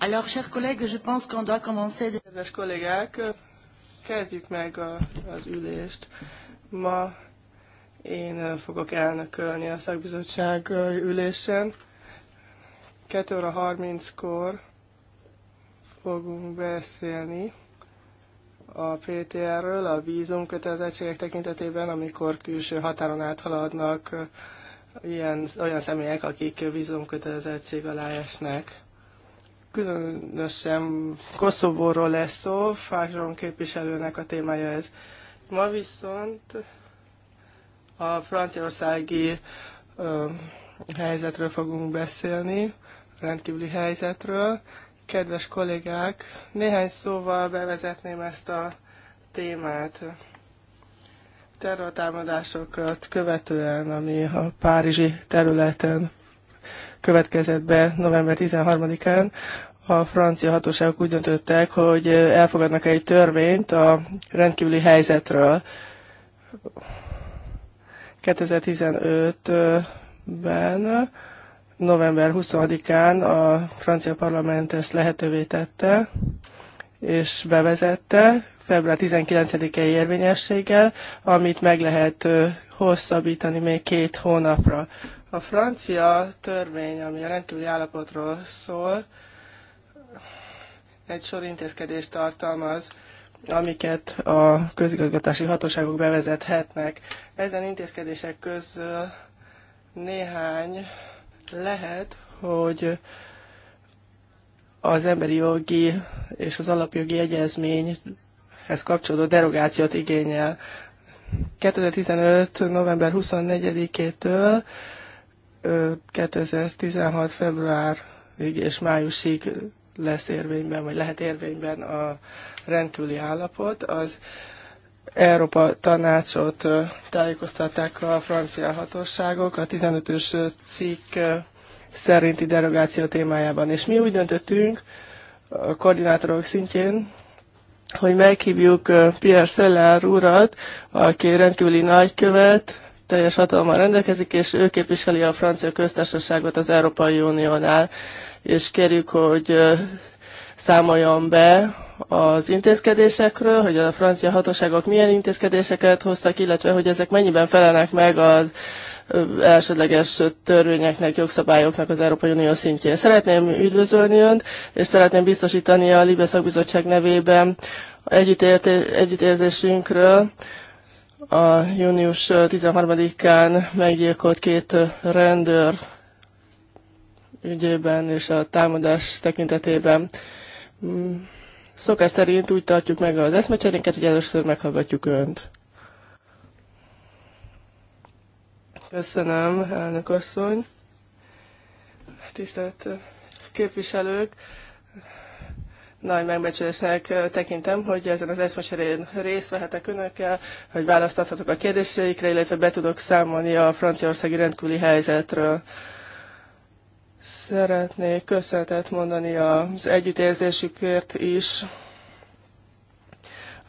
Alors, chers collègues, je pense qu'on doit commencer... De... Kedves kollégák, kezdjük meg a, az ülést. Ma én fogok elnökölni a szakbizottság ülésen. 2 óra 30-kor fogunk beszélni a PTR-ről, a vízum kötelezettségek tekintetében, amikor külső határon áthaladnak ilyen, olyan személyek, akik vízum kötelezettség alá esnek különösen Koszovóról lesz szó, Fákron képviselőnek a témája ez. Ma viszont a franciaországi ö, helyzetről fogunk beszélni, rendkívüli helyzetről. Kedves kollégák, néhány szóval bevezetném ezt a témát. Terrortámadásokat követően, ami a párizsi területen következett be november 13-án, a francia hatóságok úgy döntöttek, hogy elfogadnak egy törvényt a rendkívüli helyzetről. 2015-ben, november 20-án a francia parlament ezt lehetővé tette, és bevezette február 19-e érvényességgel, amit meg lehet hosszabbítani még két hónapra. A francia törvény, ami a rendkívüli állapotról szól, egy sor intézkedést tartalmaz, amiket a közigazgatási hatóságok bevezethetnek. Ezen intézkedések közül néhány lehet, hogy az emberi jogi és az alapjogi egyezményhez kapcsolódó derogációt igényel. 2015. november 24-től 2016. februárig és májusig lesz érvényben, vagy lehet érvényben a rendkívüli állapot, az Európa tanácsot tájékoztatták a francia hatóságok a 15-ös cikk szerinti derogáció témájában. És mi úgy döntöttünk a koordinátorok szintjén, hogy meghívjuk Pierre Szeller urat, aki rendkívüli nagykövet, teljes hatalma rendelkezik, és ő képviseli a francia köztársaságot az Európai Uniónál, és kérjük, hogy számoljon be az intézkedésekről, hogy a francia hatóságok milyen intézkedéseket hoztak, illetve hogy ezek mennyiben felelnek meg az elsődleges törvényeknek, jogszabályoknak az Európai Unió szintjén. Szeretném üdvözölni Önt, és szeretném biztosítani a Libe Szakbizottság nevében együttérzésünkről, a június 13-án meggyilkolt két rendőr ügyében és a támadás tekintetében. Mm, Szokás szerint úgy tartjuk meg az eszmecserénket, hogy először meghallgatjuk Önt. Köszönöm, elnök asszony. Tisztelt képviselők! nagy megbecsülésnek tekintem, hogy ezen az eszmeserén részt vehetek önökkel, hogy választathatok a kérdéseikre, illetve be tudok számolni a franciaországi rendkívüli helyzetről. Szeretnék köszönetet mondani az együttérzésükért is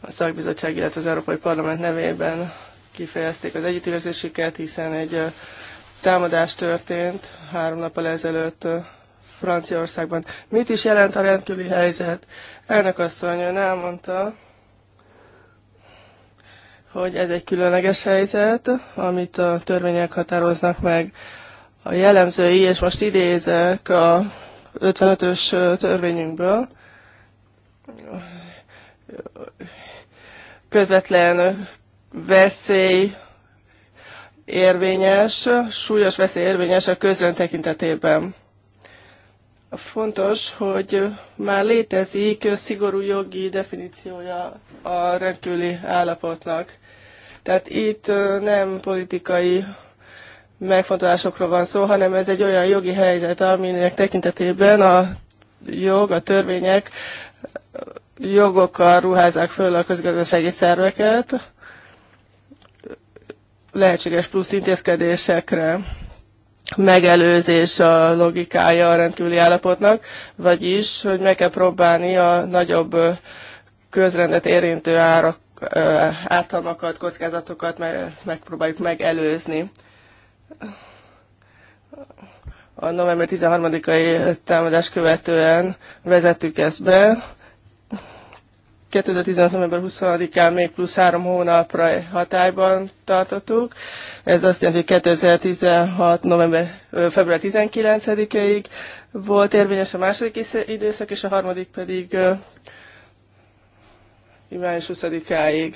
a szakbizottság, illetve az Európai Parlament nevében kifejezték az együttérzésüket, hiszen egy támadás történt három nappal ezelőtt Franciaországban. Mit is jelent a rendkívüli helyzet? Elnök asszony ön elmondta, hogy ez egy különleges helyzet, amit a törvények határoznak meg. A jellemzői, és most idézek a 55-ös törvényünkből, közvetlen veszély érvényes, súlyos veszély érvényes a közrend tekintetében. Fontos, hogy már létezik szigorú jogi definíciója a rendkívüli állapotnak. Tehát itt nem politikai megfontolásokról van szó, hanem ez egy olyan jogi helyzet, aminek tekintetében a jog, a törvények jogokkal ruházák föl a közgazdasági szerveket lehetséges plusz intézkedésekre megelőzés a logikája a rendkívüli állapotnak, vagyis, hogy meg kell próbálni a nagyobb közrendet érintő árak, ártalmakat, kockázatokat meg, megpróbáljuk megelőzni. A november 13-ai támadás követően vezettük ezt be, 2015. november 20-án még plusz három hónapra hatályban tartottuk. Ez azt jelenti, hogy 2016. November, február 19-ig volt érvényes a második időszak, és a harmadik pedig június 20-áig.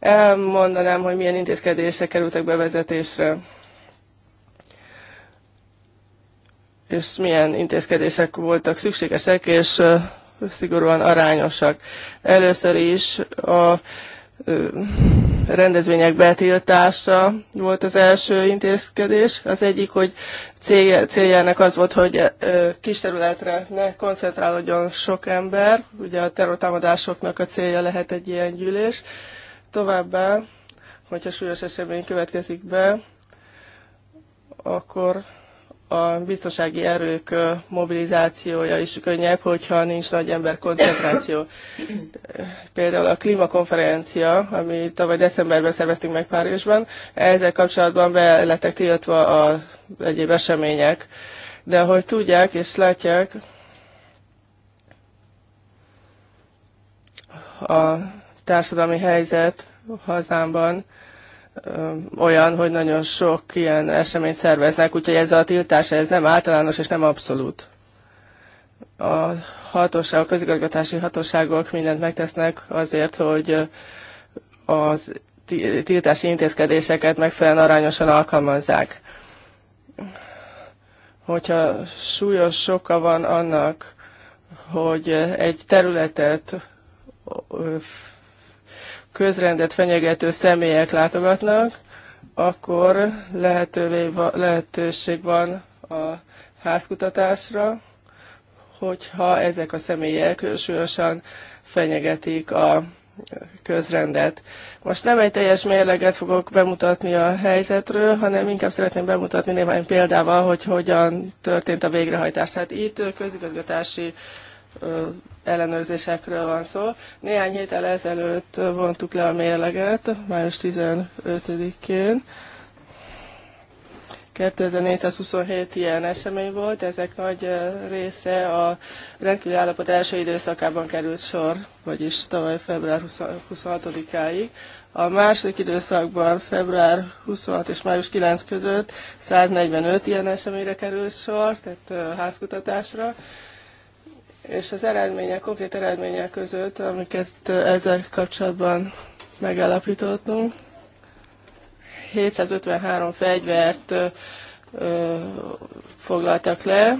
Elmondanám, hogy milyen intézkedések kerültek bevezetésre. és milyen intézkedések voltak szükségesek, és szigorúan arányosak. Először is a rendezvények betiltása volt az első intézkedés. Az egyik, hogy céljának az volt, hogy kis területre ne koncentrálódjon sok ember. Ugye a terrortámadásoknak a célja lehet egy ilyen gyűlés. Továbbá, hogyha súlyos esemény következik be, akkor a biztonsági erők mobilizációja is könnyebb, hogyha nincs nagy ember koncentráció. Például a klímakonferencia, ami tavaly decemberben szerveztünk meg Párizsban, ezzel kapcsolatban be lettek tiltva az egyéb események. De ahogy tudják és látják, a társadalmi helyzet hazámban olyan, hogy nagyon sok ilyen eseményt szerveznek, úgyhogy ez a tiltás ez nem általános és nem abszolút. A hatóság, a közigazgatási hatóságok mindent megtesznek azért, hogy az tiltási intézkedéseket megfelelően arányosan alkalmazzák. Hogyha súlyos soka van annak, hogy egy területet közrendet fenyegető személyek látogatnak, akkor lehetővé, lehetőség van a házkutatásra, hogyha ezek a személyek súlyosan fenyegetik a közrendet. Most nem egy teljes mérleget fogok bemutatni a helyzetről, hanem inkább szeretném bemutatni néhány példával, hogy hogyan történt a végrehajtás. Tehát itt közigazgatási ellenőrzésekről van szó. Néhány héttel ezelőtt vontuk le a mérleget, május 15-én. 2427 ilyen esemény volt, ezek nagy része a rendkívüli állapot első időszakában került sor, vagyis tavaly február 26-áig. A második időszakban február 26 és május 9 között 145 ilyen eseményre került sor, tehát házkutatásra és az eredmények, konkrét eredmények között, amiket ezzel kapcsolatban megállapítottunk, 753 fegyvert ö, foglaltak le,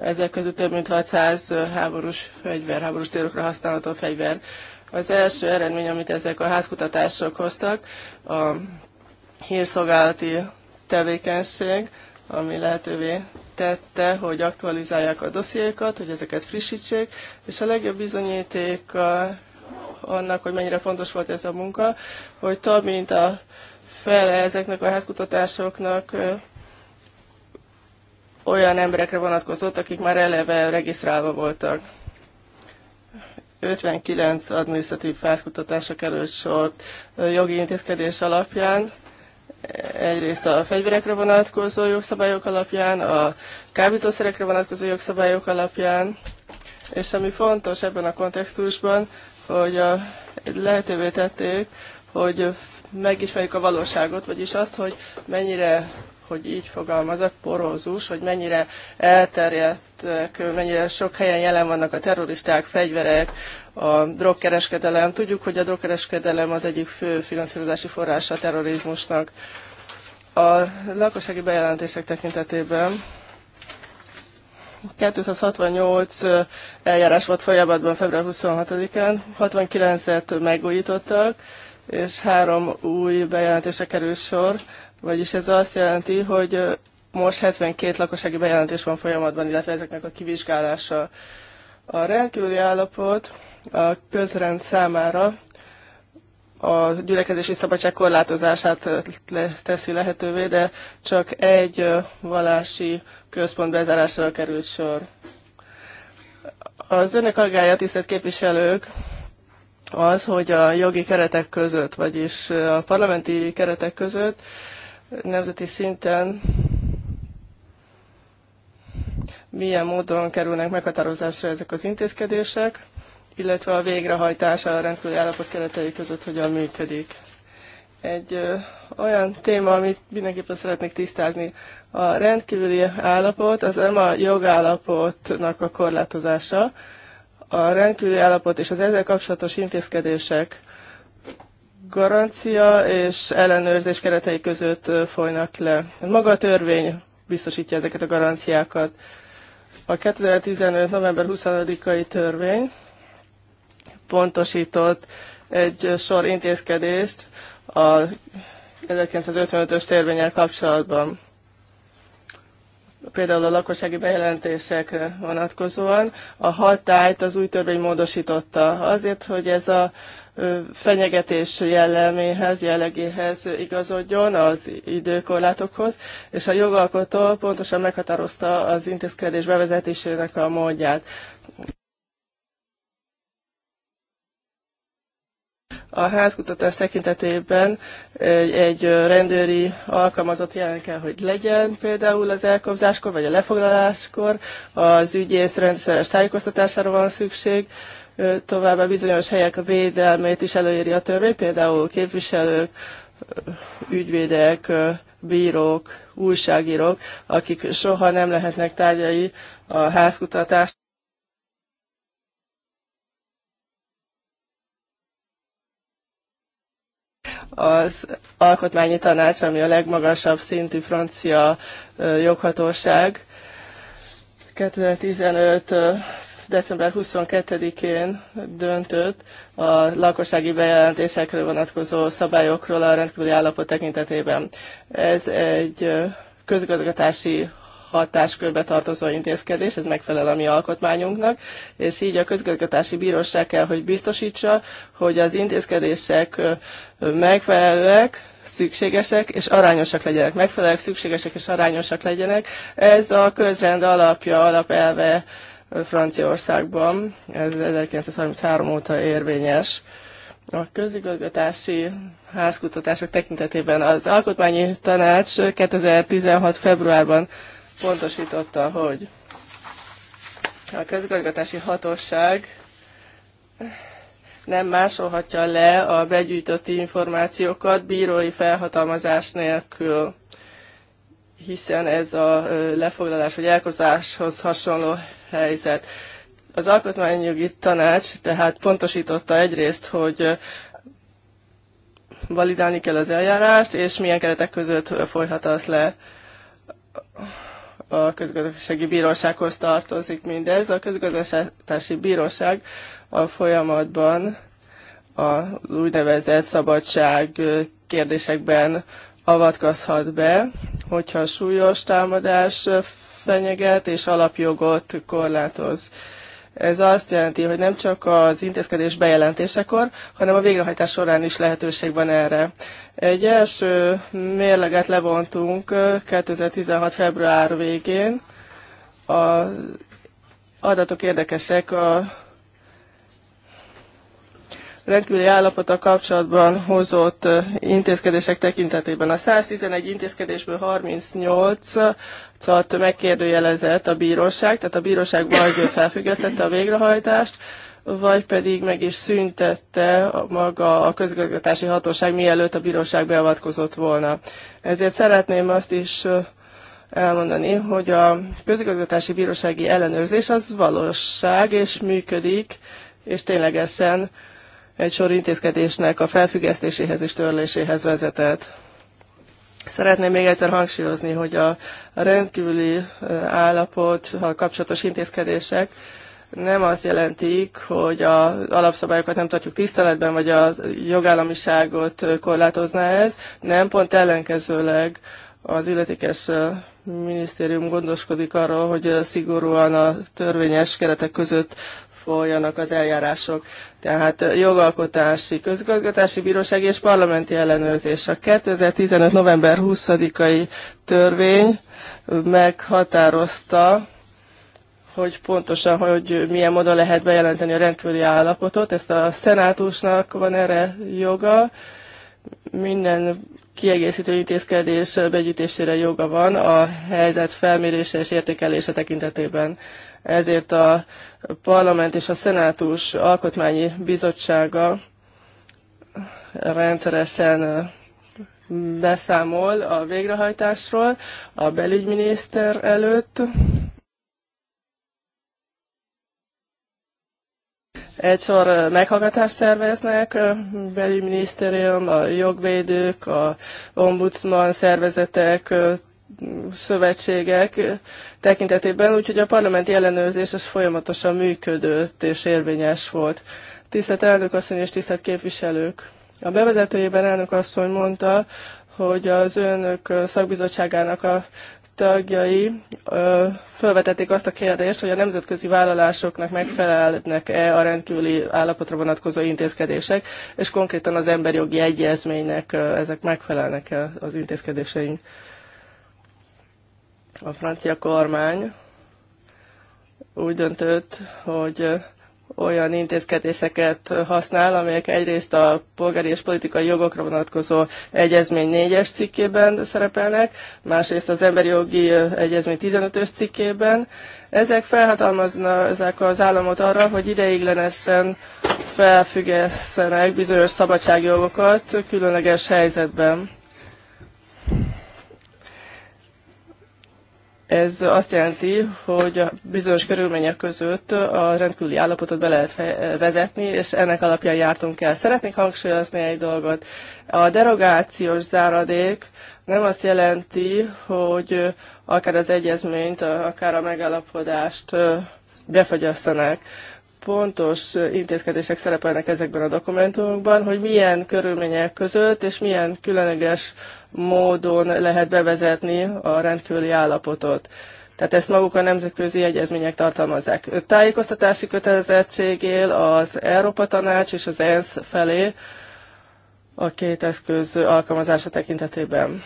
ezek közül több mint 600 háborús fegyver, háborús célokra használható fegyver. Az első eredmény, amit ezek a házkutatások hoztak, a hírszolgálati tevékenység, ami lehetővé tette, hogy aktualizálják a dossziékat, hogy ezeket frissítsék, és a legjobb bizonyíték annak, hogy mennyire fontos volt ez a munka, hogy több mint a fele ezeknek a házkutatásoknak olyan emberekre vonatkozott, akik már eleve regisztrálva voltak. 59 adminisztratív házkutatásra került sor jogi intézkedés alapján, egyrészt a fegyverekre vonatkozó jogszabályok alapján, a kábítószerekre vonatkozó jogszabályok alapján, és ami fontos ebben a kontextusban, hogy a, lehetővé tették, hogy megismerjük a valóságot, vagyis azt, hogy mennyire, hogy így fogalmazok, porózus, hogy mennyire elterjedt, mennyire sok helyen jelen vannak a terroristák, fegyverek, a drogkereskedelem. Tudjuk, hogy a drogkereskedelem az egyik fő finanszírozási forrása a terrorizmusnak. A lakossági bejelentések tekintetében 268 eljárás volt folyamatban február 26-án, 69-et megújítottak, és három új bejelentése kerül sor, vagyis ez azt jelenti, hogy most 72 lakossági bejelentés van folyamatban, illetve ezeknek a kivizsgálása. A rendkívüli állapot a közrend számára a gyülekezési szabadság korlátozását teszi lehetővé, de csak egy valási központ bezárására került sor. Az önök aggája, tisztelt képviselők, az, hogy a jogi keretek között, vagyis a parlamenti keretek között nemzeti szinten milyen módon kerülnek meghatározásra ezek az intézkedések, illetve a végrehajtása a rendkívüli állapot keretei között hogyan működik. Egy ö, olyan téma, amit mindenképpen szeretnék tisztázni. A rendkívüli állapot az nem a jogállapotnak a korlátozása, a rendkívüli állapot és az ezzel kapcsolatos intézkedések garancia és ellenőrzés keretei között folynak le. Maga a törvény biztosítja ezeket a garanciákat. A 2015. november 25-ai törvény pontosított egy sor intézkedést a 1955-ös törvényel kapcsolatban. Például a lakossági bejelentésekre vonatkozóan a hatályt az új törvény módosította azért, hogy ez a fenyegetés jelleméhez, jellegéhez igazodjon az időkorlátokhoz, és a jogalkotó pontosan meghatározta az intézkedés bevezetésének a módját. a házkutatás tekintetében egy, egy rendőri alkalmazott jelen kell, hogy legyen például az elkobzáskor, vagy a lefoglaláskor, az ügyész rendszeres tájékoztatására van szükség, továbbá bizonyos helyek a védelmét is előéri a törvény, például képviselők, ügyvédek, bírók, újságírók, akik soha nem lehetnek tárgyai a házkutatás az alkotmányi tanács, ami a legmagasabb szintű francia joghatóság, 2015. december 22-én döntött a lakossági bejelentésekről vonatkozó szabályokról a rendkívüli állapot tekintetében. Ez egy közgazgatási hatáskörbe tartozó intézkedés, ez megfelel a mi alkotmányunknak, és így a közgazgatási bíróság kell, hogy biztosítsa, hogy az intézkedések megfelelőek, szükségesek és arányosak legyenek, megfelelőek, szükségesek és arányosak legyenek. Ez a közrend alapja, alapelve Franciaországban, ez 1933 óta érvényes. A közigazgatási házkutatások tekintetében az Alkotmányi Tanács 2016. februárban pontosította, hogy a közigazgatási hatóság nem másolhatja le a begyűjtött információkat bírói felhatalmazás nélkül, hiszen ez a lefoglalás vagy elkozáshoz hasonló helyzet. Az alkotmányjogi tanács tehát pontosította egyrészt, hogy validálni kell az eljárást, és milyen keretek között folyhat az le a közgazdasági bírósághoz tartozik mindez. A közgazdasági bíróság a folyamatban az úgynevezett szabadság kérdésekben avatkozhat be, hogyha súlyos támadás fenyeget és alapjogot korlátoz. Ez azt jelenti, hogy nem csak az intézkedés bejelentésekor, hanem a végrehajtás során is lehetőség van erre. Egy első mérleget levontunk 2016. február végén. A adatok érdekesek a rendkívüli állapota kapcsolatban hozott intézkedések tekintetében. A 111 intézkedésből 38-at megkérdőjelezett a bíróság, tehát a bíróság vagy felfüggesztette a végrehajtást, vagy pedig meg is szüntette maga a közigazgatási hatóság, mielőtt a bíróság beavatkozott volna. Ezért szeretném azt is elmondani, hogy a közigazgatási bírósági ellenőrzés az valóság, és működik, és ténylegesen egy sor intézkedésnek a felfüggesztéséhez és törléséhez vezetett. Szeretném még egyszer hangsúlyozni, hogy a rendkívüli állapot, a kapcsolatos intézkedések nem azt jelentik, hogy az alapszabályokat nem tartjuk tiszteletben, vagy a jogállamiságot korlátozná ez, nem pont ellenkezőleg az illetékes minisztérium gondoskodik arról, hogy szigorúan a törvényes keretek között folyanak az eljárások. Tehát jogalkotási, közigazgatási bíróság és parlamenti ellenőrzés. A 2015. november 20-ai törvény meghatározta, hogy pontosan, hogy milyen módon lehet bejelenteni a rendkívüli állapotot. Ezt a szenátusnak van erre joga. Minden kiegészítő intézkedés begyűjtésére joga van a helyzet felmérése és értékelése tekintetében ezért a parlament és a szenátus alkotmányi bizottsága rendszeresen beszámol a végrehajtásról a belügyminiszter előtt. Egy sor meghallgatást szerveznek, belügyminisztérium, a jogvédők, a ombudsman szervezetek, szövetségek tekintetében, úgyhogy a parlamenti ellenőrzés az folyamatosan működött és érvényes volt. Tisztelt elnök asszony és tisztelt képviselők! A bevezetőjében elnök asszony mondta, hogy az önök szakbizottságának a tagjai felvetették azt a kérdést, hogy a nemzetközi vállalásoknak megfelelnek-e a rendkívüli állapotra vonatkozó intézkedések, és konkrétan az emberi jogi egyezménynek ezek megfelelnek-e az intézkedéseink. A francia kormány úgy döntött, hogy olyan intézkedéseket használ, amelyek egyrészt a polgári és politikai jogokra vonatkozó egyezmény 4-es cikkében szerepelnek, másrészt az emberi jogi egyezmény 15-ös cikkében. Ezek felhatalmaznak az államot arra, hogy ideiglenesen felfüggesztenek bizonyos szabadságjogokat különleges helyzetben. Ez azt jelenti, hogy a bizonyos körülmények között a rendkívüli állapotot be lehet vezetni, és ennek alapján jártunk el. Szeretnék hangsúlyozni egy dolgot. A derogációs záradék nem azt jelenti, hogy akár az egyezményt, akár a megállapodást befagyasztanák. pontos intézkedések szerepelnek ezekben a dokumentumokban, hogy milyen körülmények között és milyen különleges módon lehet bevezetni a rendkívüli állapotot. Tehát ezt maguk a nemzetközi egyezmények tartalmazzák. Tájékoztatási kötelezettségél az Európa Tanács és az ENSZ felé a két eszköz alkalmazása tekintetében.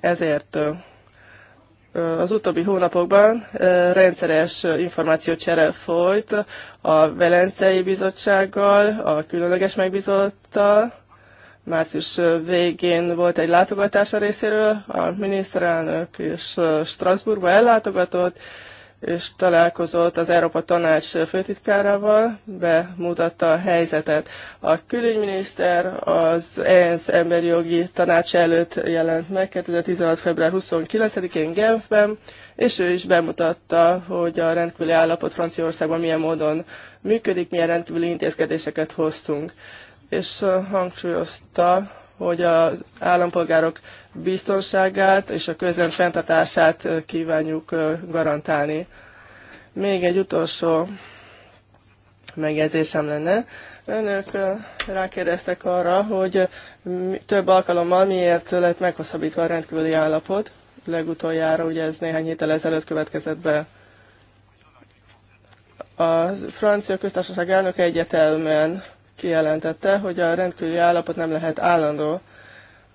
Ezért az utóbbi hónapokban rendszeres információcsere folyt a Velencei Bizottsággal, a különleges megbizottal, Március végén volt egy látogatása a részéről, a miniszterelnök és Strasbourgba ellátogatott, és találkozott az Európa Tanács főtitkárával, bemutatta a helyzetet. A külügyminiszter az ENSZ emberi jogi tanács előtt jelent meg 2016. február 29-én Genfben, és ő is bemutatta, hogy a rendkívüli állapot Franciaországban milyen módon működik, milyen rendkívüli intézkedéseket hoztunk és hangsúlyozta, hogy az állampolgárok biztonságát és a közön fenntartását kívánjuk garantálni. Még egy utolsó megjegyzésem lenne. Önök rákérdeztek arra, hogy több alkalommal miért lett meghosszabbítva a rendkívüli állapot. Legutoljára, ugye ez néhány héttel ezelőtt következett be. A francia köztársaság elnöke egyetelmen kijelentette, hogy a rendkívüli állapot nem lehet állandó,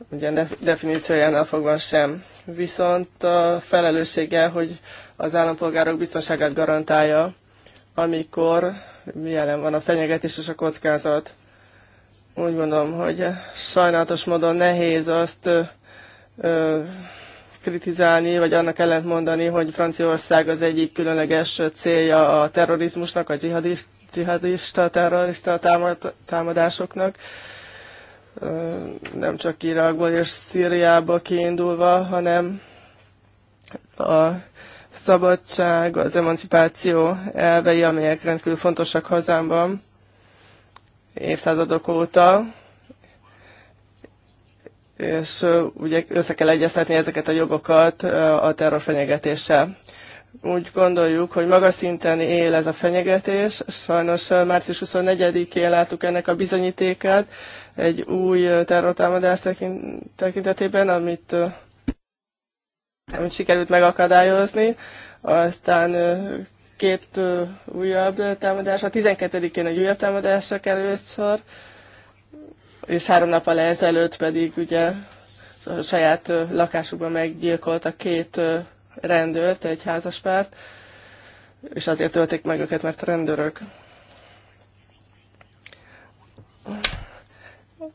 ugye definíciójánál fogva sem. Viszont a felelőssége, hogy az állampolgárok biztonságát garantálja, amikor jelen van a fenyegetés és a kockázat. Úgy gondolom, hogy sajnálatos módon nehéz azt ö, ö, kritizálni, vagy annak ellent mondani, hogy Franciaország az egyik különleges célja a terrorizmusnak, a dzsihadista, terrorista támadásoknak, nem csak Irakból és Szíriába kiindulva, hanem a szabadság, az emancipáció elvei, amelyek rendkívül fontosak hazámban évszázadok óta, és ugye össze kell egyeztetni ezeket a jogokat a terrorfenyegetéssel. Úgy gondoljuk, hogy magas szinten él ez a fenyegetés. Sajnos március 24-én láttuk ennek a bizonyítékát egy új terrortámadás tekintetében, amit, amit sikerült megakadályozni. Aztán két újabb a 12-én egy újabb támadásra került sor, és három nap alá ezelőtt pedig ugye a saját lakásukban meggyilkoltak két rendőrt, egy házaspárt, és azért ölték meg őket, mert rendőrök.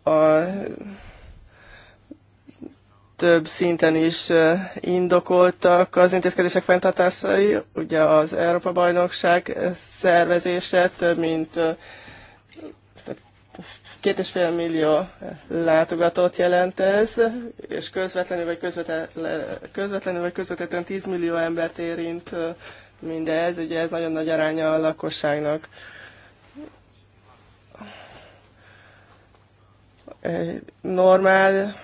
A több szinten is indokoltak az intézkedések fenntartásai. Ugye az Európa Bajnokság szervezése több mint Két és fél millió látogatót jelent ez, és közvetlenül vagy, közvetlenül, közvetlenül vagy közvetetten 10 millió embert érint mindez, ugye ez nagyon nagy aránya a lakosságnak. Normál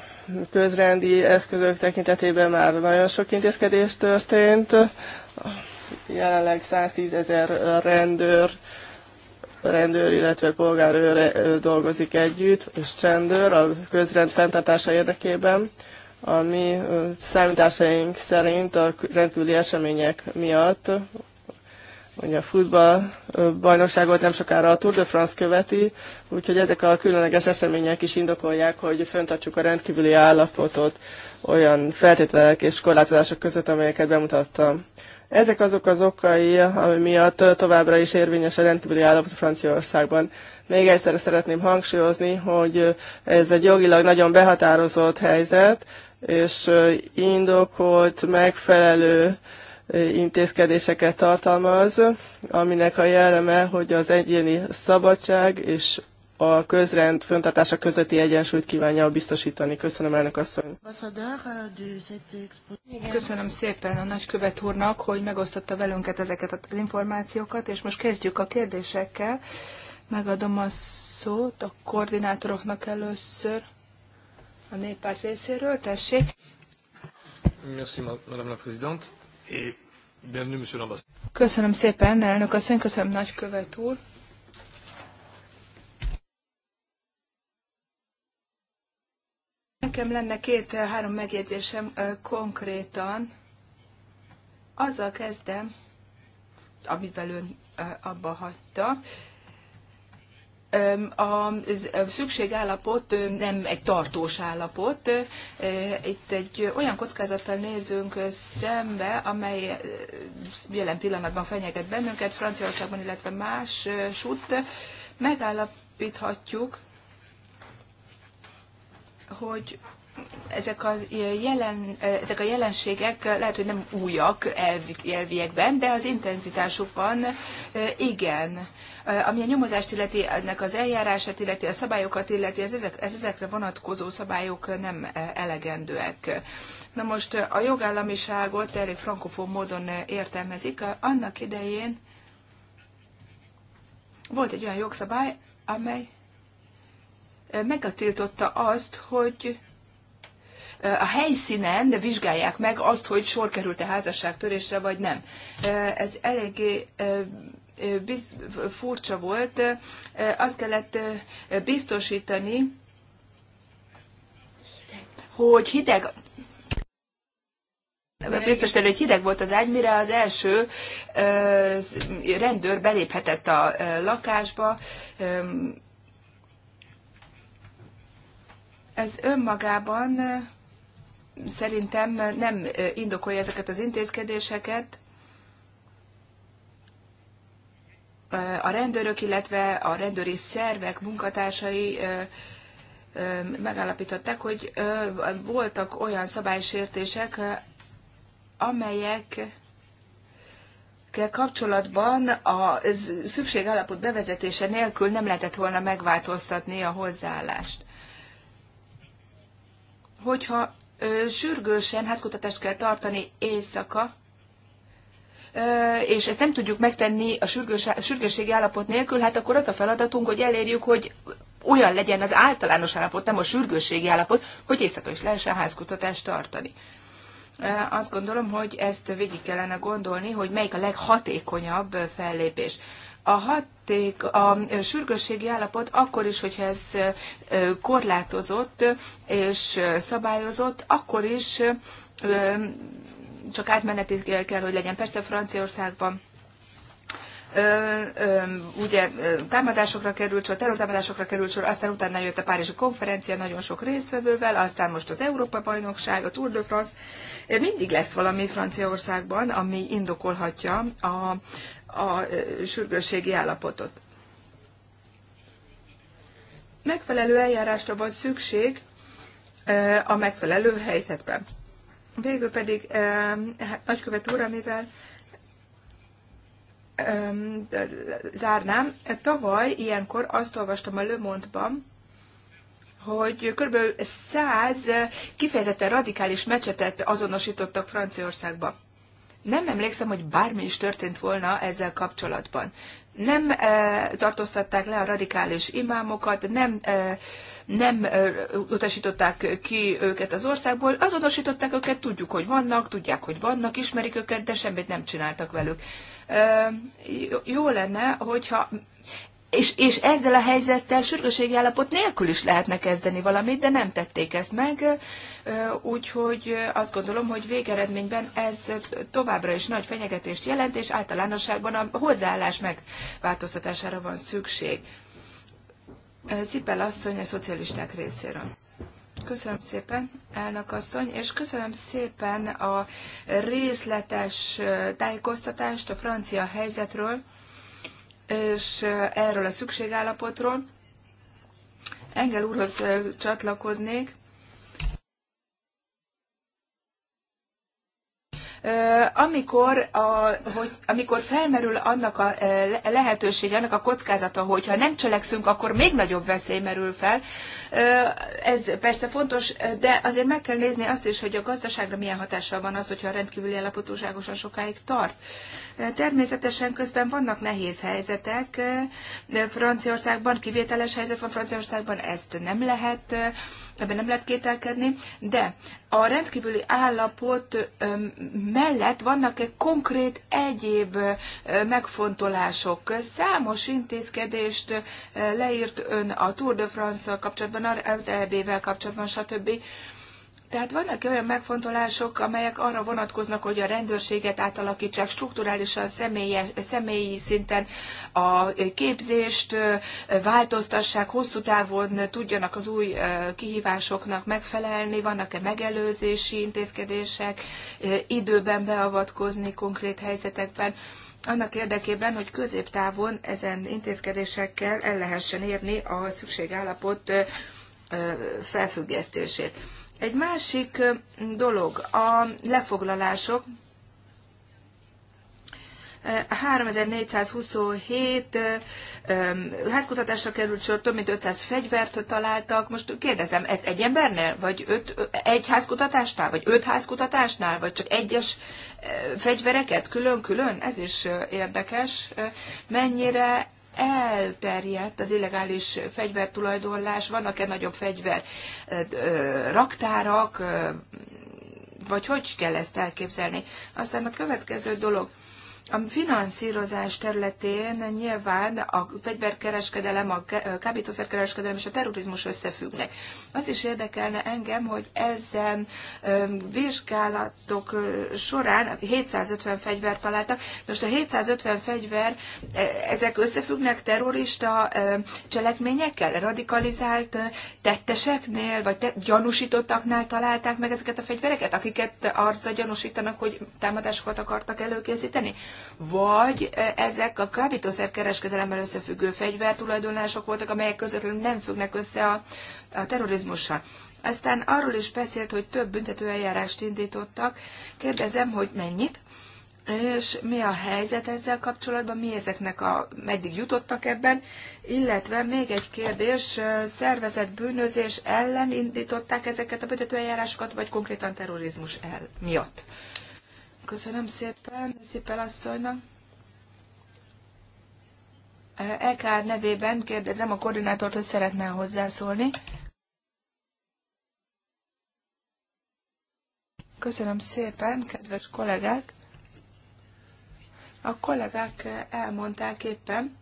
közrendi eszközök tekintetében már nagyon sok intézkedés történt. Jelenleg 110 ezer rendőr rendőr, illetve polgárőr dolgozik együtt, és csendőr a közrend fenntartása érdekében. A mi számításaink szerint a rendkívüli események miatt ugye a futball bajnokságot nem sokára a Tour de France követi, úgyhogy ezek a különleges események is indokolják, hogy föntartsuk a rendkívüli állapotot olyan feltételek és korlátozások között, amelyeket bemutattam. Ezek azok az okai, ami miatt továbbra is érvényes a rendkívüli állapot Franciaországban. Még egyszer szeretném hangsúlyozni, hogy ez egy jogilag nagyon behatározott helyzet, és indokolt, megfelelő intézkedéseket tartalmaz, aminek a jelleme, hogy az egyéni szabadság és a közrend föntartása közötti egyensúlyt kívánja biztosítani. Köszönöm, elnök asszony. Euh, köszönöm szépen a nagykövet úrnak, hogy megosztotta velünket ezeket az információkat, és most kezdjük a kérdésekkel. Megadom a szót a koordinátoroknak először a néppárt részéről. Tessék! Merci, madame la présidente. Et bienvenue, monsieur l'ambassadeur. Köszönöm szépen, elnök asszony, köszönöm nagykövet úr. Nekem lenne két-három eh, megjegyzésem eh, konkrétan. Azzal kezdem, amit ön eh, abba hagyta. A szükségállapot nem egy tartós állapot. Itt egy olyan kockázattal nézünk szembe, amely jelen pillanatban fenyeget bennünket, Franciaországban, illetve más sút. Megállapíthatjuk, hogy ezek a, jelen, ezek a jelenségek lehet, hogy nem újak elviekben, de az intenzitásukban e, igen. E, ami a nyomozást illeti, ennek az eljárását illeti, a szabályokat illeti, ez, ezek, ez ezekre vonatkozó szabályok nem e, elegendőek. Na most a jogállamiságot elég frankofón módon értelmezik. Annak idején volt egy olyan jogszabály, amely megatiltotta azt, hogy a helyszínen vizsgálják meg azt, hogy sor került-e házasságtörésre, vagy nem. Ez eléggé biz, furcsa volt. Azt kellett biztosítani, hogy hideg Biztos hogy hideg volt az ágy, mire az első rendőr beléphetett a lakásba, Ez önmagában szerintem nem indokolja ezeket az intézkedéseket. A rendőrök, illetve a rendőri szervek munkatársai megállapították, hogy voltak olyan szabálysértések, amelyek kapcsolatban a szükségállapot bevezetése nélkül nem lehetett volna megváltoztatni a hozzáállást hogyha ö, sürgősen házkutatást kell tartani éjszaka, és ezt nem tudjuk megtenni a, sürgős, a sürgősségi állapot nélkül, hát akkor az a feladatunk, hogy elérjük, hogy olyan legyen az általános állapot, nem a sürgősségi állapot, hogy éjszaka is lehessen házkutatást tartani. Azt gondolom, hogy ezt végig kellene gondolni, hogy melyik a leghatékonyabb fellépés a haték, a sürgősségi állapot akkor is, hogyha ez korlátozott és szabályozott, akkor is csak átmeneti kell, hogy legyen. Persze Franciaországban Ö, ö, ugye támadásokra került sor, terrortámadásokra került sor, aztán utána jött a Párizsi konferencia nagyon sok résztvevővel, aztán most az Európa bajnokság, a Tour de France. Mindig lesz valami Franciaországban, ami indokolhatja a a sürgősségi állapotot. Megfelelő eljárásra van szükség e, a megfelelő helyzetben. Végül pedig, e, hát nagykövet úr, amivel e, zárnám, tavaly ilyenkor azt olvastam a Lömontban, hogy kb. 100 kifejezetten radikális mecsetet azonosítottak Franciaországban. Nem emlékszem, hogy bármi is történt volna ezzel kapcsolatban. Nem e, tartóztatták le a radikális imámokat, nem, e, nem e, utasították ki őket az országból, azonosították őket, tudjuk, hogy vannak, tudják, hogy vannak, ismerik őket, de semmit nem csináltak velük. E, jó lenne, hogyha és, és ezzel a helyzettel sürgőségi állapot nélkül is lehetne kezdeni valamit, de nem tették ezt meg, úgyhogy azt gondolom, hogy végeredményben ez továbbra is nagy fenyegetést jelent, és általánosságban a hozzáállás megváltoztatására van szükség. Szipel asszony a szocialisták részéről. Köszönöm szépen, elnök asszony, és köszönöm szépen a részletes tájékoztatást a francia helyzetről és erről a szükségállapotról. Engel úrhoz csatlakoznék. amikor, a, hogy, amikor felmerül annak a lehetőség, annak a kockázata, hogyha nem cselekszünk, akkor még nagyobb veszély merül fel, ez persze fontos, de azért meg kell nézni azt is, hogy a gazdaságra milyen hatással van az, hogyha a rendkívüli állapotúságosan sokáig tart. Természetesen közben vannak nehéz helyzetek. Franciaországban kivételes helyzet van, Franciaországban ezt nem lehet ebben nem lehet kételkedni, de a rendkívüli állapot mellett vannak-e konkrét egyéb megfontolások? Számos intézkedést leírt ön a Tour de France-szal kapcsolatban, az EB-vel kapcsolatban, stb. Tehát vannak olyan megfontolások, amelyek arra vonatkoznak, hogy a rendőrséget átalakítsák strukturálisan, személye, személyi szinten a képzést változtassák, hosszú távon tudjanak az új kihívásoknak megfelelni, vannak-e megelőzési intézkedések, időben beavatkozni konkrét helyzetekben annak érdekében, hogy középtávon ezen intézkedésekkel el lehessen érni a szükségállapot felfüggesztését. Egy másik dolog a lefoglalások. 3427 házkutatásra került sor, több mint 500 fegyvert találtak. Most kérdezem, ez egy embernél, vagy öt, egy házkutatásnál, vagy öt házkutatásnál, vagy csak egyes fegyvereket külön-külön? Ez is érdekes. Mennyire elterjedt az illegális fegyvertulajdonlás, vannak-e nagyobb fegyver raktárak, vagy hogy kell ezt elképzelni. Aztán a következő dolog, a finanszírozás területén nyilván a fegyverkereskedelem, a kábítószerkereskedelem és a terrorizmus összefüggnek. Az is érdekelne engem, hogy ezen vizsgálatok során 750 fegyver találtak. Most a 750 fegyver, ezek összefüggnek terrorista cselekményekkel, radikalizált tetteseknél, vagy te, gyanúsítottaknál találták meg ezeket a fegyvereket, akiket arca gyanúsítanak, hogy támadásokat akartak előkészíteni? vagy e, ezek a kábítószerkereskedelemmel összefüggő fegyvertulajdonlások voltak, amelyek közvetlenül nem függnek össze a, a terrorizmussal. Aztán arról is beszélt, hogy több büntetőeljárást indítottak. Kérdezem, hogy mennyit, és mi a helyzet ezzel kapcsolatban, mi ezeknek a, meddig jutottak ebben, illetve még egy kérdés, e, szervezett bűnözés ellen indították ezeket a büntetőeljárásokat, vagy konkrétan terrorizmus el miatt? Köszönöm szépen, szépen asszonynak. EKR nevében kérdezem a koordinátort, hogy szeretne hozzászólni. Köszönöm szépen, kedves kollégák! A kollégák elmondták éppen,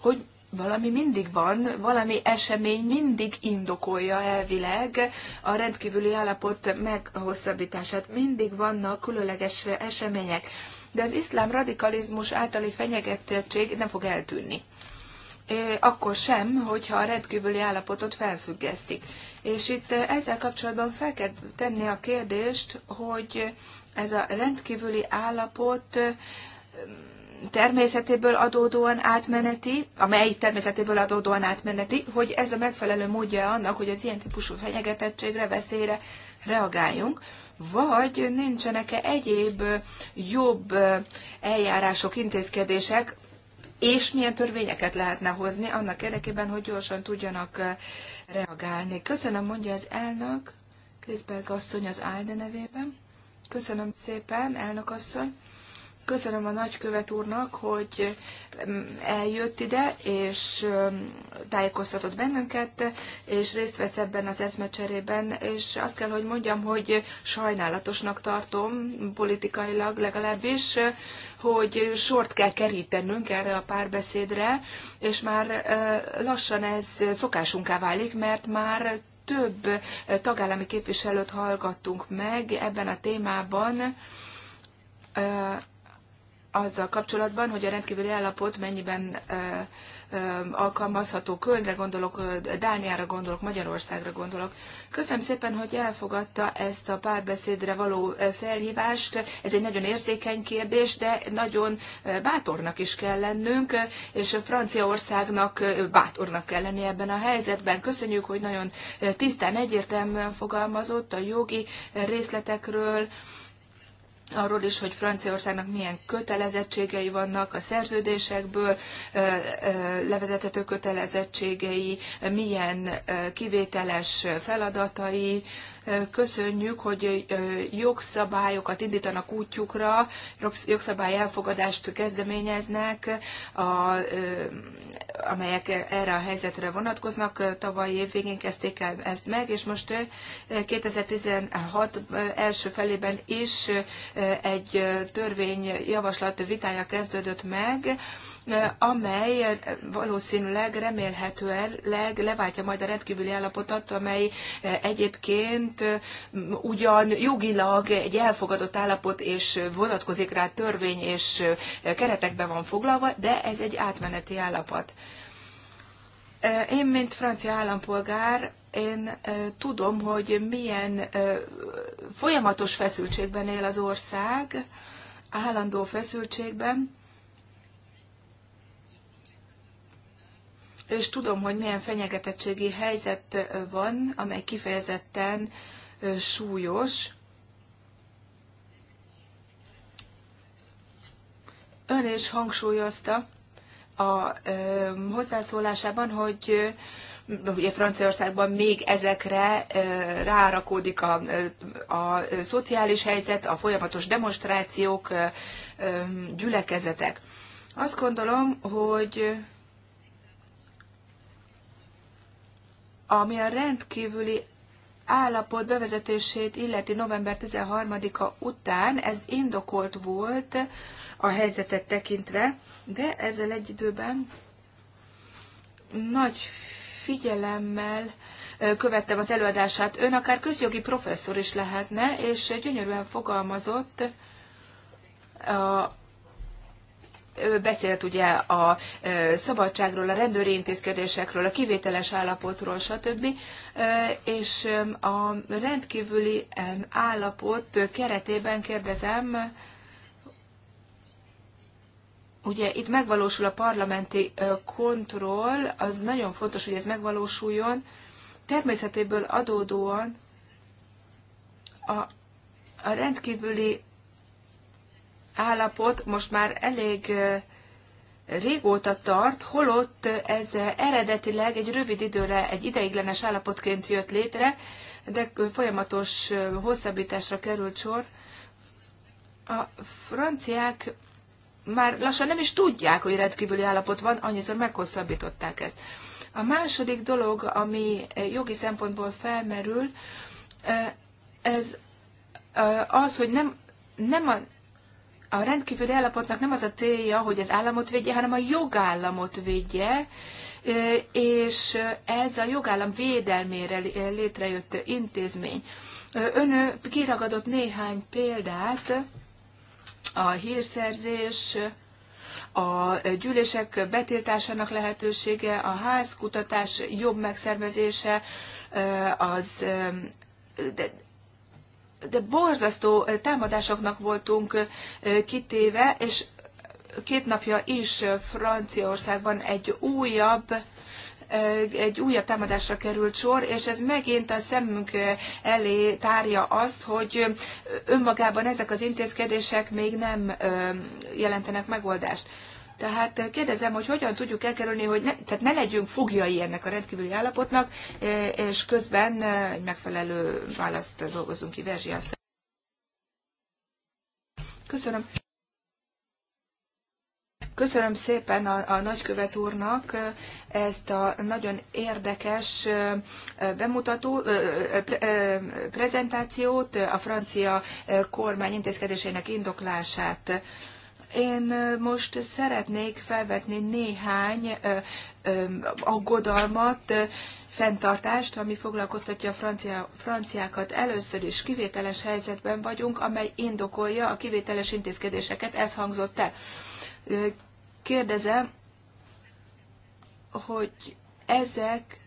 hogy valami mindig van, valami esemény mindig indokolja elvileg a rendkívüli állapot meghosszabbítását. Mindig vannak különleges események, de az iszlám radikalizmus általi fenyegetettség nem fog eltűnni. Akkor sem, hogyha a rendkívüli állapotot felfüggesztik. És itt ezzel kapcsolatban fel kell tenni a kérdést, hogy ez a rendkívüli állapot természetéből adódóan átmeneti, amely természetéből adódóan átmeneti, hogy ez a megfelelő módja annak, hogy az ilyen típusú fenyegetettségre, veszélyre reagáljunk, vagy nincsenek-e egyéb jobb eljárások, intézkedések, és milyen törvényeket lehetne hozni annak érdekében, hogy gyorsan tudjanak reagálni. Köszönöm, mondja az elnök, Kriszberg asszony az Álde nevében. Köszönöm szépen, elnök asszony köszönöm a nagykövet úrnak, hogy mm, eljött ide, és mm, tájékoztatott bennünket, és részt vesz ebben az eszmecserében, és azt kell, hogy mondjam, hogy sajnálatosnak tartom politikailag legalábbis, hogy sort kell kerítenünk erre a párbeszédre, és már lassan ez szokásunká válik, mert már több tagállami képviselőt hallgattunk meg ebben a témában, azzal kapcsolatban, hogy a rendkívüli állapot mennyiben alkalmazható Kölnre gondolok, Dániára gondolok, Magyarországra gondolok. Köszönöm szépen, hogy elfogadta ezt a párbeszédre való felhívást. Ez egy nagyon érzékeny kérdés, de nagyon bátornak is kell lennünk, és Franciaországnak bátornak kell lenni ebben a helyzetben. Köszönjük, hogy nagyon tisztán, egyértelműen fogalmazott a jogi részletekről, arról is, hogy Franciaországnak milyen kötelezettségei vannak a szerződésekből, levezethető kötelezettségei, milyen kivételes feladatai, Köszönjük, hogy jogszabályokat indítanak útjukra, jogszabály elfogadást kezdeményeznek, a, amelyek erre a helyzetre vonatkoznak. Tavaly év végén kezdték el ezt meg, és most 2016 első felében is egy törvényjavaslat vitája kezdődött meg, amely valószínűleg, remélhetőleg leváltja majd a rendkívüli állapotot, amely egyébként ugyan jogilag egy elfogadott állapot, és vonatkozik rá törvény, és keretekben van foglalva, de ez egy átmeneti állapot. Én, mint francia állampolgár, én tudom, hogy milyen folyamatos feszültségben él az ország, állandó feszültségben, és tudom, hogy milyen fenyegetettségi helyzet van, amely kifejezetten súlyos. Ön is hangsúlyozta a hozzászólásában, hogy ugye Franciaországban még ezekre rárakódik a, a szociális helyzet, a folyamatos demonstrációk, gyülekezetek. Azt gondolom, hogy ami a rendkívüli állapot bevezetését illeti november 13-a után, ez indokolt volt a helyzetet tekintve, de ezzel egy időben nagy figyelemmel követtem az előadását. Ön akár közjogi professzor is lehetne, és gyönyörűen fogalmazott a ő beszélt ugye a szabadságról, a rendőri intézkedésekről, a kivételes állapotról, stb. És a rendkívüli állapot keretében kérdezem, ugye itt megvalósul a parlamenti kontroll, az nagyon fontos, hogy ez megvalósuljon, természetéből adódóan a, a rendkívüli állapot most már elég régóta tart, holott ez eredetileg egy rövid időre, egy ideiglenes állapotként jött létre, de folyamatos hosszabbításra került sor. A franciák már lassan nem is tudják, hogy rendkívüli állapot van, annyiszor meghosszabbították ezt. A második dolog, ami jogi szempontból felmerül, ez az, hogy nem, nem a a rendkívüli állapotnak nem az a célja, hogy az államot védje, hanem a jogállamot védje, és ez a jogállam védelmére létrejött intézmény. Ön kiragadott néhány példát, a hírszerzés, a gyűlések betiltásának lehetősége, a házkutatás jobb megszervezése, az de de borzasztó támadásoknak voltunk kitéve, és két napja is Franciaországban egy újabb egy újabb támadásra került sor, és ez megint a szemünk elé tárja azt, hogy önmagában ezek az intézkedések még nem jelentenek megoldást. Tehát eh, kérdezem, hogy hogyan tudjuk elkerülni, hogy ne, tehát ne legyünk fogjai ennek a rendkívüli állapotnak, eh, és közben eh, egy megfelelő választ dolgozunk ki. Verzsi Köszönöm. Köszönöm szépen a, a nagykövet úrnak ezt a nagyon érdekes bemutató, pre, prezentációt, a francia kormány intézkedésének indoklását. Én most szeretnék felvetni néhány aggodalmat, fenntartást, ami foglalkoztatja a francia, franciákat. Először is kivételes helyzetben vagyunk, amely indokolja a kivételes intézkedéseket. Ez hangzott el. Kérdezem, hogy ezek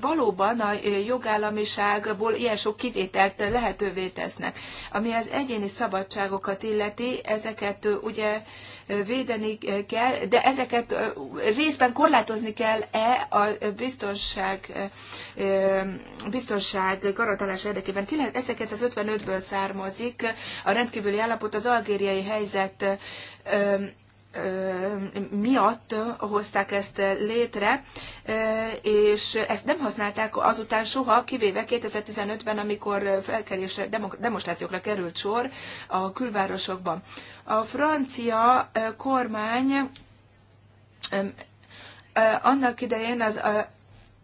valóban a jogállamiságból ilyen sok kivételt lehetővé tesznek. Ami az egyéni szabadságokat illeti, ezeket ugye védeni kell, de ezeket részben korlátozni kell-e a biztonság, biztonság garantálása érdekében. ezeket 55 ből származik a rendkívüli állapot az algériai helyzet miatt hozták ezt létre, és ezt nem használták azután soha, kivéve 2015-ben, amikor felkelésre, demonstrációkra került sor a külvárosokban. A francia kormány annak idején az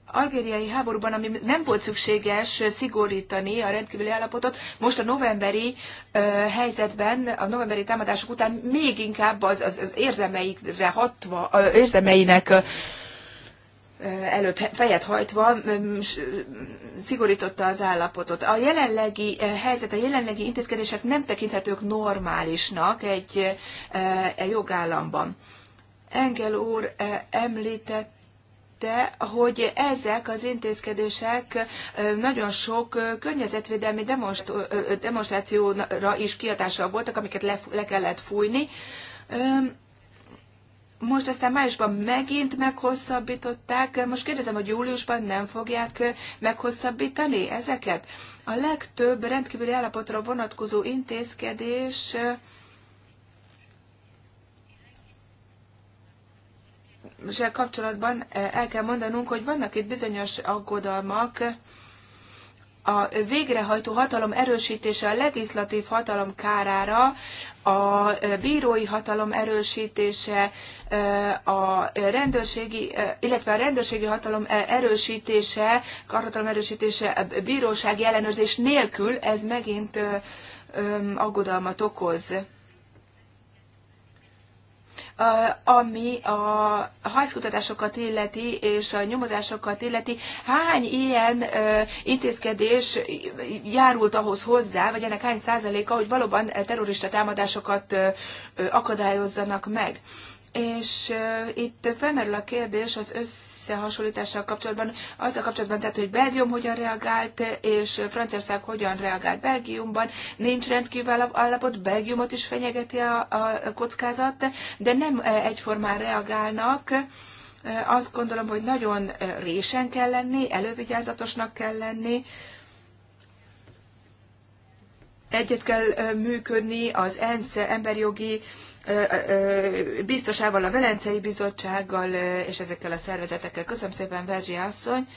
algériai háborúban, ami nem volt szükséges szigorítani a rendkívüli állapotot, most a novemberi ö, helyzetben, a novemberi támadások után még inkább az, az, az érzelmeikre hatva, ö, érzemeinek ö, előtt fejet hajtva szigorította az állapotot. A jelenlegi helyzet, a jelenlegi intézkedések nem tekinthetők normálisnak egy, egy jogállamban. Engel úr említett említette, hogy ezek az intézkedések nagyon sok környezetvédelmi demonstrációra is kiadással voltak, amiket le, le kellett fújni. Most aztán májusban megint meghosszabbították. Most kérdezem, hogy júliusban nem fogják meghosszabbítani ezeket? A legtöbb rendkívüli állapotra vonatkozó intézkedés kapcsolatban eh, el kell mondanunk, hogy vannak itt bizonyos aggodalmak, a végrehajtó hatalom erősítése a legislatív hatalom kárára, a eh, bírói hatalom erősítése, eh, a rendőrségi, illetve a rendőrségi hatalom erősítése, karhatalom erősítése, a bírósági ellenőrzés nélkül ez megint aggodalmat okoz ami a hajszkutatásokat illeti és a nyomozásokat illeti, hány ilyen intézkedés járult ahhoz hozzá, vagy ennek hány százaléka, hogy valóban terrorista támadásokat akadályozzanak meg és itt felmerül a kérdés az összehasonlítással kapcsolatban, azzal kapcsolatban, tehát, hogy Belgium hogyan reagált, és Franciaország hogyan reagált Belgiumban. Nincs rendkívül állapot, Belgiumot is fenyegeti a, a kockázat, de nem egyformán reagálnak. Azt gondolom, hogy nagyon résen kell lenni, elővigyázatosnak kell lenni, egyet kell működni az ENSZ emberjogi biztosával, a Velencei Bizottsággal és ezekkel a szervezetekkel. Köszönöm szépen, Verzsi asszony.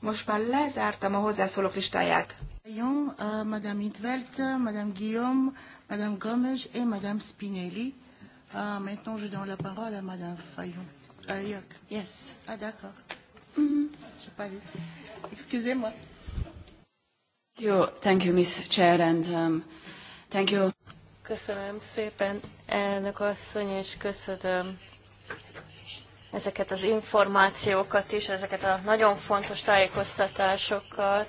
Most már lezártam a hozzászólók listáját. Jon, Madame Intvert, Madame Guillaume, Madame Gomes et Madame Spinelli. maintenant, je donne la parole à Madame Fayon. Euh, yes. Ah, d'accord. Mm-hmm. Je pas lu. Excusez-moi. Thank you, thank you, Miss Chair, and um, thank you. Köszönöm szépen, elnök asszony, és köszönöm ezeket az információkat is, ezeket a nagyon fontos tájékoztatásokat,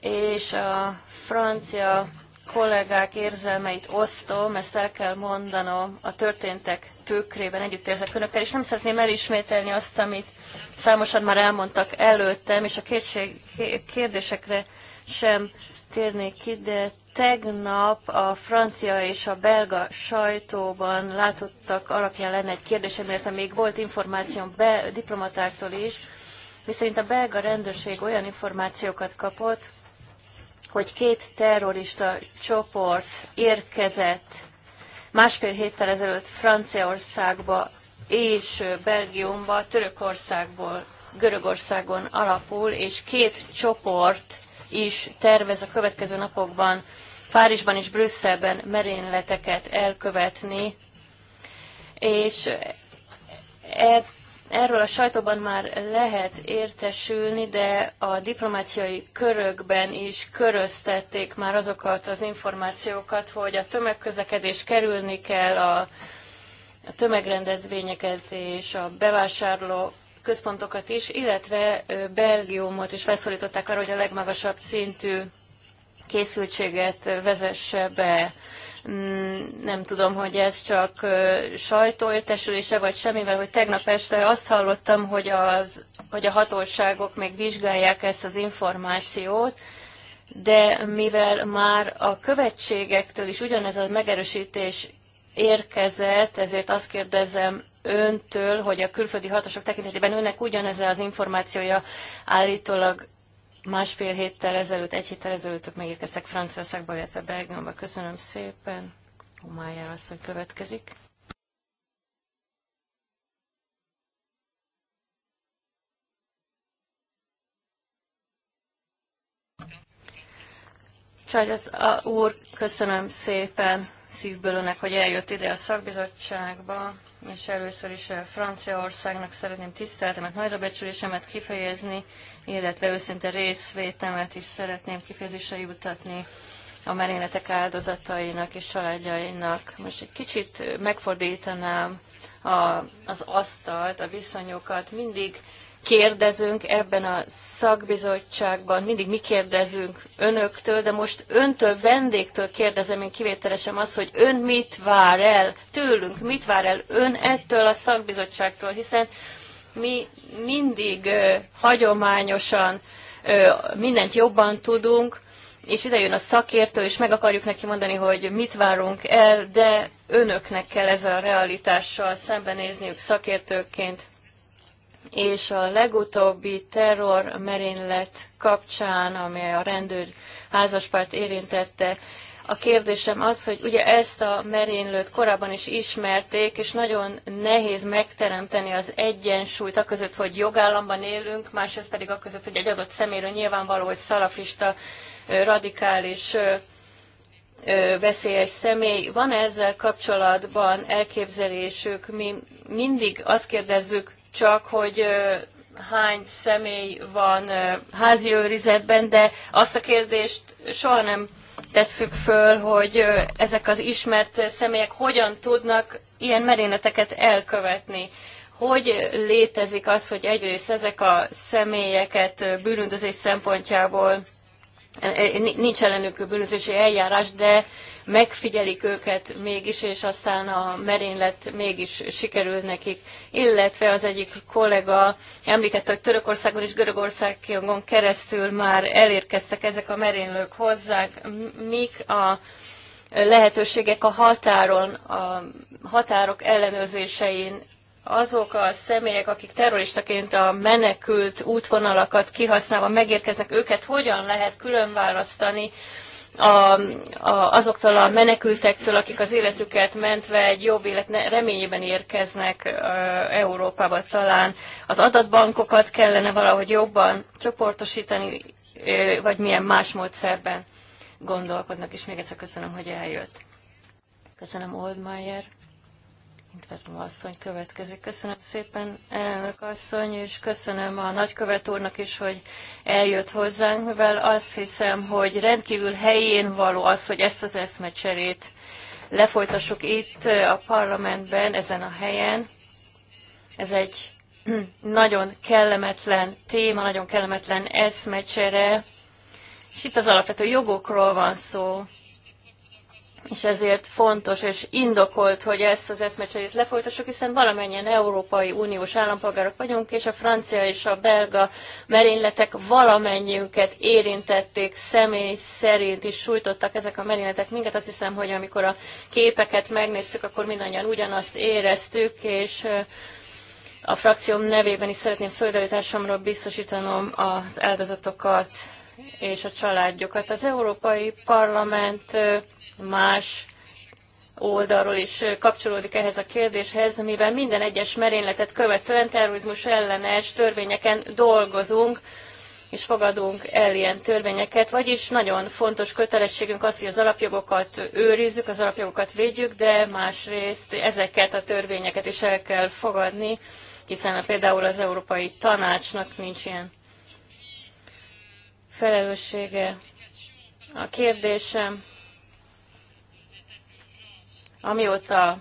és a francia kollégák érzelmeit osztom, ezt el kell mondanom, a történtek tükrében együtt érzek önökkel, és nem szeretném elismételni azt, amit számosan már elmondtak előttem, és a kérdésekre sem térnék ki, de Tegnap a francia és a belga sajtóban látottak alapján lenne egy kérdésem, illetve még volt információm be, diplomatáktól is, miszerint a belga rendőrség olyan információkat kapott, hogy két terrorista csoport érkezett másfél héttel ezelőtt Franciaországba és Belgiumba, Törökországból, Görögországon alapul, és két csoport is tervez a következő napokban Párizsban és Brüsszelben merényleteket elkövetni, és e, erről a sajtóban már lehet értesülni, de a diplomáciai körökben is köröztették már azokat az információkat, hogy a tömegközlekedés kerülni kell, a, a tömegrendezvényeket és a bevásárló központokat is, illetve Belgiumot is felszólították arra, hogy a legmagasabb szintű készültséget vezesse be. Mm, nem tudom, hogy ez csak sajtóértesülése vagy semmivel, hogy tegnap este azt hallottam, hogy, az, hogy a hatóságok még vizsgálják ezt az információt, de mivel már a követségektől is ugyanez a megerősítés érkezett, ezért azt kérdezem öntől, hogy a külföldi hatosok tekintetében önnek ugyanez az információja állítólag másfél héttel ezelőtt, egy héttel ezelőtt ők megérkeztek Franciaországba, illetve Belgiumba. Köszönöm szépen. Homályár asszony következik. Csaj, az a, úr, köszönöm szépen szívből önnek, hogy eljött ide a szakbizottságba, és először is eh, Franciaországnak szeretném tiszteletemet, nagyra becsülésemet kifejezni, illetve őszinte részvétemet is szeretném kifejezésre jutatni a merényletek áldozatainak és családjainak. Most egy kicsit megfordítanám a, az asztalt, a viszonyokat. Mindig kérdezünk ebben a szakbizottságban, mindig mi kérdezünk önöktől, de most öntől, vendégtől kérdezem én kivételesen azt, hogy ön mit vár el tőlünk, mit vár el ön ettől a szakbizottságtól, hiszen mi mindig ö, hagyományosan ö, mindent jobban tudunk, és ide jön a szakértő, és meg akarjuk neki mondani, hogy mit várunk el, de önöknek kell ezzel a realitással szembenézniük szakértőként, és a legutóbbi terror merénylet kapcsán, amely a rendőr házaspárt érintette, a kérdésem az, hogy ugye ezt a merénylőt korábban is ismerték, és nagyon nehéz megteremteni az egyensúlyt a között, hogy jogállamban élünk, másrészt pedig a között, hogy egy adott szeméről nyilvánvaló, hogy szalafista, radikális veszélyes személy. Van -e ezzel kapcsolatban elképzelésük? Mi mindig azt kérdezzük csak, hogy hány személy van házi őrizetben, de azt a kérdést soha nem tesszük föl, hogy ezek az ismert személyek hogyan tudnak ilyen merényleteket elkövetni. Hogy létezik az, hogy egyrészt ezek a személyeket bűnöldözés szempontjából nincs ellenük bűnözési eljárás, de megfigyelik őket mégis, és aztán a merénylet mégis sikerül nekik. Illetve az egyik kollega említette, hogy Törökországon és Görögországon keresztül már elérkeztek ezek a merénylők hozzánk. Mik a lehetőségek a határon, a határok ellenőrzésein azok a személyek, akik terroristaként a menekült útvonalakat kihasználva megérkeznek, őket hogyan lehet különválasztani a, a, azoktól a menekültektől, akik az életüket mentve egy jobb élet reményében érkeznek e, Európába talán. Az adatbankokat kellene valahogy jobban csoportosítani, e, vagy milyen más módszerben gondolkodnak, és még egyszer köszönöm, hogy eljött. Köszönöm, Oldmeier. Intvetma asszony következik. Köszönöm szépen, elnök asszony, és köszönöm a nagykövet úrnak is, hogy eljött hozzánk, mivel azt hiszem, hogy rendkívül helyén való az, hogy ezt az eszmecserét lefolytassuk itt a parlamentben, ezen a helyen. Ez egy nagyon kellemetlen téma, nagyon kellemetlen eszmecsere, és itt az alapvető jogokról van szó, és ezért fontos és indokolt, hogy ezt az eszmecserét lefolytassuk, hiszen valamennyien Európai Uniós állampolgárok vagyunk, és a francia és a belga merényletek valamennyiünket érintették, személy szerint is sújtottak ezek a merényletek minket. Azt hiszem, hogy amikor a képeket megnéztük, akkor mindannyian ugyanazt éreztük, és a frakcióm nevében is szeretném szolidaritásomról biztosítanom az áldozatokat és a családjukat. Az Európai Parlament más oldalról is kapcsolódik ehhez a kérdéshez, mivel minden egyes merényletet követően terrorizmus ellenes törvényeken dolgozunk, és fogadunk el ilyen törvényeket, vagyis nagyon fontos kötelességünk az, hogy az alapjogokat őrizzük, az alapjogokat védjük, de másrészt ezeket a törvényeket is el kell fogadni, hiszen például az Európai Tanácsnak nincs ilyen felelőssége. A kérdésem Amióta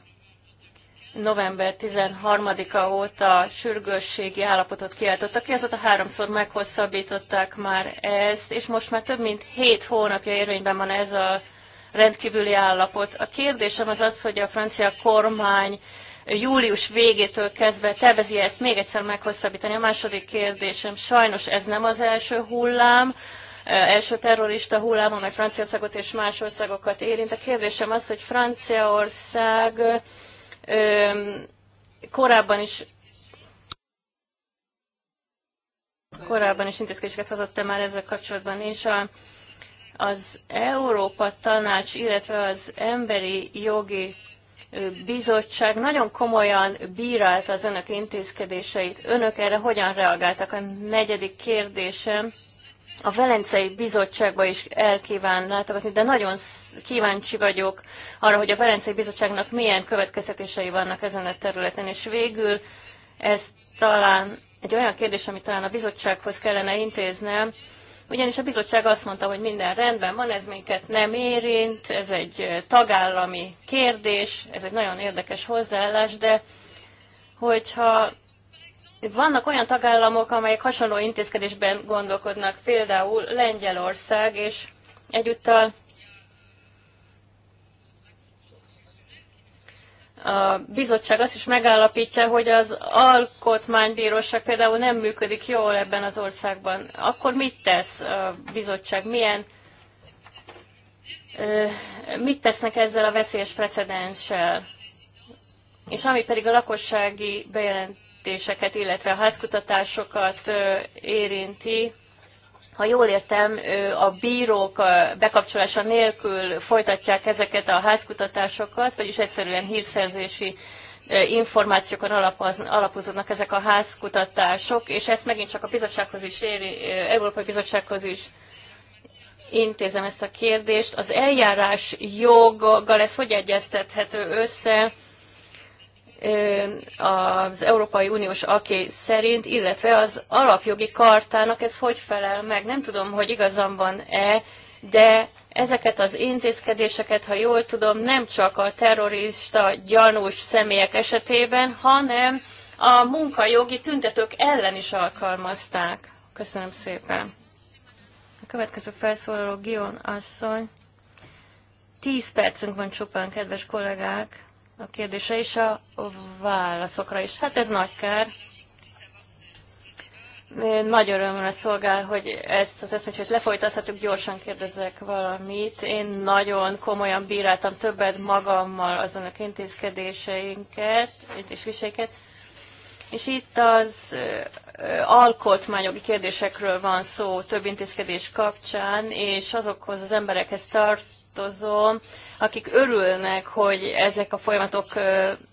november 13-a óta sürgősségi állapotot kiáltottak ki, azóta háromszor meghosszabbították már ezt, és most már több mint hét hónapja érvényben van ez a rendkívüli állapot. A kérdésem az az, hogy a francia kormány július végétől kezdve tervezi ezt még egyszer meghosszabbítani. A második kérdésem, sajnos ez nem az első hullám, Eh, első terrorista hullám, amely Franciaországot és más országokat érint. A kérdésem az, hogy Franciaország eh, korábban is korábban is intézkedéseket hozott már ezzel kapcsolatban, és a, az Európa Tanács, illetve az Emberi Jogi eh, Bizottság nagyon komolyan bírálta az önök intézkedéseit. Önök erre hogyan reagáltak? A negyedik kérdésem a Velencei Bizottságba is elkíván látogatni, de nagyon kíváncsi vagyok arra, hogy a Velencei Bizottságnak milyen következtetései vannak ezen a területen, és végül ez talán egy olyan kérdés, amit talán a bizottsághoz kellene intéznem, ugyanis a bizottság azt mondta, hogy minden rendben van, ez minket nem érint, ez egy tagállami kérdés, ez egy nagyon érdekes hozzáállás, de hogyha vannak olyan tagállamok, amelyek hasonló intézkedésben gondolkodnak, például Lengyelország, és egyúttal a bizottság azt is megállapítja, hogy az alkotmánybíróság például nem működik jól ebben az országban. Akkor mit tesz a bizottság? Milyen mit tesznek ezzel a veszélyes precedenssel? És ami pedig a lakossági bejelentést kutatásfejlesztéseket, illetve a házkutatásokat érinti. Ha jól értem, a bírók bekapcsolása nélkül folytatják ezeket a házkutatásokat, vagyis egyszerűen hírszerzési információkon alapozódnak ezek a házkutatások, és ezt megint csak a bizottsághoz is éri, Európai Bizottsághoz is intézem ezt a kérdést. Az eljárás joggal ez hogy egyeztethető össze? az Európai Uniós aki szerint, illetve az alapjogi kartának ez hogy felel meg. Nem tudom, hogy igazam van-e, de ezeket az intézkedéseket, ha jól tudom, nem csak a terrorista gyanús személyek esetében, hanem a munkajogi tüntetők ellen is alkalmazták. Köszönöm szépen. A következő felszólaló Gion asszony. Tíz percünk van csupán, kedves kollégák a kérdése és a válaszokra is. Hát ez nagy kár. Nagy örömmel szolgál, hogy ezt az eszmecsét lefolytathatjuk, gyorsan kérdezek valamit. Én nagyon komolyan bíráltam többet magammal önök intézkedéseinket, intézkedéseket, és itt az alkotmányogi kérdésekről van szó több intézkedés kapcsán, és azokhoz az emberekhez tart, tartozom, akik örülnek, hogy ezek a folyamatok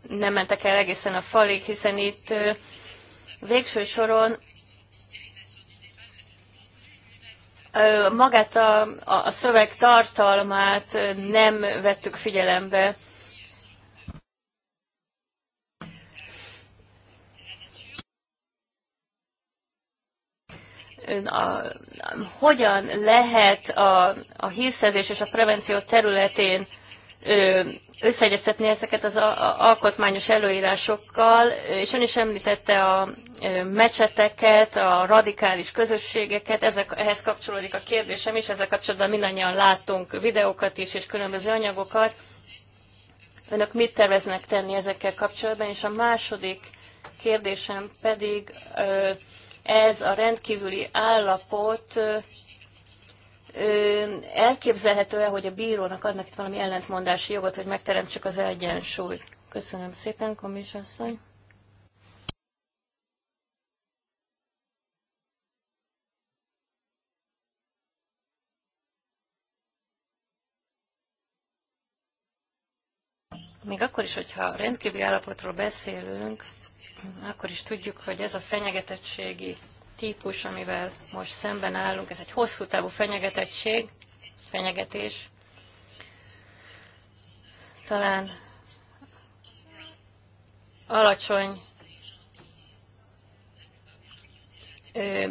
nem mentek el egészen a falig, hiszen itt végső soron magát a, a szöveg tartalmát nem vettük figyelembe a, hogyan lehet a, a hírszerzés és a prevenció területén összeegyeztetni ezeket az alkotmányos előírásokkal, és ön is említette a mecseteket, a radikális közösségeket, ezek, ehhez kapcsolódik a kérdésem is, ezzel kapcsolatban mindannyian látunk videókat is, és különböző anyagokat. Önök mit terveznek tenni ezekkel kapcsolatban? És a második kérdésem pedig ez a rendkívüli állapot elképzelhető-e, hogy a bírónak adnak itt valami ellentmondási jogot, hogy megteremtsük az egyensúlyt? Köszönöm szépen, Komis asszony. Még akkor is, hogyha rendkívüli állapotról beszélünk, akkor is tudjuk, hogy ez a fenyegetettségi típus, amivel most szemben állunk, ez egy hosszú távú fenyegetettség, fenyegetés. Talán alacsony ö,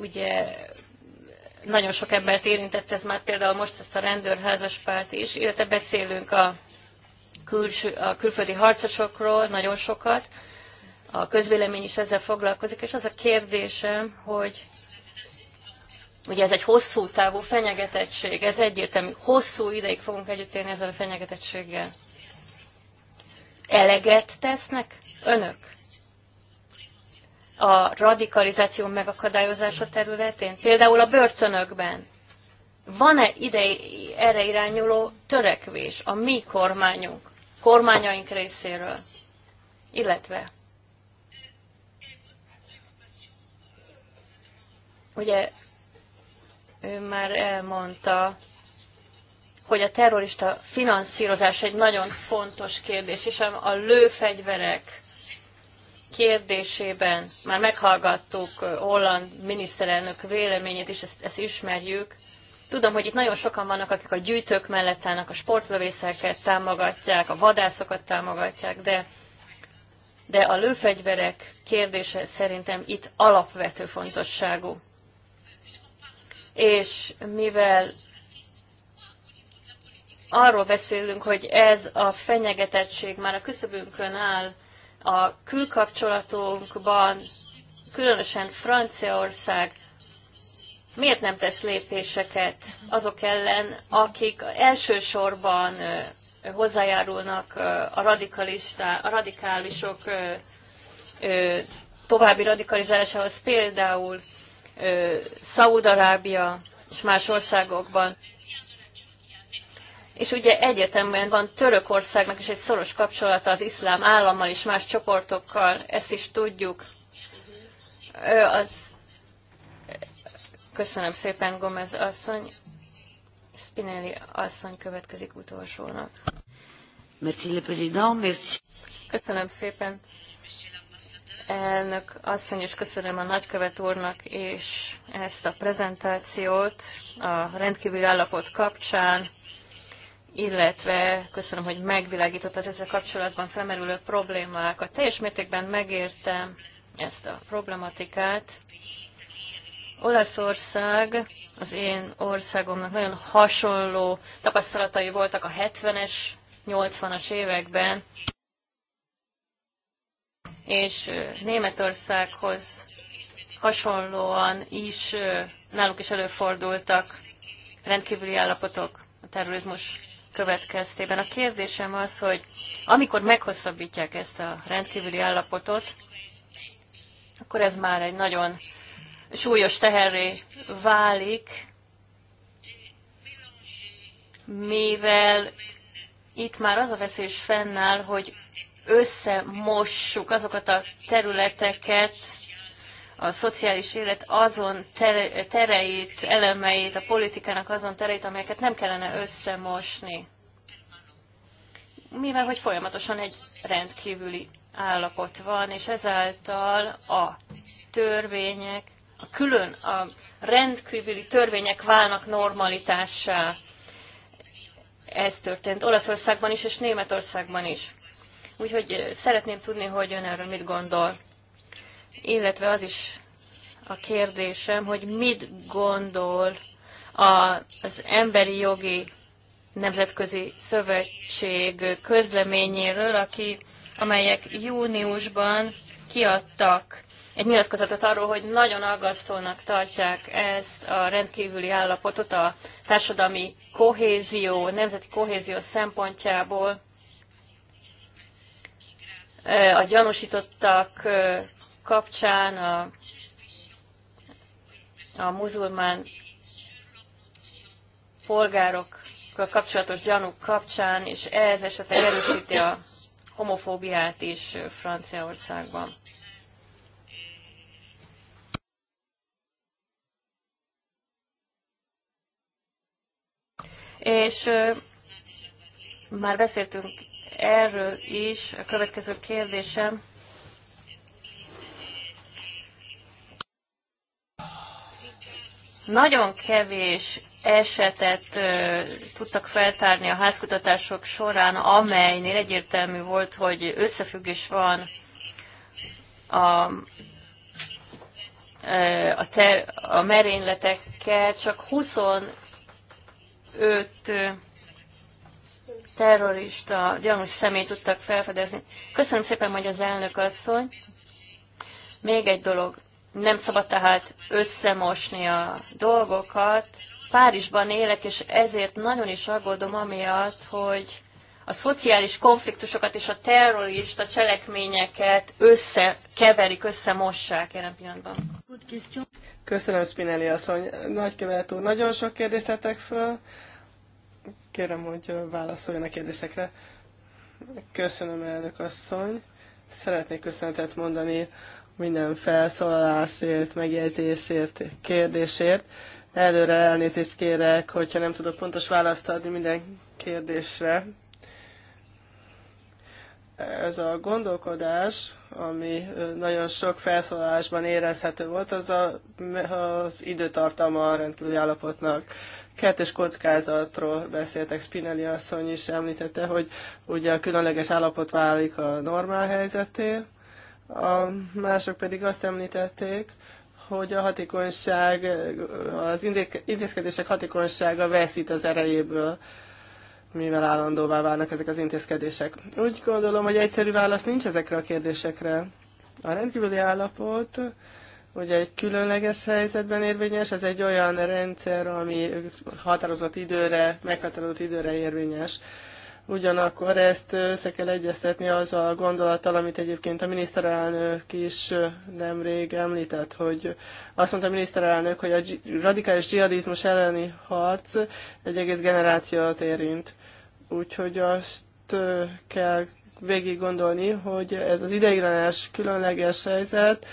ugye nagyon sok embert érintett ez már például most ezt a rendőrházaspárt is, illetve beszélünk a külső, a külföldi harcosokról nagyon sokat, a közvélemény is ezzel foglalkozik, és az a kérdésem, hogy ugye ez egy hosszú távú fenyegetettség, ez egyértelmű, hosszú ideig fogunk együtt élni ezzel a fenyegetettséggel. Eleget tesznek önök? A radikalizáció megakadályozása területén, például a börtönökben. Van-e ide erre irányuló törekvés a mi kormányunk kormányaink részéről, illetve ugye ő már elmondta, hogy a terrorista finanszírozás egy nagyon fontos kérdés, és a lőfegyverek kérdésében már meghallgattuk Holland miniszterelnök véleményét, és ezt, ezt ismerjük, Tudom, hogy itt nagyon sokan vannak, akik a gyűjtők mellett állnak, a sportlövészeket támogatják, a vadászokat támogatják, de, de a lőfegyverek kérdése szerintem itt alapvető fontosságú. És mivel arról beszélünk, hogy ez a fenyegetettség már a küszöbünkön áll, a külkapcsolatunkban, különösen Franciaország miért nem tesz lépéseket azok ellen, akik elsősorban hozzájárulnak a, a radikálisok további radikalizálásához, például Szaúd-Arábia és más országokban. És ugye egyetemben van Törökországnak is egy szoros kapcsolata az iszlám állammal és más csoportokkal, ezt is tudjuk. Az Köszönöm szépen, Gomez asszony. Spinelli asszony következik utolsónak. Merci, le président. Merci. Köszönöm szépen, elnök asszony, és köszönöm a nagykövet úrnak és ezt a prezentációt a rendkívüli állapot kapcsán, illetve köszönöm, hogy megvilágított az ezzel kapcsolatban felmerülő problémákat. Teljes mértékben megértem ezt a problematikát, Olaszország, az én országomnak nagyon hasonló tapasztalatai voltak a 70-es, 80-as években, és Németországhoz hasonlóan is náluk is előfordultak rendkívüli állapotok a terrorizmus következtében. A kérdésem az, hogy amikor meghosszabbítják ezt a rendkívüli állapotot, akkor ez már egy nagyon súlyos teherré válik, mivel itt már az a veszély fennáll, hogy összemossuk azokat a területeket, a szociális élet azon tereit, elemeit, a politikának azon tereit, amelyeket nem kellene összemosni. Mivel, hogy folyamatosan egy rendkívüli állapot van, és ezáltal a törvények külön a rendkívüli törvények válnak normalitássá. Ez történt Olaszországban is és Németországban is. Úgyhogy szeretném tudni, hogy ön erről mit gondol. Illetve az is a kérdésem, hogy mit gondol a, az emberi jogi nemzetközi szövetség közleményéről, aki, amelyek júniusban kiadtak egy nyilatkozatot arról, hogy nagyon aggasztónak tartják ezt a rendkívüli állapotot a társadalmi kohézió, nemzeti kohézió szempontjából. A gyanúsítottak kapcsán a, a muzulmán polgárokkal kapcsolatos gyanúk kapcsán, és ez esetleg erősíti a homofóbiát is Franciaországban. És már beszéltünk erről is, a következő kérdésem. Nagyon kevés esetet ö, tudtak feltárni a házkutatások során, amelynél egyértelmű volt, hogy összefüggés van a, a, ter, a merényletekkel, csak 20 öt terrorista gyanús szemét tudtak felfedezni. Köszönöm szépen, hogy az elnök asszony. Még egy dolog, nem szabad tehát összemosni a dolgokat. Párizsban élek, és ezért nagyon is aggódom amiatt, hogy a szociális konfliktusokat és a terrorista cselekményeket összekeverik, összemossák jelen pillanatban. Köszönöm, Spinelli asszony. Nagykövet úr, nagyon sok kérdést tettek föl. Kérem, hogy válaszoljon a kérdésekre. Köszönöm, elnök asszony. Szeretnék köszönetet mondani minden felszólalásért, megjegyzésért, kérdésért. Előre elnézést kérek, hogyha nem tudok pontos választ adni minden kérdésre, ez a gondolkodás, ami nagyon sok felszólalásban érezhető volt, az a, az időtartama a rendkívüli állapotnak. Kettős kockázatról beszéltek, Spinelli asszony is említette, hogy ugye a különleges állapot válik a normál helyzeté, a mások pedig azt említették, hogy a hatékonyság, az intézkedések hatékonysága veszít az erejéből mivel állandóvá válnak ezek az intézkedések. Úgy gondolom, hogy egyszerű válasz nincs ezekre a kérdésekre. A rendkívüli állapot ugye egy különleges helyzetben érvényes, ez egy olyan rendszer, ami határozott időre, meghatározott időre érvényes. Ugyanakkor ezt össze kell egyeztetni az a gondolattal, amit egyébként a miniszterelnök is nemrég említett, hogy azt mondta a miniszterelnök, hogy a radikális dzsihadizmus elleni harc egy egész generációt érint. Úgyhogy azt kell végig gondolni, hogy ez az ideiglenes, különleges helyzet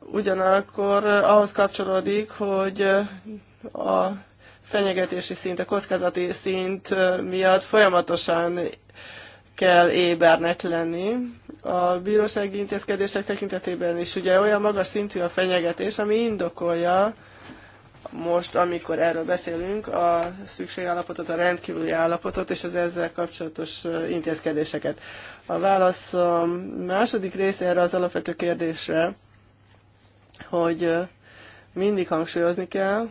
ugyanakkor ahhoz kapcsolódik, hogy a fenyegetési szint, a kockázati szint miatt folyamatosan kell ébernek lenni. A bírósági intézkedések tekintetében is ugye olyan magas szintű a fenyegetés, ami indokolja most, amikor erről beszélünk, a szükségállapotot, a rendkívüli állapotot és az ezzel kapcsolatos intézkedéseket. A válasz a második része erre az alapvető kérdésre, hogy mindig hangsúlyozni kell,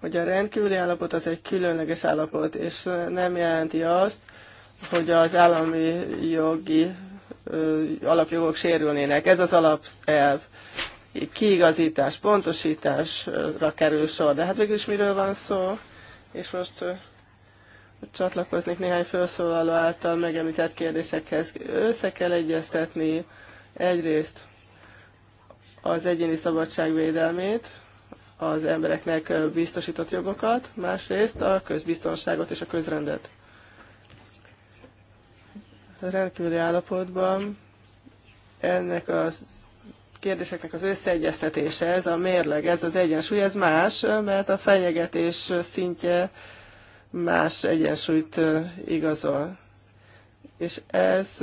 hogy a rendkívüli állapot az egy különleges állapot, és nem jelenti azt, hogy az állami jogi ö, alapjogok sérülnének. Ez az alapelv. Kiigazítás, pontosításra kerül sor. De hát végülis miről van szó? És most ö, csatlakoznék néhány felszólaló által megemlített kérdésekhez. Össze kell egyeztetni egyrészt az egyéni szabadság védelmét, az embereknek biztosított jogokat, másrészt a közbiztonságot és a közrendet. Rendkívüli állapotban ennek a kérdéseknek az összeegyeztetése, ez a mérleg, ez az egyensúly, ez más, mert a fenyegetés szintje más egyensúlyt igazol. És ez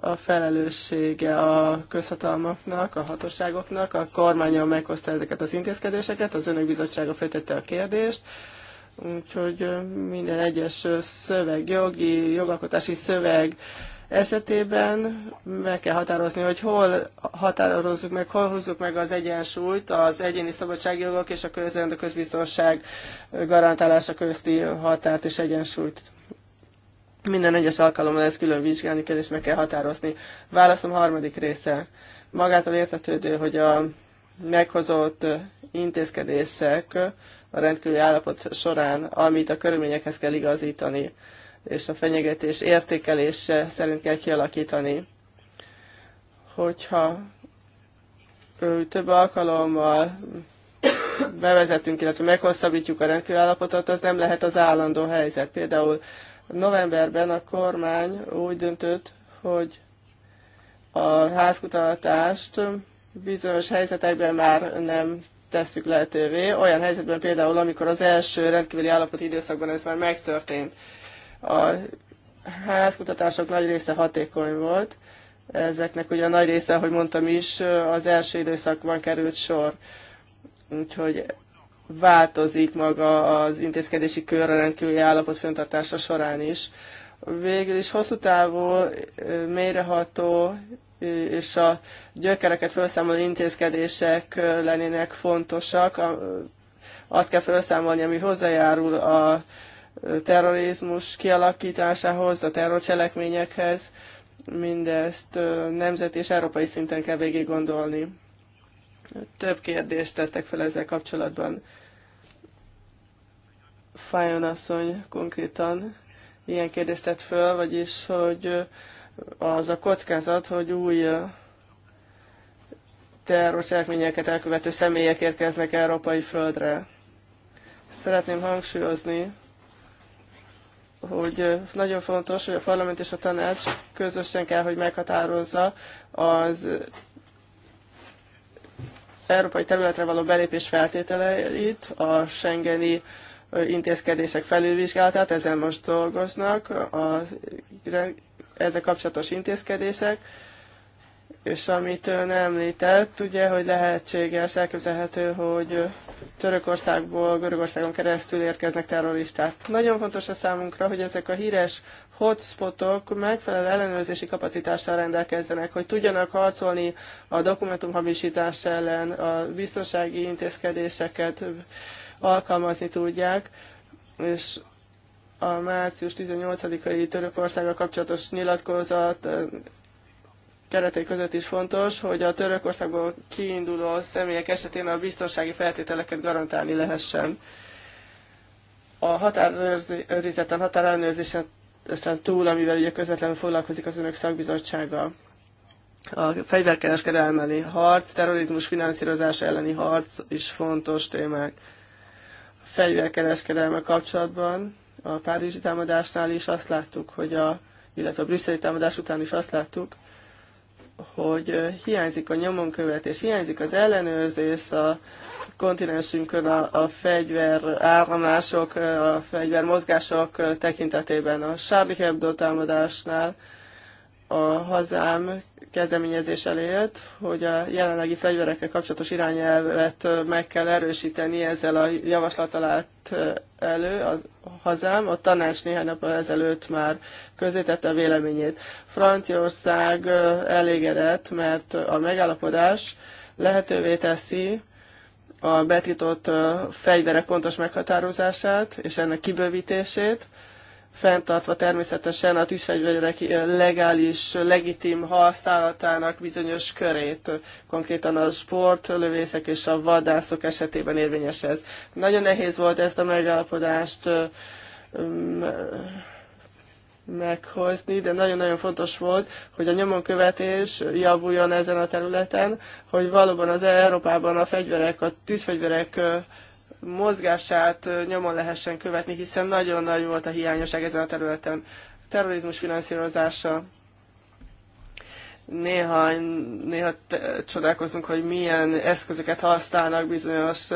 a felelőssége a közhatalmaknak, a hatóságoknak. A kormánya meghozta ezeket az intézkedéseket, az önök bizottsága feltette a kérdést, úgyhogy minden egyes szöveg, jogi, jogalkotási szöveg esetében meg kell határozni, hogy hol határozzuk meg, hol hozzuk meg az egyensúlyt az egyéni szabadságjogok és a közrend, a közbiztonság garantálása közti határt és egyensúlyt. Minden egyes alkalommal ezt külön vizsgálni kell, és meg kell határozni. Válaszom harmadik része. Magától értetődő, hogy a meghozott intézkedések a rendkívüli állapot során, amit a körülményekhez kell igazítani, és a fenyegetés értékelése szerint kell kialakítani. Hogyha több alkalommal bevezetünk, illetve meghosszabbítjuk a rendkívüli állapotot, az nem lehet az állandó helyzet. Például Novemberben a kormány úgy döntött, hogy a házkutatást bizonyos helyzetekben már nem tesszük lehetővé. Olyan helyzetben például, amikor az első rendkívüli állapot időszakban ez már megtörtént. A házkutatások nagy része hatékony volt. Ezeknek ugye a nagy része, ahogy mondtam is, az első időszakban került sor. Úgyhogy változik maga az intézkedési kör rendkívüli állapot fenntartása során is. Végül is hosszú távú, mélyreható és a gyökereket felszámoló intézkedések lennének fontosak. Azt kell felszámolni, ami hozzájárul a terrorizmus kialakításához, a terrorcselekményekhez. Mindezt nemzeti és európai szinten kell végig gondolni több kérdést tettek fel ezzel kapcsolatban. Fájon asszony konkrétan ilyen kérdést tett föl, vagyis, hogy az a kockázat, hogy új terrorcselekményeket elkövető személyek érkeznek európai földre. Szeretném hangsúlyozni, hogy nagyon fontos, hogy a parlament és a tanács közösen kell, hogy meghatározza az európai területre való belépés feltételeit, a Schengeni intézkedések felülvizsgálatát, ezzel most dolgoznak, a, ezzel kapcsolatos intézkedések, és amit ön említett, ugye, hogy lehetséges, elképzelhető, hogy Törökországból, Görögországon keresztül érkeznek terroristák. Nagyon fontos a számunkra, hogy ezek a híres hotspotok megfelelő ellenőrzési kapacitással rendelkezzenek, hogy tudjanak harcolni a dokumentumhamisítás ellen, a biztonsági intézkedéseket alkalmazni tudják, és a március 18-ai Törökországgal kapcsolatos nyilatkozat keretei között is fontos, hogy a Törökországból kiinduló személyek esetén a biztonsági feltételeket garantálni lehessen. A határőrizeten, határellenőrzésen túl, amivel ugye közvetlenül foglalkozik az önök szakbizottsága, a fegyverkereskedelem elleni harc, terrorizmus finanszírozása elleni harc is fontos témák. A fegyverkereskedelme kapcsolatban a párizsi támadásnál is azt láttuk, hogy a, illetve a brüsszeli támadás után is azt láttuk, hogy hiányzik a nyomonkövetés, hiányzik az ellenőrzés a kontinensünkön a, a fegyver áramlások, a fegyver mozgások tekintetében. A Charlie Hebdo támadásnál a hazám kezdeményezés elért, hogy a jelenlegi fegyverekkel kapcsolatos irányelvet meg kell erősíteni, ezzel a javaslat állt elő a hazám. A tanács néhány nap ezelőtt már közzétette a véleményét. Franciaország elégedett, mert a megállapodás lehetővé teszi a betitott fegyverek pontos meghatározását és ennek kibővítését, fenntartva természetesen a tűzfegyverek eh, legális, legitim használatának bizonyos körét, konkrétan a sportlövészek és a vadászok esetében érvényes ez. Nagyon nehéz volt ezt a megállapodást eh, mm, meghozni, de nagyon-nagyon fontos volt, hogy a nyomonkövetés javuljon ezen a területen, hogy valóban az Európában a fegyverek, a tűzfegyverek eh, mozgását nyomon lehessen követni, hiszen nagyon nagy volt a hiányosság ezen a területen. A terrorizmus finanszírozása, néha, néha te, csodálkozunk, hogy milyen eszközöket használnak bizonyos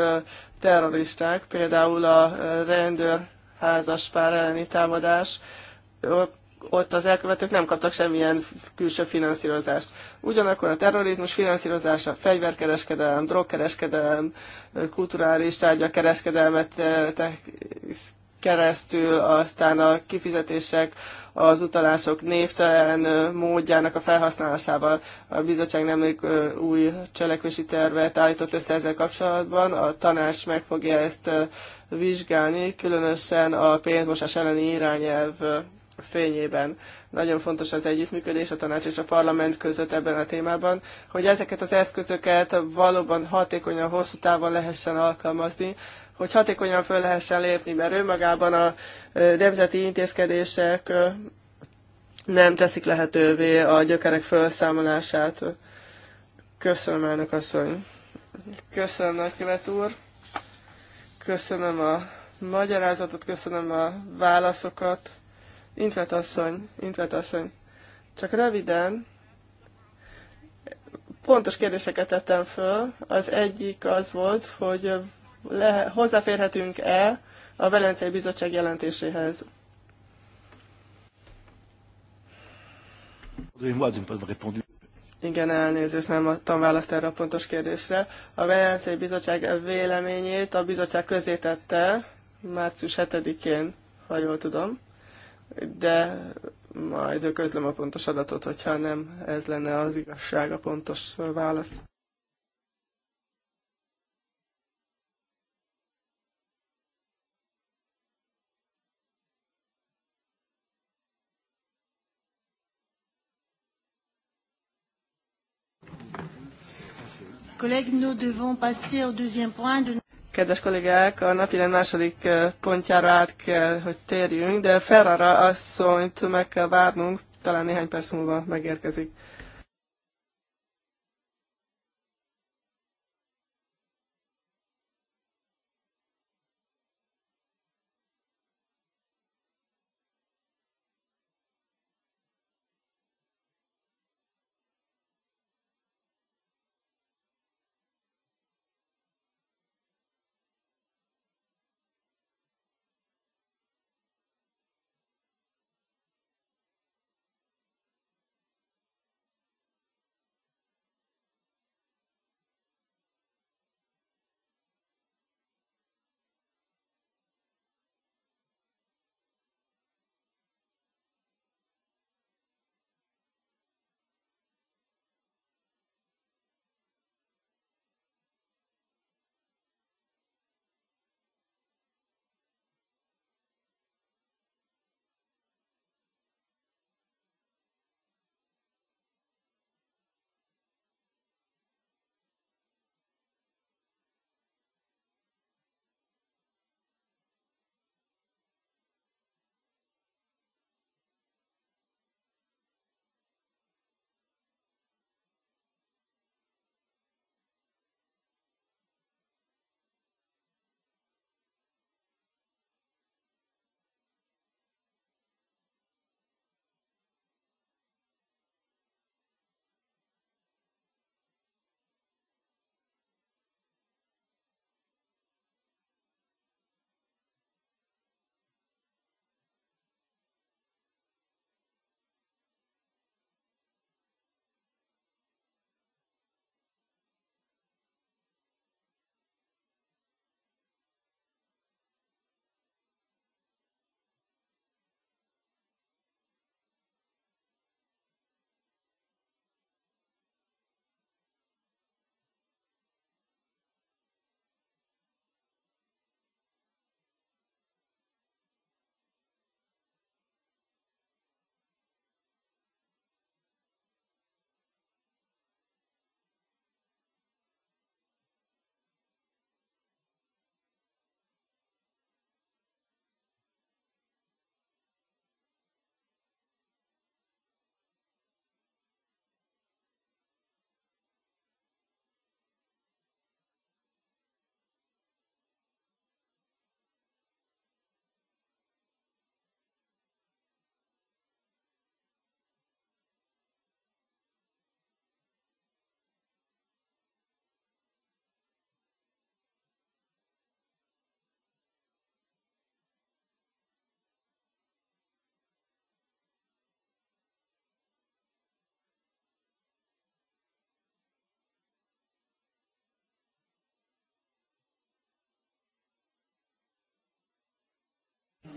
terroristák, például a rendőrházas pár elleni támadás. Ott ott az elkövetők nem kaptak semmilyen külső finanszírozást. Ugyanakkor a terrorizmus finanszírozása, fegyverkereskedelem, drogkereskedelem, kulturális tárgyak kereskedelmet eh, keresztül, aztán a kifizetések, az utalások névtelen eh, módjának a felhasználásával a bizottság nemrég eh, új cselekvési tervet állított össze ezzel kapcsolatban. A tanács meg fogja ezt vizsgálni, különösen a pénzmosás elleni irányelv fényében. Nagyon fontos az együttműködés a tanács és a parlament között ebben a témában, hogy ezeket az eszközöket valóban hatékonyan, hosszú távon lehessen alkalmazni, hogy hatékonyan föl lehessen lépni, mert önmagában a nemzeti intézkedések nem teszik lehetővé a gyökerek felszámolását. Köszönöm, elnök asszony. Köszönöm, nagykövet úr. Köszönöm a magyarázatot, köszönöm a válaszokat. Intvet asszony, Intvet asszony, csak röviden, pontos kérdéseket tettem föl. Az egyik az volt, hogy le, hozzáférhetünk-e a Velencei Bizottság jelentéséhez. Igen, elnézést, nem adtam választ erre a pontos kérdésre. A Velencei Bizottság véleményét a bizottság közé tette március 7-én, ha jól tudom de majd közlöm a pontos adatot, hogyha nem ez lenne az igazság, a pontos válasz. Collègues, nous devons passer au deuxième point de Kedves kollégák, a napirend második eh, pontjára át kell, hogy térjünk, de Ferrara asszonyt meg kell várnunk, talán néhány perc múlva megérkezik.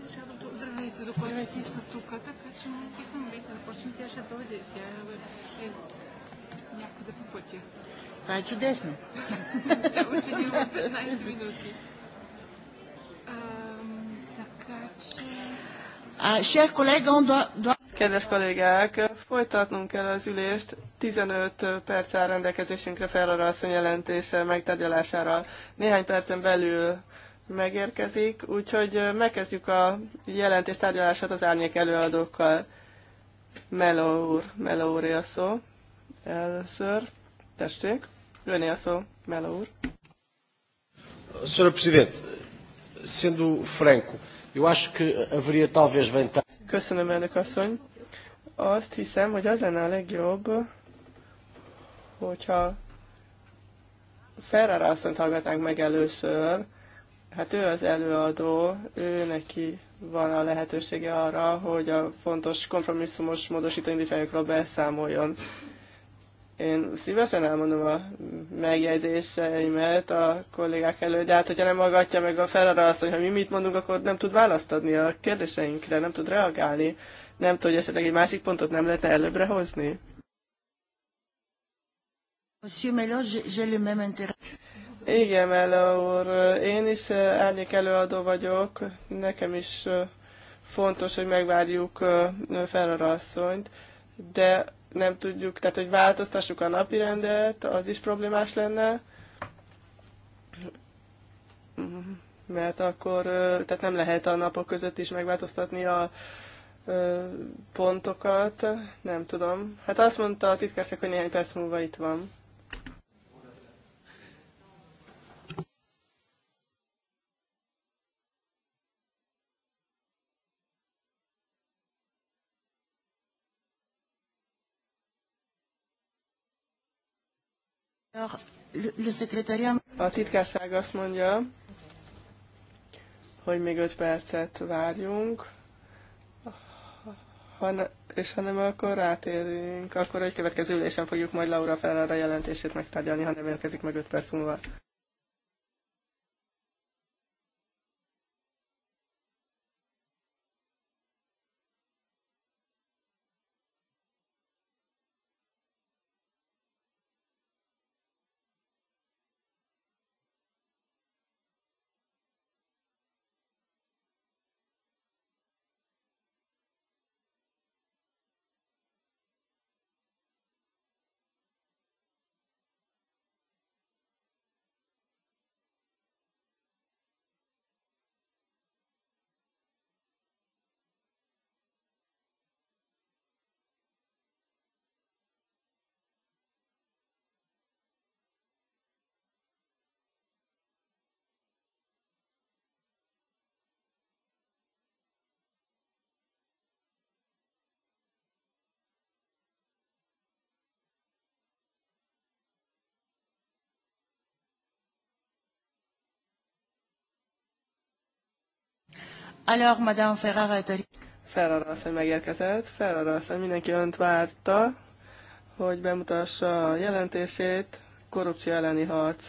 Защото здравници, доколе си така че не тихам вече започне, тя ще дойде. Тя е някъде по пътя. Това е чудесно. Трябва, че ни 15 минути. Kedves kollégák, folytatnunk kell az ülést. 15 perc áll rendelkezésünkre Ferrara asszony jelentése megtárgyalására. Néhány percen belül megérkezik, úgyhogy megkezdjük a jelentés tárgyalását az árnyék előadókkal. Meló úr, Meló úr a szó. Először, tessék, lőné a szó, Meló úr. Sr. Presidente, sendo franco, eu acho que haveria talvez vantagem. Köszönöm, elnök asszony. Azt hiszem, hogy az lenne a legjobb, hogyha Ferrara asszonyt hallgatnánk meg először, hát ő az előadó, ő neki van a lehetősége arra, hogy a fontos kompromisszumos módosító indítványokról beszámoljon. Én szívesen elmondom a megjegyzéseimet a kollégák elő, de hát hogyha nem hallgatja meg a felarra azt, hogy ha mi mit mondunk, akkor nem tud választ adni a kérdéseinkre, nem tud reagálni, nem tud, hogy esetleg egy másik pontot nem lehet előbbre hozni. Igen, Mella úr, én is eh, árnyék előadó vagyok, nekem is eh, fontos, hogy megvárjuk eh, Ferrara asszonyt, de nem tudjuk, tehát hogy változtassuk a rendet, az is problémás lenne, mert akkor, tehát nem lehet a napok között is megváltoztatni a pontokat, nem tudom. Hát azt mondta a titkárság, hogy néhány perc múlva itt van. A titkárság azt mondja, hogy még 5 percet várjunk, ha ne, és ha nem, akkor rátérünk. Akkor egy következő ülésen fogjuk majd Laura Ferrara jelentését megtárgyalni, ha nem érkezik meg 5 perc múlva. Alors, Madame Ferrara est Ferrara asszony megérkezett. Ferrara asszony mindenki önt várta, hogy bemutassa a jelentését. Korrupció elleni harc.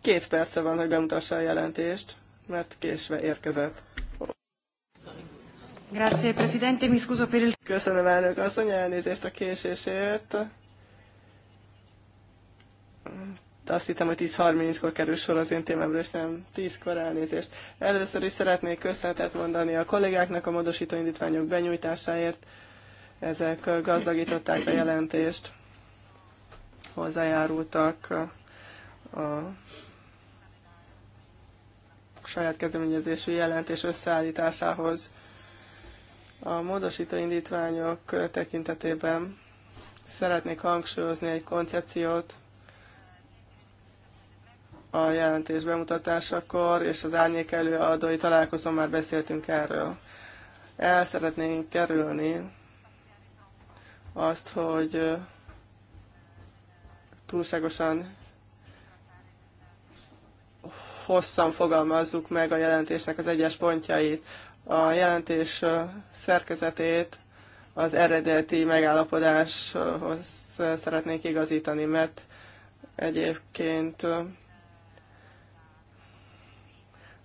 Két perce van, hogy bemutassa a jelentést, mert késve érkezett. Grazie, Presidente, mi scuso per il... Köszönöm elnök asszony, elnézést a késésért azt hittem, hogy 10.30-kor kerül sor az én témámra, és nem 10-kor elnézést. Először is szeretnék köszönetet mondani a kollégáknak a módosító indítványok benyújtásáért. Ezek gazdagították a jelentést, hozzájárultak a saját kezdeményezésű jelentés összeállításához. A módosító indítványok tekintetében szeretnék hangsúlyozni egy koncepciót, a jelentés bemutatásakor, és az árnyék előadói találkozón már beszéltünk erről. El szeretnénk kerülni azt, hogy túlságosan hosszan fogalmazzuk meg a jelentésnek az egyes pontjait. A jelentés szerkezetét az eredeti megállapodáshoz szeretnék igazítani, mert egyébként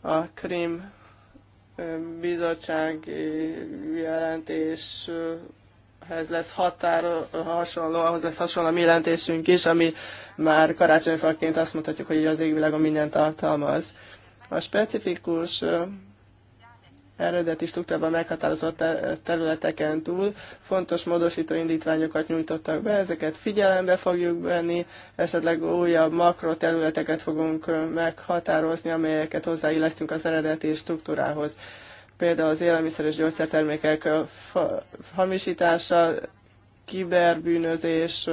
a Krim bizottság jelentéshez lesz határ, hasonló, ahhoz lesz hasonló a mi jelentésünk is, ami már karácsonyfaként azt mondhatjuk, hogy az égvilágon minden tartalmaz. A specifikus eredeti struktúrában meghatározott területeken túl fontos módosító indítványokat nyújtottak be, ezeket figyelembe fogjuk venni, esetleg újabb makro területeket fogunk meghatározni, amelyeket hozzáillesztünk az eredeti struktúrához. Például az élelmiszer és gyógyszertermékek hamisítása, kiberbűnözés,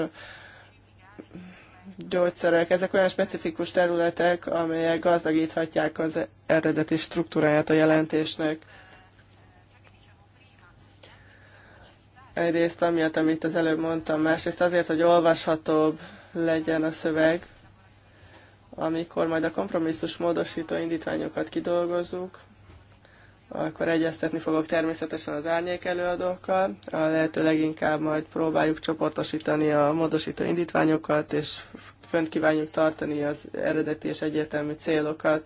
gyógyszerek, ezek olyan specifikus területek, amelyek gazdagíthatják az eredeti struktúráját a jelentésnek. Egyrészt amiatt, amit az előbb mondtam, másrészt azért, hogy olvashatóbb legyen a szöveg, amikor majd a kompromisszus módosító indítványokat kidolgozzuk, akkor egyeztetni fogok természetesen az árnyék előadókkal. A lehető leginkább majd próbáljuk csoportosítani a módosító indítványokat, és fönt kívánjuk tartani az eredeti és egyértelmű célokat.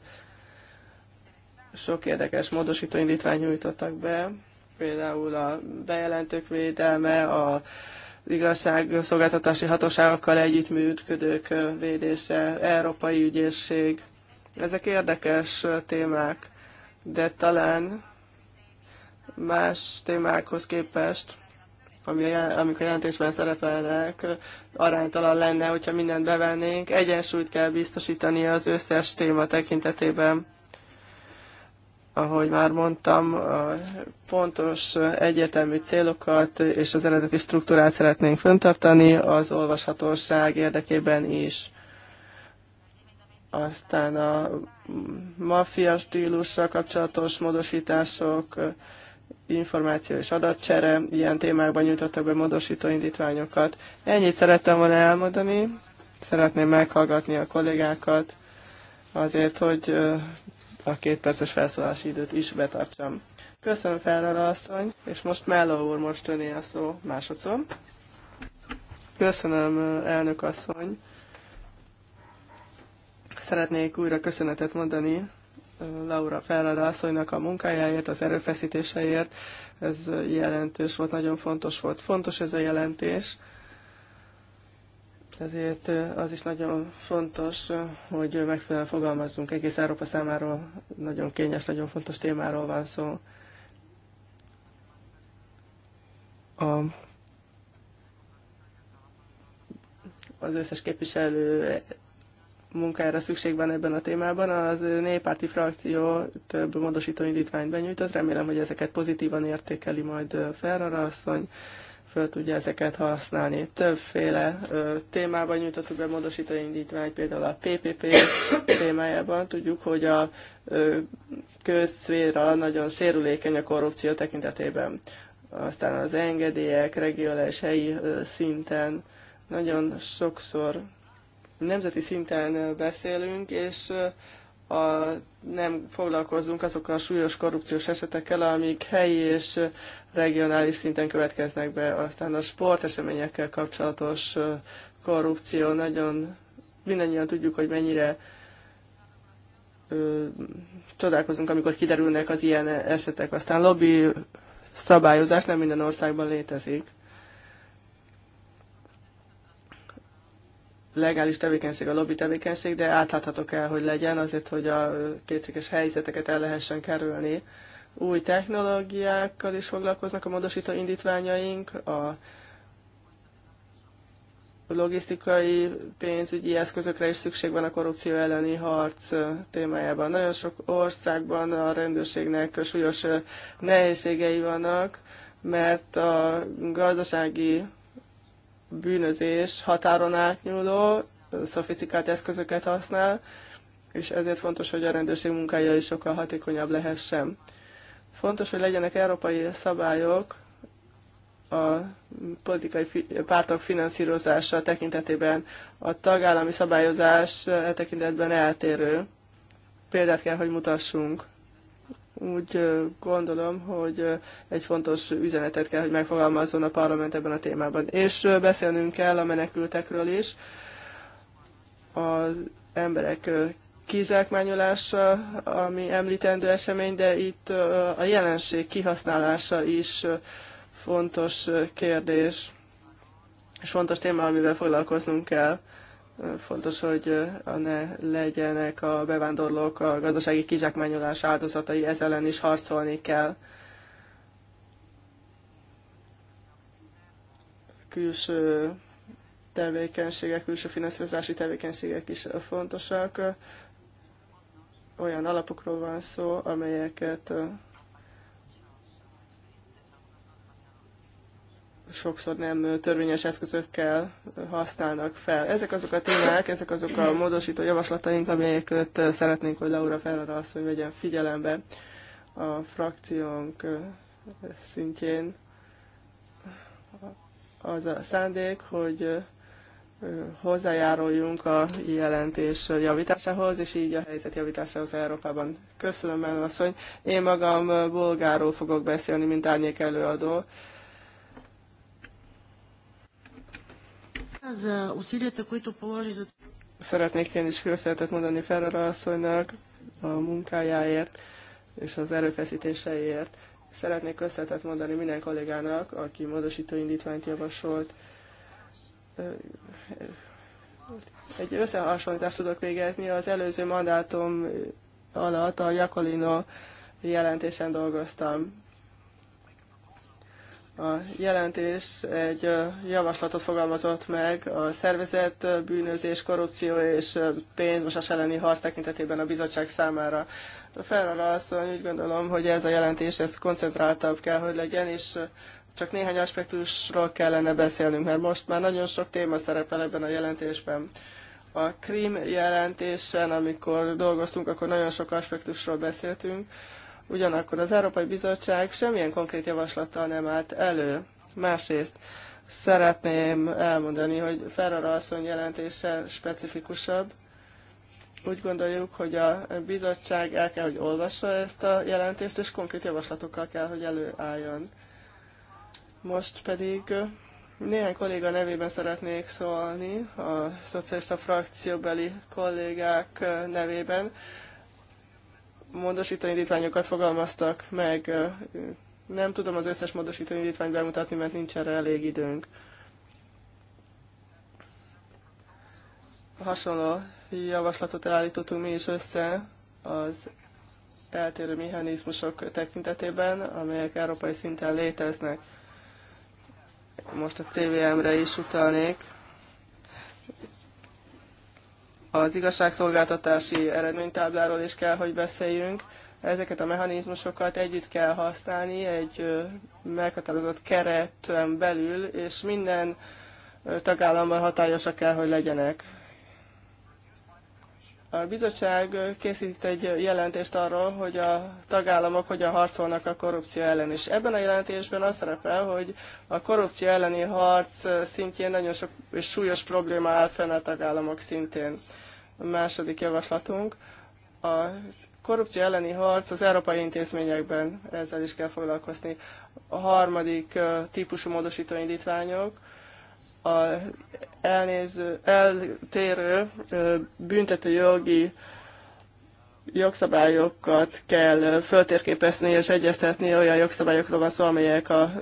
Sok érdekes módosító indítvány nyújtottak be, például a bejelentők védelme, a igazságszolgáltatási hatóságokkal együttműködők védése, Európai Ügyészség. Ezek érdekes témák, de talán más témákhoz képest ami a, amik a jelentésben szerepelnek, aránytalan lenne, hogyha mindent bevennénk. Egyensúlyt kell biztosítani az összes téma tekintetében. Ahogy már mondtam, a pontos, egyértelmű célokat és az eredeti struktúrát szeretnénk föntartani az olvashatóság érdekében is. Aztán a maffia stílusra kapcsolatos módosítások, információ és adatcsere, ilyen témákban nyújtottak be módosító indítványokat. Ennyit szerettem volna elmondani, szeretném meghallgatni a kollégákat, azért, hogy a két perces felszólási időt is betartsam. Köszönöm Ferrer asszony, és most Melló úr most öné a szó másodszor. Köszönöm elnök asszony. Szeretnék újra köszönetet mondani Laura Ferrara asszonynak a munkájáért, az erőfeszítéseért. Ez jelentős volt, nagyon fontos volt. Fontos ez a jelentés. Ezért az is nagyon fontos, hogy megfelelően fogalmazzunk. Egész Európa számára nagyon kényes, nagyon fontos témáról van szó. A, az összes képviselő munkára szükség van ebben a témában. Az néppárti frakció több módosító indítványt benyújtott, remélem, hogy ezeket pozitívan értékeli majd Ferrara asszony, föl tudja ezeket használni. Többféle ö, témában nyújtottuk be módosító indítványt, például a PPP témájában. Tudjuk, hogy a ö, közszféra nagyon sérülékeny a korrupció tekintetében. Aztán az engedélyek regionális helyi ö, szinten nagyon sokszor nemzeti szinten beszélünk, és a, nem foglalkozunk azokkal a súlyos korrupciós esetekkel, amik helyi és regionális szinten következnek be. Aztán a sporteseményekkel kapcsolatos korrupció nagyon, mindannyian tudjuk, hogy mennyire ö, csodálkozunk, amikor kiderülnek az ilyen esetek. Aztán lobby szabályozás nem minden országban létezik. legális tevékenység, a lobby tevékenység, de átlátható kell, hogy legyen, azért, hogy a kétséges helyzeteket el lehessen kerülni. Új technológiákkal is foglalkoznak a módosító indítványaink, a logisztikai, pénzügyi eszközökre is szükség van a korrupció elleni harc témájában. Nagyon sok országban a rendőrségnek súlyos nehézségei vannak, mert a gazdasági bűnözés határon átnyúló, szofisztikált eszközöket használ, és ezért fontos, hogy a rendőrség munkája is sokkal hatékonyabb lehessen. Fontos, hogy legyenek európai szabályok a politikai pártok finanszírozása tekintetében. A tagállami szabályozás e tekintetben eltérő. Példát kell, hogy mutassunk úgy gondolom, hogy egy fontos üzenetet kell, hogy megfogalmazzon a parlament ebben a témában. És beszélnünk kell a menekültekről is. Az emberek kizsákmányolása, ami említendő esemény, de itt a jelenség kihasználása is fontos kérdés, és fontos téma, amivel foglalkoznunk kell fontos, hogy ne legyenek a bevándorlók a gazdasági kizsákmányolás áldozatai, ez ellen is harcolni kell. Külső tevékenységek, külső finanszírozási tevékenységek is fontosak. Olyan alapokról van szó, amelyeket sokszor nem törvényes eszközökkel használnak fel. Ezek azok a témák, ezek azok a módosító javaslataink, amelyeket szeretnénk, hogy Laura Ferrara asszony vegyen figyelembe a frakciónk szintjén. Az a szándék, hogy hozzájáruljunk a jelentés javításához, és így a helyzet javításához Európában. Köszönöm, elnök asszony. Én magam bolgáról fogok beszélni, mint árnyék előadó Szeretnék én is köszönetet mondani Ferrara asszonynak a munkájáért és az erőfeszítéseiért. Szeretnék köszönetet mondani minden kollégának, aki módosító indítványt javasolt. Egy összehasonlítást tudok végezni. Az előző mandátum alatt a Jakolino jelentésen dolgoztam. A jelentés egy javaslatot fogalmazott meg a szervezet bűnözés, korrupció és pénzmosás elleni harc tekintetében a bizottság számára. A Ferrara asszony úgy gondolom, hogy ez a jelentés, ez koncentráltabb kell, hogy legyen, és csak néhány aspektusról kellene beszélnünk, mert most már nagyon sok téma szerepel ebben a jelentésben. A krím jelentésen, amikor dolgoztunk, akkor nagyon sok aspektusról beszéltünk, Ugyanakkor az Európai Bizottság semmilyen konkrét javaslattal nem állt elő. Másrészt szeretném elmondani, hogy Ferrara asszony jelentése specifikusabb. Úgy gondoljuk, hogy a bizottság el kell, hogy olvassa ezt a jelentést, és konkrét javaslatokkal kell, hogy előálljon. Most pedig néhány kolléga nevében szeretnék szólni, a szocialista frakcióbeli kollégák nevében, módosító indítványokat fogalmaztak meg. Nem tudom az összes módosító indítványt bemutatni, mert nincs erre elég időnk. Hasonló javaslatot állítottunk mi is össze az eltérő mechanizmusok tekintetében, amelyek európai szinten léteznek. Most a CVM-re is utalnék. Az igazságszolgáltatási eredménytábláról is kell, hogy beszéljünk. Ezeket a mechanizmusokat együtt kell használni egy meghatározott keretben belül, és minden tagállamban hatályosak kell, hogy legyenek. A bizottság készít egy jelentést arról, hogy a tagállamok hogyan harcolnak a korrupció ellen, és ebben a jelentésben az szerepel, hogy a korrupció elleni harc szintjén nagyon sok és súlyos probléma áll fenn a tagállamok szintén a második javaslatunk. A korrupció elleni harc az európai intézményekben, ezzel is kell foglalkozni. A harmadik típusú módosító indítványok, a elnéző, eltérő büntetőjogi jogszabályokat kell föltérképezni és egyeztetni, olyan jogszabályokról van szó, amelyek a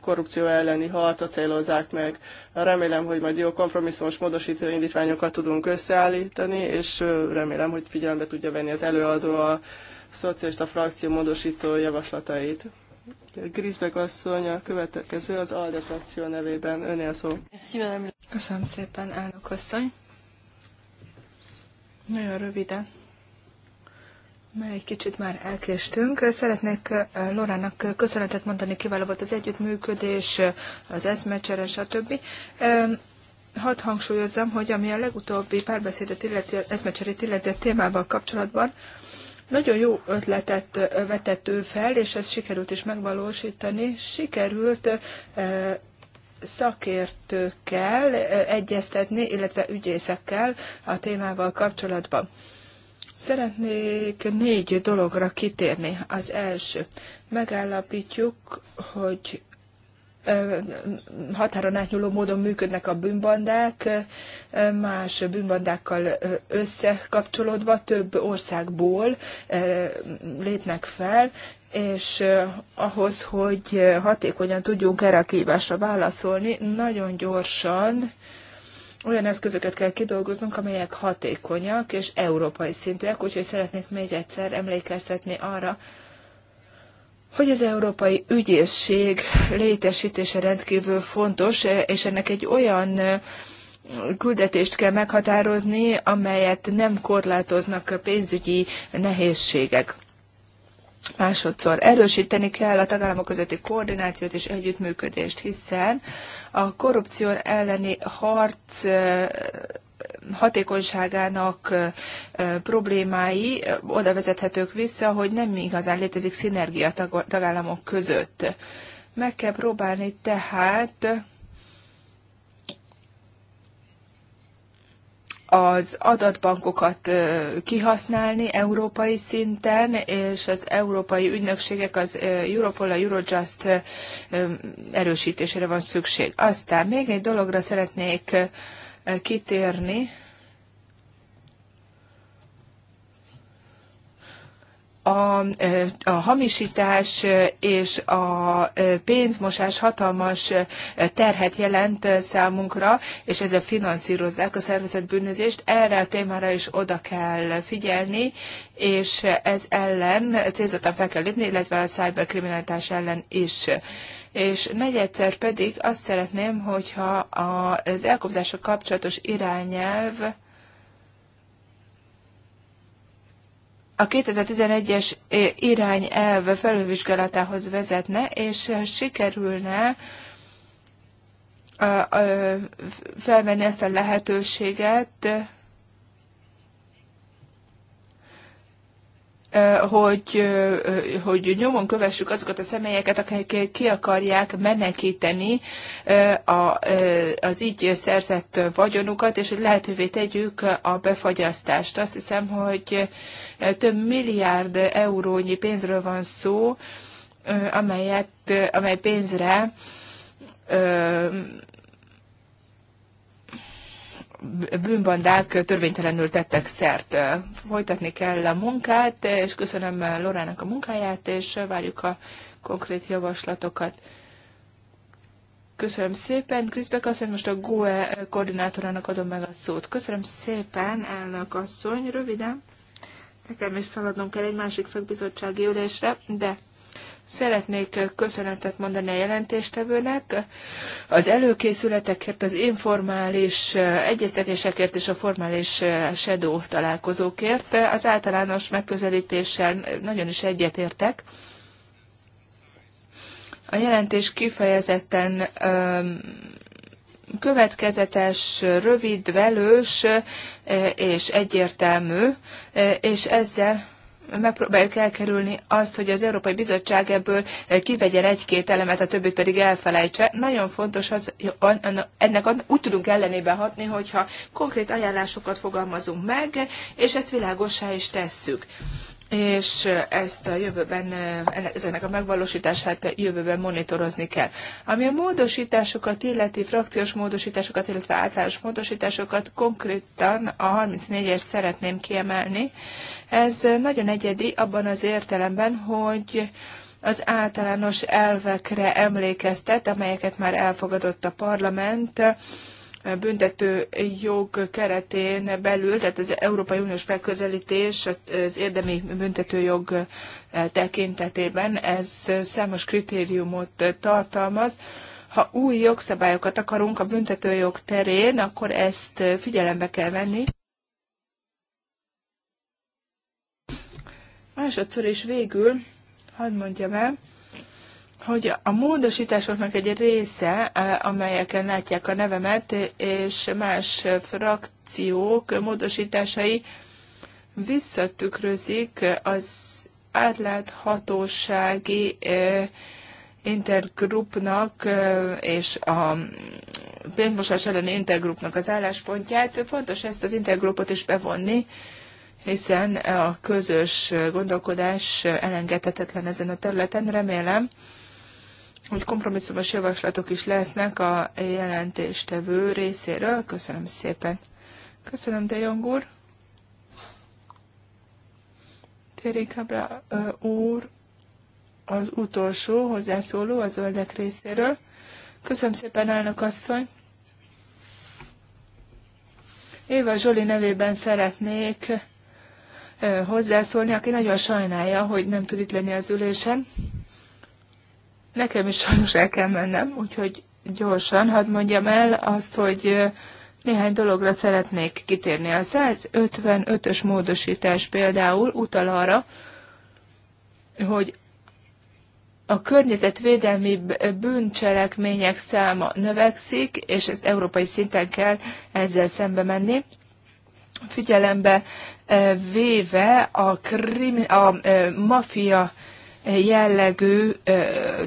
korrupció elleni harca célozzák meg. Remélem, hogy majd jó kompromisszumos módosító indítványokat tudunk összeállítani, és remélem, hogy figyelembe tudja venni az előadó a szocialista frakció módosító javaslatait. Grisbeck asszony, a következő az ALDE frakció nevében. Önél szó. Köszönöm szépen, elnök asszony. Nagyon röviden. Már egy kicsit már elkéstünk. Szeretnék Lorának köszönetet mondani, kiváló volt az együttműködés, az eszmecsere, stb. Hadd hangsúlyozzam, hogy ami a legutóbbi párbeszédet illeti, eszmecserét illeti témával kapcsolatban, nagyon jó ötletet vetett ő fel, és ezt sikerült is megvalósítani. Sikerült szakértőkkel egyeztetni, illetve ügyészekkel a témával kapcsolatban. Szeretnék négy dologra kitérni. Az első, megállapítjuk, hogy határon átnyúló módon működnek a bűnbandák, más bűnbandákkal összekapcsolódva több országból lépnek fel, és ahhoz, hogy hatékonyan tudjunk erre a kívásra válaszolni, nagyon gyorsan olyan eszközöket kell kidolgoznunk, amelyek hatékonyak és európai szintűek, úgyhogy szeretnék még egyszer emlékeztetni arra, hogy az Európai Ügyészség létesítése rendkívül fontos, és ennek egy olyan küldetést kell meghatározni, amelyet nem korlátoznak a pénzügyi nehézségek. Másodszor erősíteni kell a tagállamok közötti koordinációt és együttműködést, hiszen a korrupció elleni harc hatékonyságának problémái oda vezethetők vissza, hogy nem igazán létezik szinergia tagállamok között. Meg kell próbálni tehát az adatbankokat kihasználni európai szinten, és az európai ügynökségek, az Europol, a Eurojust erősítésére van szükség. Aztán még egy dologra szeretnék kitérni, a, a hamisítás és a pénzmosás hatalmas terhet jelent számunkra, és ezzel finanszírozzák a szervezetbűnözést. Erre a témára is oda kell figyelni, és ez ellen célzottan fel kell lépni, illetve a cyberkriminalitás ellen is és negyedszer pedig azt szeretném, hogyha az elkobzások kapcsolatos irányelv a 2011-es eh, irányelv felülvizsgálatához vezetne, és eh, sikerülne eh, felvenni ezt a lehetőséget, hogy, hogy nyomon kövessük azokat a személyeket, akik ki akarják menekíteni az így szerzett vagyonukat, és hogy lehetővé tegyük a befagyasztást. Azt hiszem, hogy több milliárd eurónyi pénzről van szó, amelyet, amely pénzre bűnbandák törvénytelenül tettek szert. Folytatni kell a munkát, és köszönöm Lorának a munkáját, és várjuk a konkrét javaslatokat. Köszönöm szépen. Kriszbek asszony, most a GUE koordinátorának adom meg a szót. Köszönöm szépen, elnök asszony, röviden. Nekem is szaladnom kell egy másik szakbizottsági ülésre, de Szeretnék köszönetet mondani a jelentéstevőnek az előkészületekért, az informális eh, egyeztetésekért és a formális eh, shadow találkozókért. Az általános megközelítéssel nagyon is egyetértek. A jelentés kifejezetten ehm, következetes, rövid, velős eh, és egyértelmű, és ezzel megpróbáljuk elkerülni azt, hogy az Európai Bizottság ebből eh, kivegyen egy-két elemet, a többit pedig elfelejtse. Nagyon fontos az, hogy ennek úgy tudunk ellenébe hatni, hogyha konkrét ajánlásokat fogalmazunk meg, és ezt világosá is tesszük és ezt a jövőben, ezeknek a megvalósítását jövőben monitorozni kell. Ami a módosításokat illeti, frakciós módosításokat, illetve általános módosításokat, konkrétan a 34-es szeretném kiemelni. Ez nagyon egyedi abban az értelemben, hogy az általános elvekre emlékeztet, amelyeket már elfogadott a parlament, büntető jog keretén belül, tehát az Európai Uniós megközelítés az érdemi büntető jog tekintetében, ez számos kritériumot tartalmaz. Ha új jogszabályokat akarunk a büntető jog terén, akkor ezt figyelembe kell venni. Másodszor és végül, hadd mondjam el, hogy a módosításoknak egy része, amelyeken látják a nevemet, és más frakciók módosításai visszatükrözik az átláthatósági intergrupnak és a pénzmosás elleni intergrupnak az álláspontját. Fontos ezt az intergrupot is bevonni, hiszen a közös gondolkodás elengedhetetlen ezen a területen. Remélem, hogy kompromisszumos javaslatok is lesznek a jelentéstevő részéről. Köszönöm szépen. Köszönöm, De Jong úr. úr az utolsó hozzászóló a zöldek részéről. Köszönöm szépen, elnök asszony. Éva Zsoli nevében szeretnék hozzászólni, aki nagyon sajnálja, hogy nem tud itt lenni az ülésen. Nekem is sajnos el kell mennem, úgyhogy gyorsan hadd mondjam el azt, hogy néhány dologra szeretnék kitérni. A 155-ös módosítás például utal arra, hogy a környezetvédelmi bűncselekmények száma növekszik, és ezt európai szinten kell ezzel szembe menni. Figyelembe véve a, krimi, a mafia jellegű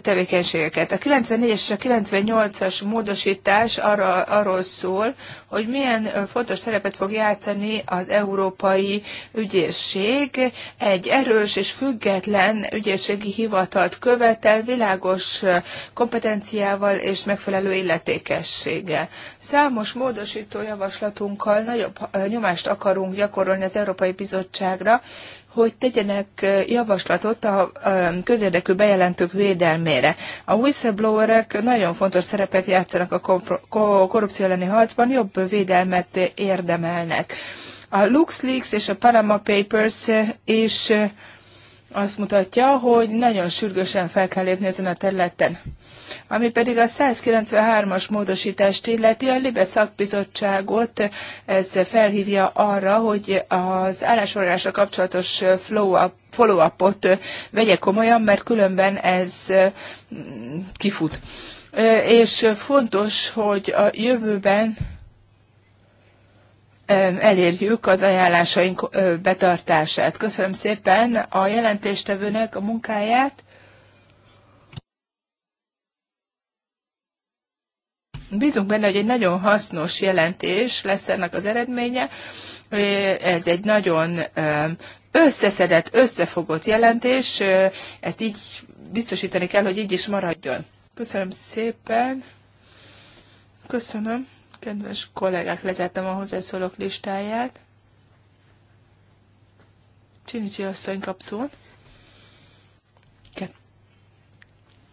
tevékenységeket. A 94-es és a 98-as módosítás arra, arról szól, hogy milyen fontos szerepet fog játszani az Európai Ügyészség. Egy erős és független ügyészségi hivatalt követel, világos kompetenciával és megfelelő illetékességgel. Számos módosító javaslatunkkal nagyobb nyomást akarunk gyakorolni az Európai Bizottságra, hogy tegyenek javaslatot a közérdekű bejelentők védelmére. A whistleblowerek nagyon fontos szerepet játszanak a korrupció elleni harcban, jobb védelmet érdemelnek. A LuxLeaks és a Panama Papers is azt mutatja, hogy nagyon sürgősen fel kell lépni ezen a területen. Ami pedig a 193-as módosítást illeti, a Libe szakbizottságot ez felhívja arra, hogy az állásforrásra kapcsolatos flow-up follow-upot vegye komolyan, mert különben ez mm, kifut. És fontos, hogy a jövőben elérjük az ajánlásaink betartását. Köszönöm szépen a jelentéstevőnek a munkáját, Bízunk benne, hogy egy nagyon hasznos jelentés lesz ennek az eredménye. Ez egy nagyon összeszedett, összefogott jelentés. Ezt így biztosítani kell, hogy így is maradjon. Köszönöm szépen. Köszönöm. Kedves kollégák, lezártam a hozzászólók listáját. Csinicsi asszony kapszul.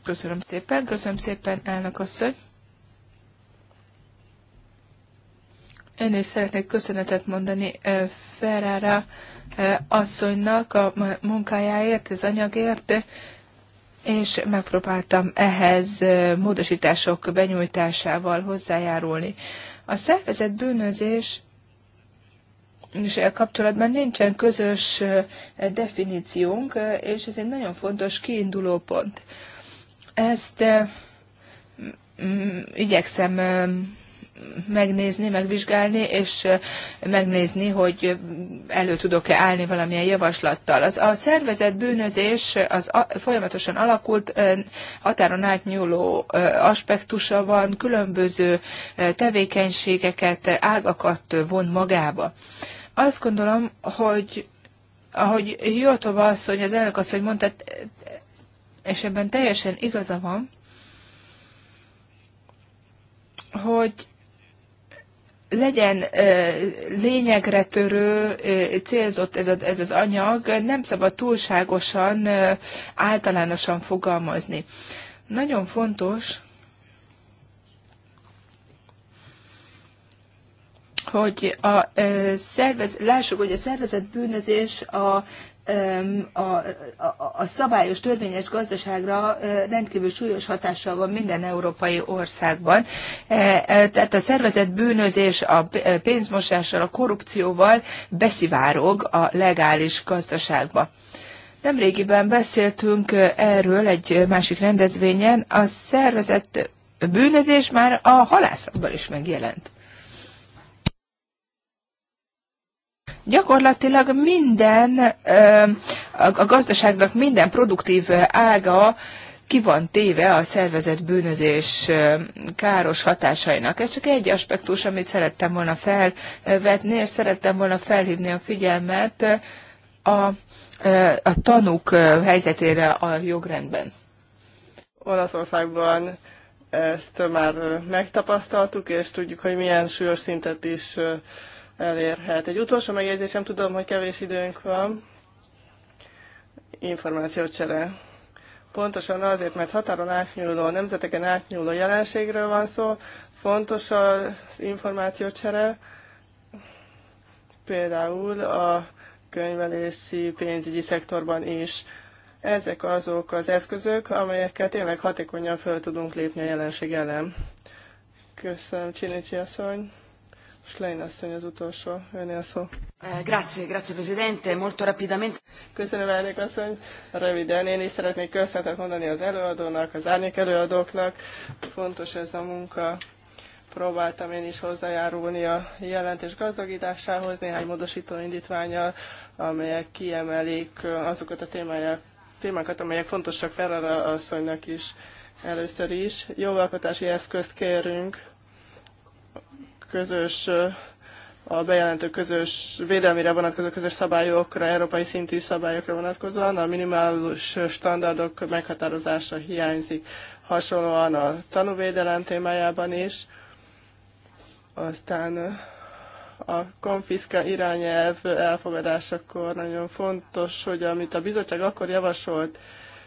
Köszönöm szépen, köszönöm szépen, elnök asszony. Én is szeretnék köszönetet mondani Ferrara asszonynak a munkájáért, az anyagért, és megpróbáltam ehhez módosítások benyújtásával hozzájárulni. A szervezet bűnözés és e kapcsolatban nincsen közös definíciónk, és ez egy nagyon fontos kiinduló pont. Ezt igyekszem megnézni, megvizsgálni, és megnézni, hogy elő tudok-e állni valamilyen javaslattal. Az, a szervezet bűnözés az a, folyamatosan alakult, határon átnyúló aspektusa van, különböző tevékenységeket, ágakat von magába. Azt gondolom, hogy ahogy Jótova asszony, az elnök asszony mondta, és ebben teljesen igaza van, hogy legyen lényegre törő, célzott ez, a, ez az anyag, nem szabad túlságosan, általánosan fogalmazni. Nagyon fontos, hogy a szervez, lássuk, hogy a szervezet bűnözés a a, a, szabályos, törvényes gazdaságra rendkívül súlyos hatással van minden európai országban. E, e, tehát a szervezett bűnözés a e, pénzmosással, a korrupcióval beszivárog a legális gazdaságba. Nemrégiben beszéltünk erről egy másik rendezvényen, a szervezett bűnözés már a halászatban is megjelent. Gyakorlatilag minden, a gazdaságnak minden produktív ága ki van téve a szervezett bűnözés káros hatásainak. Ez csak egy aspektus, amit szerettem volna felvetni, és szerettem volna felhívni a figyelmet a, a tanúk helyzetére a jogrendben. Olaszországban ezt már megtapasztaltuk, és tudjuk, hogy milyen súlyos szintet is elérhet. Egy utolsó megjegyzésem, tudom, hogy kevés időnk van. Információcsere. Pontosan azért, mert határon átnyúló, nemzeteken átnyúló jelenségről van szó, fontos az információcsere, például a könyvelési, pénzügyi szektorban is. Ezek azok az eszközök, amelyekkel tényleg hatékonyan föl tudunk lépni a jelenség ellen. Köszönöm, Csinicsi asszony. Schlein asszony az utolsó, önél szó. Eh, grazie, grazie Presidente, molto rapidamente. Köszönöm elnök asszony, röviden én is szeretnék köszönetet mondani az előadónak, az árnyék előadóknak. Fontos ez a munka. Próbáltam én is hozzájárulni a jelentés gazdagításához néhány módosító indítványal, amelyek kiemelik azokat a témáját, témákat, amelyek fontosak Ferrara asszonynak is először is. Jogalkotási eszközt kérünk közös a bejelentő közös védelmire vonatkozó közös szabályokra, európai szintű szabályokra vonatkozóan a minimális standardok meghatározása hiányzik. Hasonlóan a tanúvédelem témájában is. Aztán a konfiszka irányelv elfogadásakor nagyon fontos, hogy amit a bizottság akkor javasolt,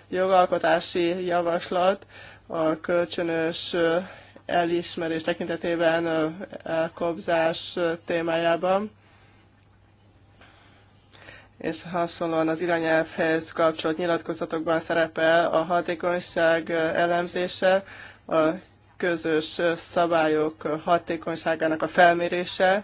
jogalkotási javaslat, a kölcsönös elismerés tekintetében elkobzás témájában és hasonlóan az irányelvhez kapcsolt nyilatkozatokban szerepel a hatékonyság elemzése, a közös szabályok hatékonyságának a felmérése,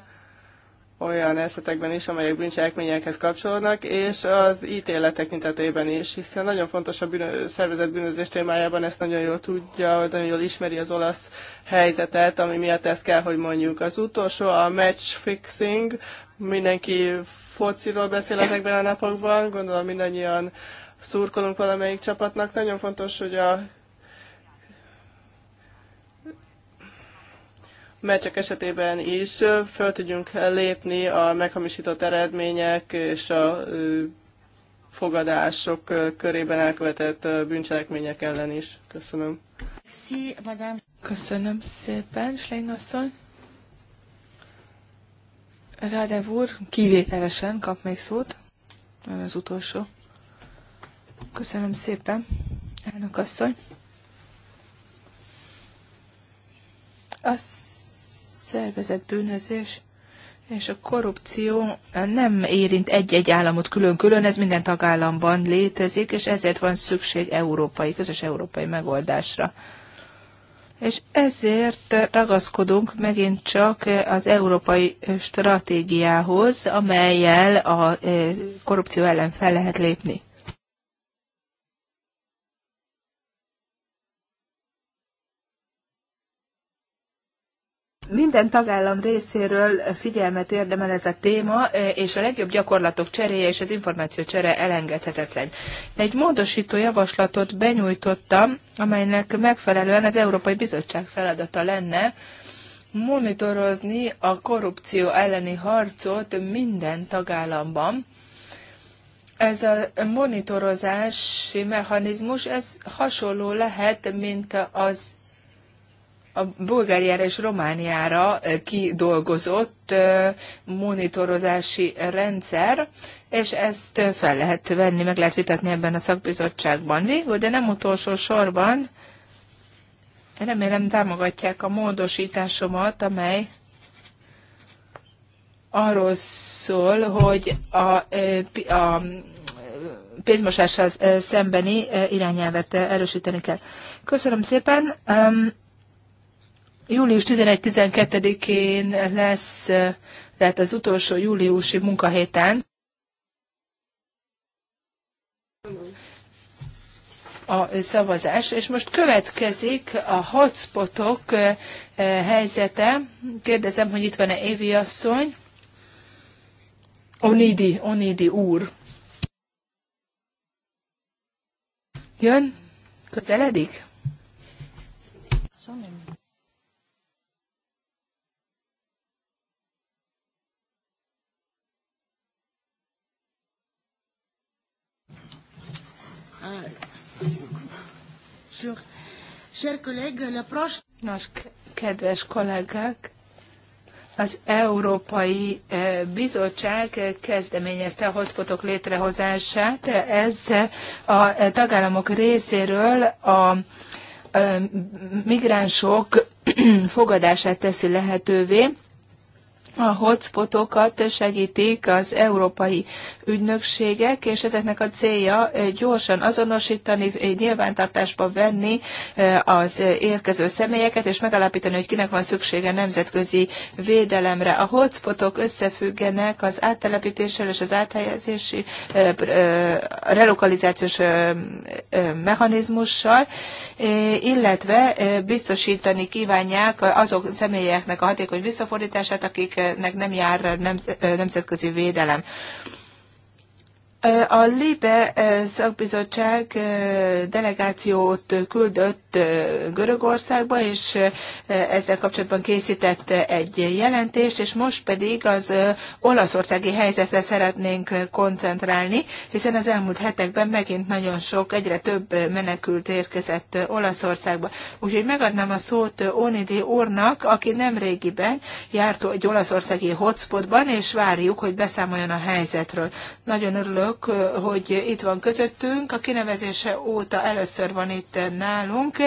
olyan esetekben is, amelyek bűncselekményekhez kapcsolódnak, és az ítélet tekintetében is, hiszen nagyon fontos a bűnö, szervezet bűnözés témájában, ezt nagyon jól tudja, nagyon jól ismeri az olasz helyzetet, ami miatt ezt kell, hogy mondjuk. Az utolsó a match fixing, mindenki fociról beszél ezekben a napokban, gondolom mindannyian szurkolunk valamelyik csapatnak. Nagyon fontos, hogy a meccsek esetében is föl tudjunk lépni a meghamisított eredmények és a fogadások körében elkövetett bűncselekmények ellen is. Köszönöm. Köszönöm szépen, Sleingasszony. Rádev úr kivételesen kap még szót. Ön az utolsó. Köszönöm szépen, elnök asszony. Azt szervezett bűnözés és a korrupció nem érint egy-egy államot külön-külön, ez minden tagállamban létezik, és ezért van szükség európai, közös európai megoldásra. És ezért ragaszkodunk megint csak az európai stratégiához, amelyel a eh, korrupció ellen fel lehet lépni. Minden tagállam részéről figyelmet érdemel ez a téma, e, és a legjobb gyakorlatok cseréje és az információ csere elengedhetetlen. Egy módosító javaslatot benyújtottam, amelynek megfelelően az Európai Bizottság feladata lenne monitorozni a korrupció elleni harcot minden tagállamban. Ez a monitorozási mechanizmus, ez hasonló lehet, mint az a Bulgáriára és Romániára kidolgozott monitorozási rendszer, és ezt fel lehet venni, meg lehet vitatni ebben a szakbizottságban. Végül, de nem utolsó sorban, remélem támogatják a módosításomat, amely arról szól, hogy a, a pénzmosással szembeni irányelvet erősíteni kell. Köszönöm szépen. Július 11-12-én lesz, tehát az utolsó júliusi munkahéten a szavazás, és most következik a hotspotok helyzete. Kérdezem, hogy itt van-e Évi asszony. Onidi, Onidi úr. Jön? Közeledik? Nos, kedves kollégák, az Európai eh, Bizottság kezdeményezte a hotspotok létrehozását. Ez eh, a tagállamok részéről a eh, migránsok fogadását teszi lehetővé a hotspotokat segítik az európai ügynökségek, és ezeknek a célja eh, gyorsan azonosítani, eh, nyilvántartásba venni eh, az érkező személyeket, és megalapítani, hogy kinek van szüksége nemzetközi védelemre. A hotspotok összefüggenek az áttelepítéssel és az áthelyezési relokalizációs mechanizmussal, illetve biztosítani kívánják azok személyeknek a hatékony visszafordítását, akik ezeknek nem jár nemzetközi védelem. A Lébe szakbizottság delegációt küldött Görögországba, és ezzel kapcsolatban készített egy jelentést, és most pedig az olaszországi helyzetre szeretnénk koncentrálni, hiszen az elmúlt hetekben megint nagyon sok, egyre több menekült érkezett Olaszországba. Úgyhogy megadnám a szót Onidi úrnak, aki nem régiben járt egy olaszországi hotspotban, és várjuk, hogy beszámoljon a helyzetről. Nagyon örülök, örülök, hogy itt van közöttünk. A kinevezése óta először van itt nálunk,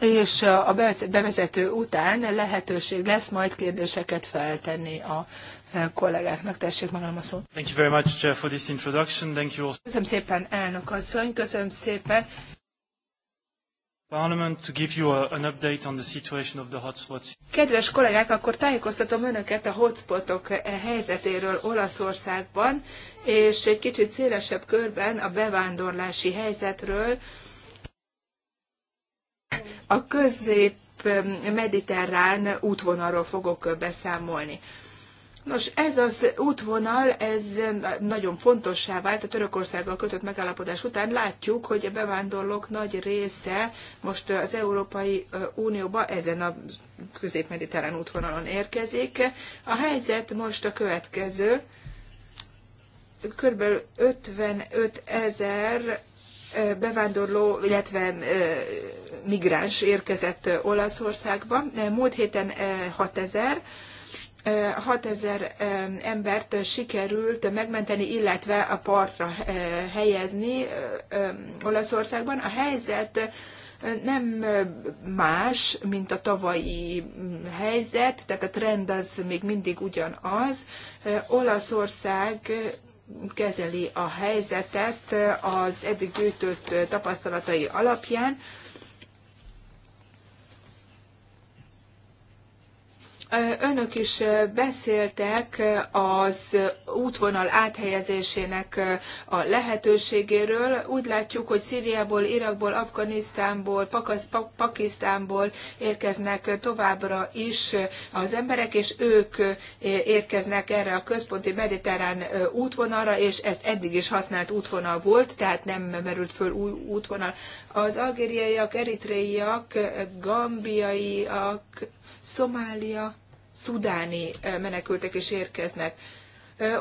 és a bevezető után lehetőség lesz majd kérdéseket feltenni a kollégáknak. Tessék magam a szót. Thank you very much, Chair, for this introduction. Thank you also. Köszönöm szépen, elnök asszony, köszönöm szépen Kedves kollégák, akkor tájékoztatom önöket a hotspotok eh, helyzetéről Olaszországban, és egy kicsit szélesebb körben a bevándorlási helyzetről a közép mediterrán útvonalról fogok eh, beszámolni. Nos, ez az útvonal, ez nagyon fontossá vált a Törökországgal kötött megállapodás után. Látjuk, hogy a bevándorlók nagy része most az Európai Unióba ezen a középmediterrán útvonalon érkezik. A helyzet most a következő. Körülbelül 55 ezer bevándorló, illetve migráns érkezett Olaszországba. Múlt héten 6 ezer 6000 embert sikerült megmenteni, illetve a partra helyezni Olaszországban. A helyzet nem más, mint a tavalyi mm, helyzet, tehát a trend az még mindig ugyanaz. Olaszország kezeli a helyzetet az eddig gyűjtött tapasztalatai alapján. Önök is beszéltek az útvonal áthelyezésének a lehetőségéről. Úgy látjuk, hogy Szíriából, Irakból, Afganisztánból, Pakisztánból érkeznek továbbra is az emberek, és ők érkeznek erre a központi mediterrán útvonalra, és ez eddig is használt útvonal volt, tehát nem merült föl új útvonal. Az algériaiak, eritreiak, gambiaiak, Szomália, szudáni menekültek is érkeznek.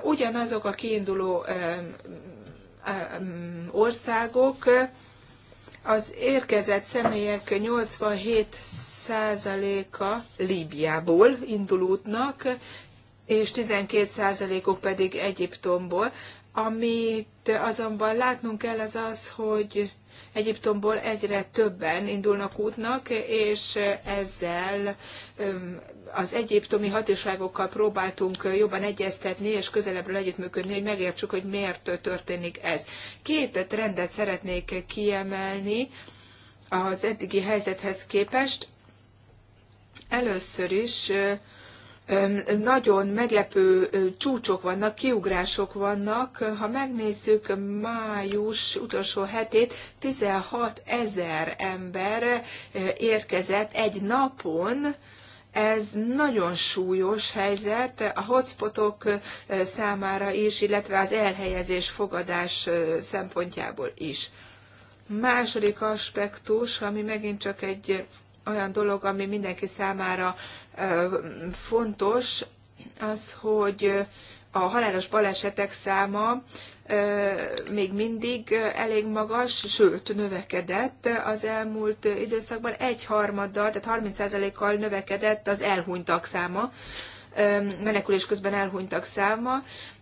Ugyanazok a kiinduló országok, az érkezett személyek 87%-a Líbiából indul útnak, és 12%-uk pedig Egyiptomból. Amit azonban látnunk kell az az, hogy Egyiptomból egyre többen indulnak útnak, és ezzel az egyiptomi hatóságokkal próbáltunk jobban egyeztetni és közelebbről együttműködni, hogy megértsük, hogy miért történik ez. Két trendet szeretnék kiemelni az eddigi helyzethez képest. Először is nagyon meglepő csúcsok vannak, kiugrások vannak. Ha megnézzük május utolsó hetét, 16 ezer ember érkezett egy napon, ez nagyon súlyos helyzet a hotspotok számára is, illetve az elhelyezés fogadás szempontjából is. Második aspektus, ami megint csak egy olyan dolog, ami mindenki számára fontos, az, hogy a halálos balesetek száma még mindig elég magas, sőt, növekedett az elmúlt időszakban. Egy harmaddal, tehát 30%-kal növekedett az elhunytak száma, menekülés közben elhunytak száma,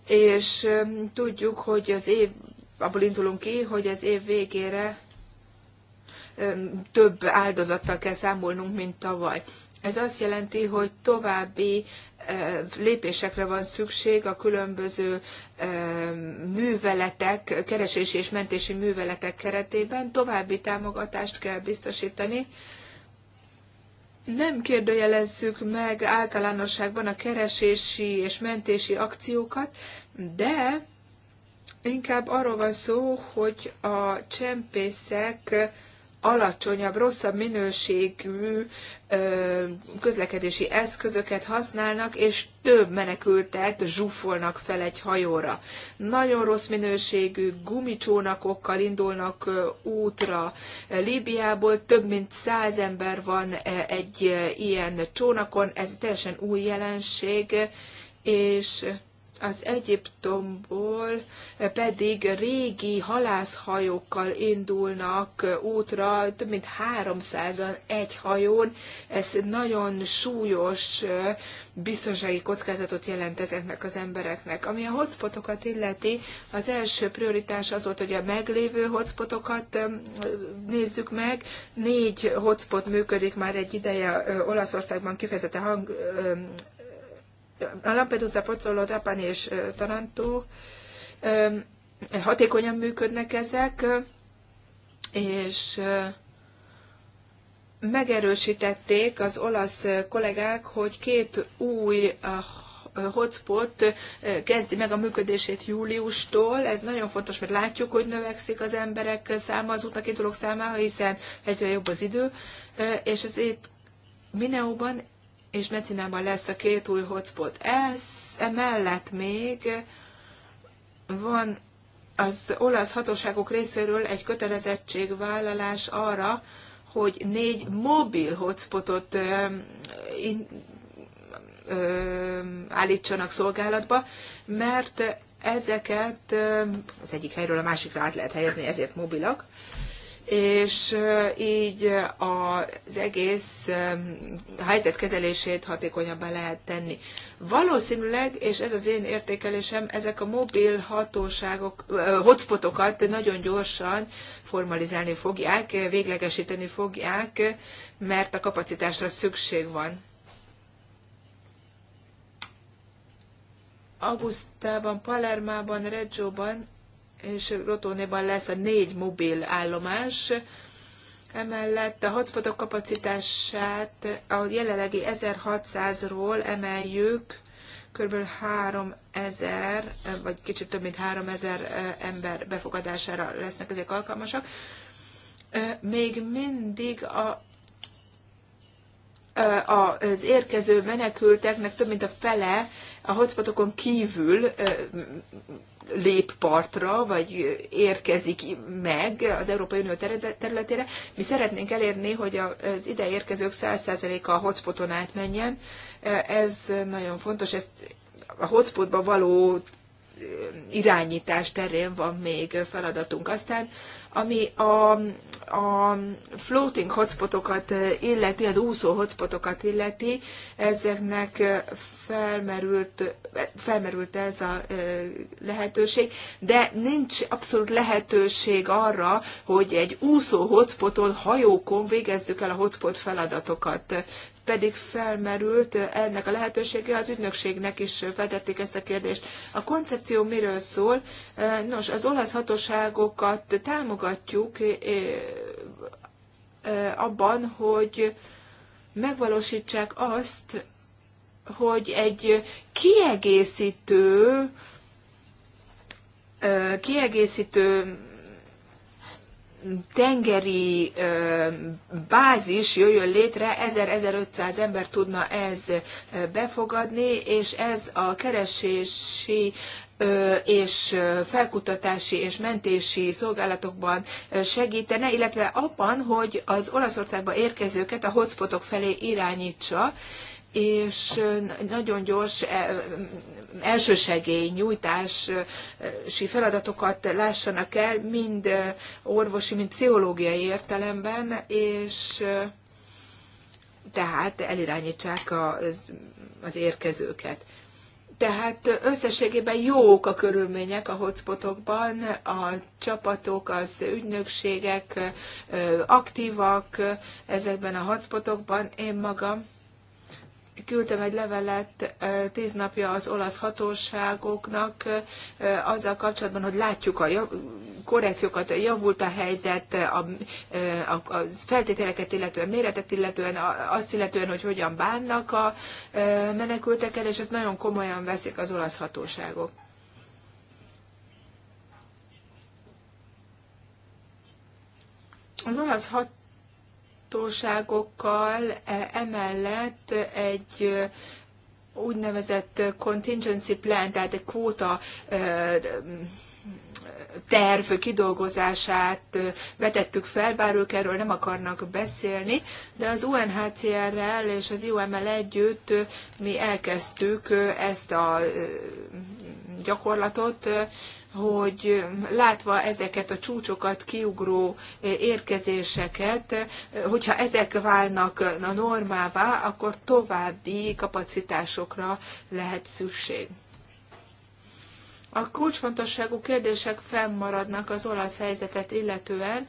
és tudjuk, hogy az év, abból indulunk ki, hogy az év végére több áldozattal kell számolnunk, mint tavaly. Ez azt jelenti, hogy további lépésekre van szükség a különböző műveletek, keresési és mentési műveletek keretében. További támogatást kell biztosítani. Nem kérdőjelezzük meg általánosságban a keresési és mentési akciókat, de inkább arról van szó, hogy a csempészek alacsonyabb, rosszabb minőségű közlekedési eszközöket használnak, és több menekültet zsúfolnak fel egy hajóra. Nagyon rossz minőségű gumicsónakokkal indulnak útra Líbiából, több mint száz ember van egy ilyen csónakon, ez teljesen új jelenség, és az Egyiptomból pedig régi halászhajókkal indulnak útra, több mint 300-an egy hajón. Ez nagyon súlyos biztonsági kockázatot jelent ezeknek az embereknek. Ami a hotspotokat illeti, az első prioritás az volt, hogy a meglévő hotspotokat nézzük meg. Négy hotspot működik már egy ideje Olaszországban kifejezetten hang, a Lampedusa, Pozzolo, Tapani és Tarantó hatékonyan működnek ezek, és megerősítették az olasz kollégák, hogy két új hotspot kezdi meg a működését júliustól. Ez nagyon fontos, mert látjuk, hogy növekszik az emberek száma, az útnak számára száma, hiszen egyre jobb az idő, és ez itt Mineóban és Mecinában lesz a két új hotspot. Ez emellett még van az olasz hatóságok részéről egy kötelezettségvállalás arra, hogy négy mobil hotspotot ö, in, ö, állítsanak szolgálatba, mert ezeket az egyik helyről a másikra át lehet helyezni, ezért mobilak. Ö, és így az egész helyzetkezelését hatékonyabbá lehet tenni. Valószínűleg, és ez az én értékelésem, ezek a mobil hatóságok, hotspotokat nagyon gyorsan formalizálni fogják, véglegesíteni fogják, mert a kapacitásra szükség van. Augusztában, Palermában, Reggio-ban és Rotónéban lesz a négy mobil állomás, Emellett a hotspotok kapacitását a jelenlegi 1600-ról emeljük kb. 3000, vagy kicsit több mint 3000 ember befogadására lesznek ezek alkalmasak. Még mindig a az érkező menekülteknek több mint a fele a hotspotokon kívül lép partra, vagy érkezik meg az Európai Unió területére. Mi szeretnénk elérni, hogy az ide érkezők 100%-a a hotspoton átmenjen. Ez nagyon fontos, ezt a hotspotba való irányítás terén van még feladatunk. Aztán ami a, a floating hotspotokat eh, illeti, az úszó hotspotokat illeti, ezeknek eh, felmerült, eh, felmerült ez a lehetőség, de nincs abszolút lehetőség arra, hogy egy úszó hotspoton hajókon végezzük el a hotspot feladatokat pedig felmerült ennek a lehetősége, az ügynökségnek is feltették ezt a kérdést. A koncepció miről szól? Nos, az olasz hatóságokat támogatjuk abban, hogy megvalósítsák azt, hogy egy kiegészítő kiegészítő tengeri bázis jöjjön létre, 1000-1500 ember tudna ez befogadni, és ez a keresési és felkutatási és mentési szolgálatokban segítene, illetve abban, hogy az Olaszországba érkezőket a hotspotok felé irányítsa, és nagyon gyors e, elsősegély nyújtási feladatokat lássanak el, mind orvosi, mind pszichológiai értelemben, és tehát elirányítsák az, az érkezőket. Tehát összességében jók a körülmények a hotspotokban, a csapatok, az ügynökségek aktívak ezekben a hotspotokban. Én magam küldtem egy levelet tíz napja az olasz hatóságoknak azzal kapcsolatban, hogy látjuk a korrekciókat, javult a helyzet, a, a, a feltételeket illetően, méretet illetően, azt illetően, hogy hogyan bánnak a menekültekkel, és ezt nagyon komolyan veszik az olasz hatóságok. Az olasz hat hatóságokkal e, emellett egy úgynevezett contingency plan, tehát egy kvóta terv kidolgozását vetettük fel, bár ők erről nem akarnak beszélni, de az UNHCR-rel és az IOM-mel együtt mi elkezdtük ezt a gyakorlatot, hogy látva ezeket a csúcsokat kiugró eh, érkezéseket, eh, hogyha ezek válnak a normává, akkor további kapacitásokra lehet szükség. A kulcsfontosságú kérdések fennmaradnak az olasz helyzetet illetően.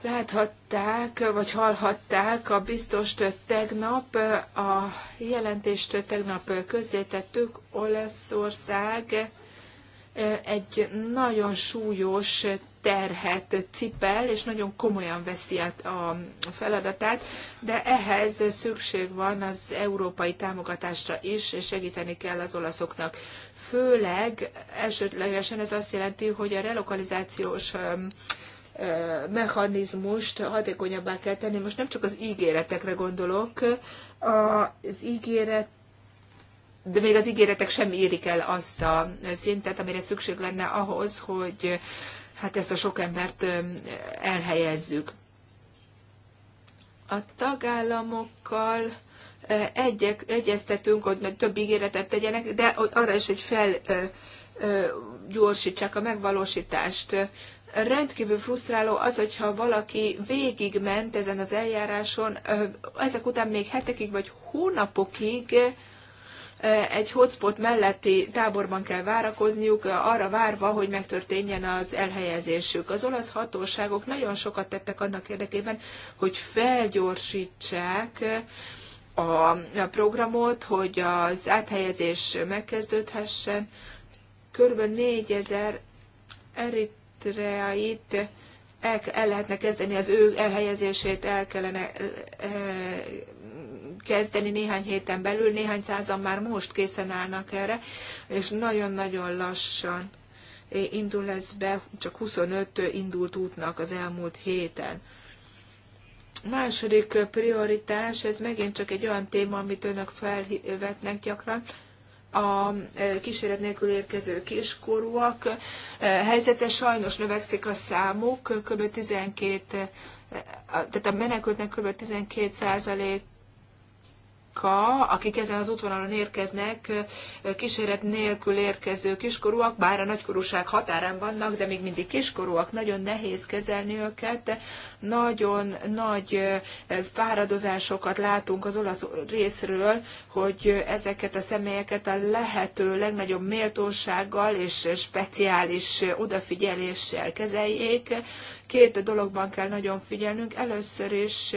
Láthatták, vagy hallhatták a biztost tegnap, a jelentést tegnap közzétettük, Olaszország egy nagyon súlyos terhet cipel, és nagyon komolyan veszi át a feladatát, de ehhez szükség van az európai támogatásra is, és segíteni kell az olaszoknak. Főleg elsődlegesen ez azt jelenti, hogy a relokalizációs mechanizmust hatékonyabbá kell tenni. Most nem csak az ígéretekre gondolok, az ígéret de még az ígéretek sem érik el azt a szintet, amire szükség lenne ahhoz, hogy hát ezt a sok embert elhelyezzük. A tagállamokkal egy, egyeztetünk, hogy több ígéretet tegyenek, de arra is, hogy felgyorsítsák a megvalósítást. Rendkívül frusztráló az, hogyha valaki végigment ezen az eljáráson, ezek után még hetekig vagy hónapokig egy hotspot melletti táborban kell várakozniuk, arra várva, hogy megtörténjen az elhelyezésük. Az olasz hatóságok nagyon sokat tettek annak érdekében, hogy felgyorsítsák a programot, hogy az áthelyezés megkezdődhessen. Körülbelül 4000 eritreait el, el lehetne kezdeni, az ő elhelyezését el kellene kezdeni néhány héten belül, néhány százan már most készen állnak erre, és nagyon-nagyon lassan indul ez be, csak 25 indult útnak az elmúlt héten. Második prioritás, ez megint csak egy olyan téma, amit önök felvetnek gyakran, a e, kísérlet nélkül érkező kiskorúak e, helyzete sajnos növekszik a számuk, kb. 12 e, tehát a menekültnek kb. 12 Ka, akik ezen az útvonalon érkeznek, kíséret nélkül érkező kiskorúak, bár a nagykorúság határán vannak, de még mindig kiskorúak, nagyon nehéz kezelni őket, nagyon nagy fáradozásokat látunk az olasz részről, hogy ezeket a személyeket a lehető legnagyobb méltósággal és speciális odafigyeléssel kezeljék. Két dologban kell nagyon figyelnünk. Először is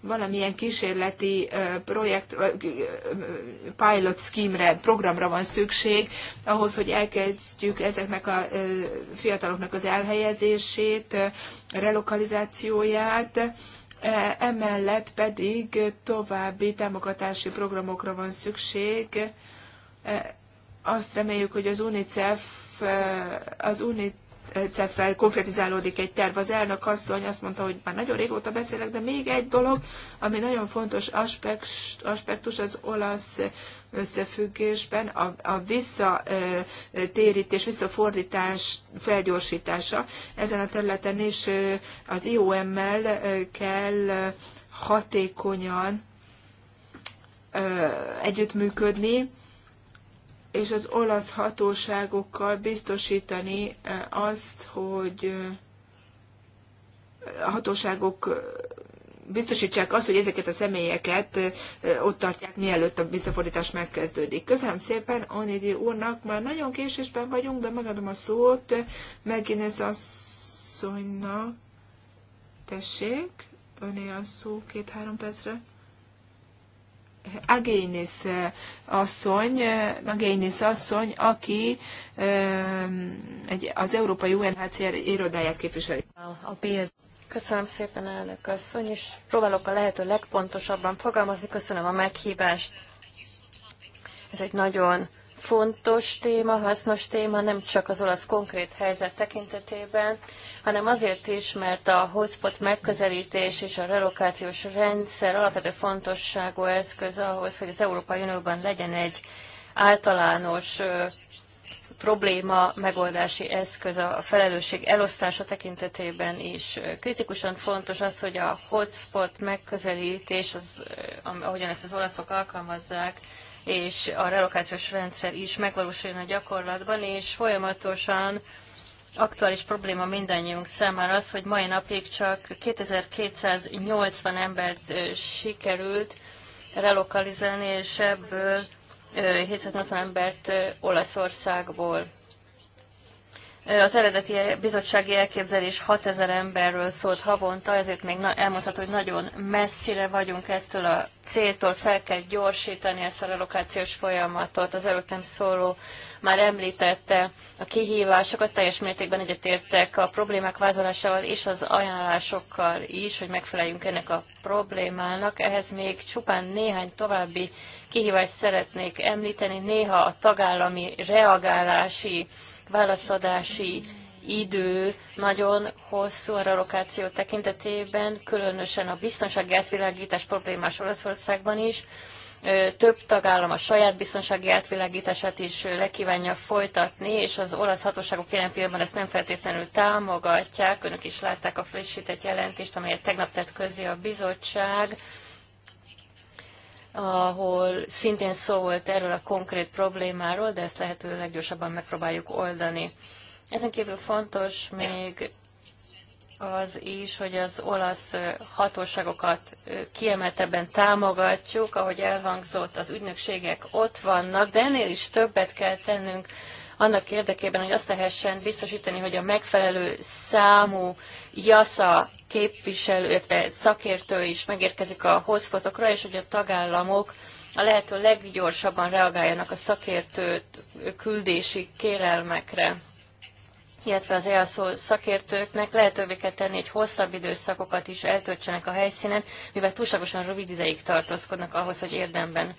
valamilyen kísérleti projekt, pilot scheme-re, programra van szükség, ahhoz, hogy elkezdjük ezeknek a fiataloknak az elhelyezését, relokalizációját, programját, emellett pedig további támogatási programokra van szükség. Azt reméljük, hogy az UNICEF az UNICEF egyszer konkretizálódik egy terv. Az elnök asszony azt mondta, hogy már nagyon régóta beszélek, de még egy dolog, ami nagyon fontos aspektus az olasz összefüggésben, a, a visszatérítés, visszafordítás felgyorsítása. Ezen a területen is az IOM-mel kell hatékonyan együttműködni, és az olasz hatóságokkal biztosítani eh, azt, hogy eh, a hatóságok eh, biztosítsák azt, hogy ezeket a személyeket ott tartják, mielőtt a visszafordítás megkezdődik. Köszönöm szépen Onidi úrnak, már nagyon késésben vagyunk, de megadom a szót Megines asszonynak. Tessék, öné a szó két-három percre. Agénész asszony, Agénész asszony, aki egy, az Európai UNHCR irodáját képviseli. Köszönöm szépen, elnök asszony, és próbálok a lehető legpontosabban fogalmazni. Köszönöm a meghívást. Ez egy nagyon fontos téma, hasznos téma, nem csak az olasz konkrét helyzet tekintetében, hanem azért is, mert a hotspot megközelítés és a relokációs rendszer alapvető fontosságú eszköz ahhoz, hogy az Európai Unióban legyen egy általános probléma megoldási eszköz a felelősség elosztása tekintetében is. Kritikusan fontos az, hogy a hotspot megközelítés, az, ahogyan ezt az olaszok alkalmazzák, és a relokációs rendszer is megvalósuljon a gyakorlatban, és folyamatosan aktuális probléma mindannyiunk számára az, hogy mai napig csak 2280 embert sikerült relokalizálni, és ebből 780 embert Olaszországból. Az eredeti bizottsági elképzelés 6000 emberről szólt havonta, ezért még elmondható, hogy nagyon messzire vagyunk ettől a céltól, fel kell gyorsítani ezt a relokációs folyamatot. Az előttem szóló már említette a kihívásokat, teljes mértékben egyetértek a problémák vázolásával és az ajánlásokkal is, hogy megfeleljünk ennek a problémának. Ehhez még csupán néhány további kihívást szeretnék említeni, néha a tagállami reagálási válaszadási idő nagyon hosszú a relokáció tekintetében, különösen a biztonsági átvilágítás problémás Olaszországban is. Több tagállam a saját biztonsági átvilágítását is lekívánja folytatni, és az olasz hatóságok jelen pillanatban ezt nem feltétlenül támogatják. Önök is látták a frissített jelentést, amelyet tegnap tett közé a bizottság ahol szintén szó volt erről a konkrét problémáról, de ezt lehetőleg leggyorsabban megpróbáljuk oldani. Ezen kívül fontos még az is, hogy az olasz hatóságokat kiemeltebben támogatjuk, ahogy elhangzott, az ügynökségek ott vannak, de ennél is többet kell tennünk annak érdekében, hogy azt lehessen biztosítani, hogy a megfelelő számú jasza képviselő, illetve szakértő is megérkezik a hozfotokra, és hogy a tagállamok a lehető leggyorsabban reagáljanak a szakértő küldési kérelmekre illetve az EASZO szakértőknek lehetővé kell tenni, hogy hosszabb időszakokat is eltöltsenek a helyszínen, mivel túlságosan rövid ideig tartózkodnak ahhoz, hogy érdemben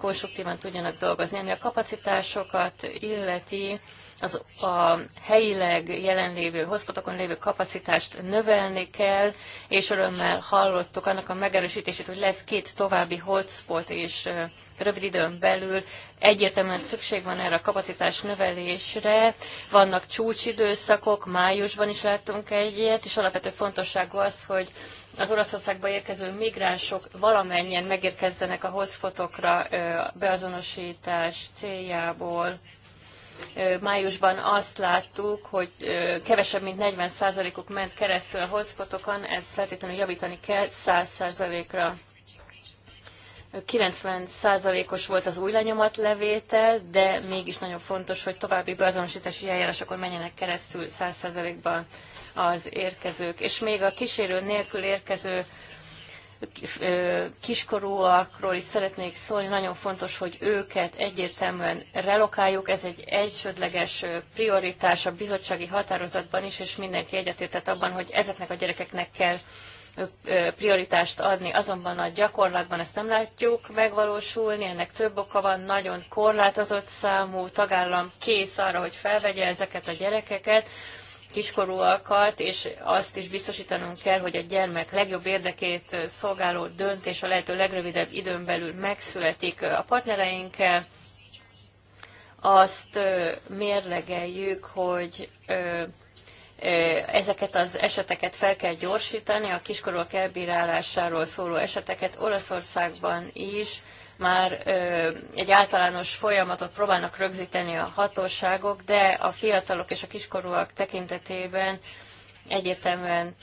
konstruktívan tudjanak dolgozni. Ami a kapacitásokat illeti, az a helyileg jelenlévő hozpotokon lévő kapacitást növelni kell, és örömmel hallottuk annak a megerősítését, hogy lesz két további hotspot, és rövid időn belül egyértelműen szükség van erre a kapacitás növelésre. Vannak csúcsidőszakok, májusban is láttunk egyet, és alapvető fontosságú az, hogy az Olaszországba érkező migránsok valamennyien megérkezzenek a hotspotokra beazonosítás céljából májusban azt láttuk, hogy kevesebb, mint 40%-uk ment keresztül a hotspotokon, ezt feltétlenül javítani kell 100%-ra. 90%-os volt az új lenyomatlevétel, de mégis nagyon fontos, hogy további beazonosítási eljárásokon menjenek keresztül 100%-ban az érkezők. És még a kísérő nélkül érkező kiskorúakról is szeretnék szólni. Nagyon fontos, hogy őket egyértelműen relokáljuk. Ez egy egysődleges prioritás a bizottsági határozatban is, és mindenki egyetértett abban, hogy ezeknek a gyerekeknek kell prioritást adni, azonban a gyakorlatban ezt nem látjuk megvalósulni, ennek több oka van, nagyon korlátozott számú tagállam kész arra, hogy felvegye ezeket a gyerekeket, kiskorúakat, és azt is biztosítanunk kell, hogy a gyermek legjobb érdekét szolgáló döntés a lehető legrövidebb időn belül megszületik a partnereinkkel. Azt mérlegeljük, hogy ezeket az eseteket fel kell gyorsítani, a kiskorúak elbírálásáról szóló eseteket Olaszországban is már egy általános folyamatot próbálnak rögzíteni a hatóságok, de a fiatalok és a kiskorúak tekintetében egyértelműen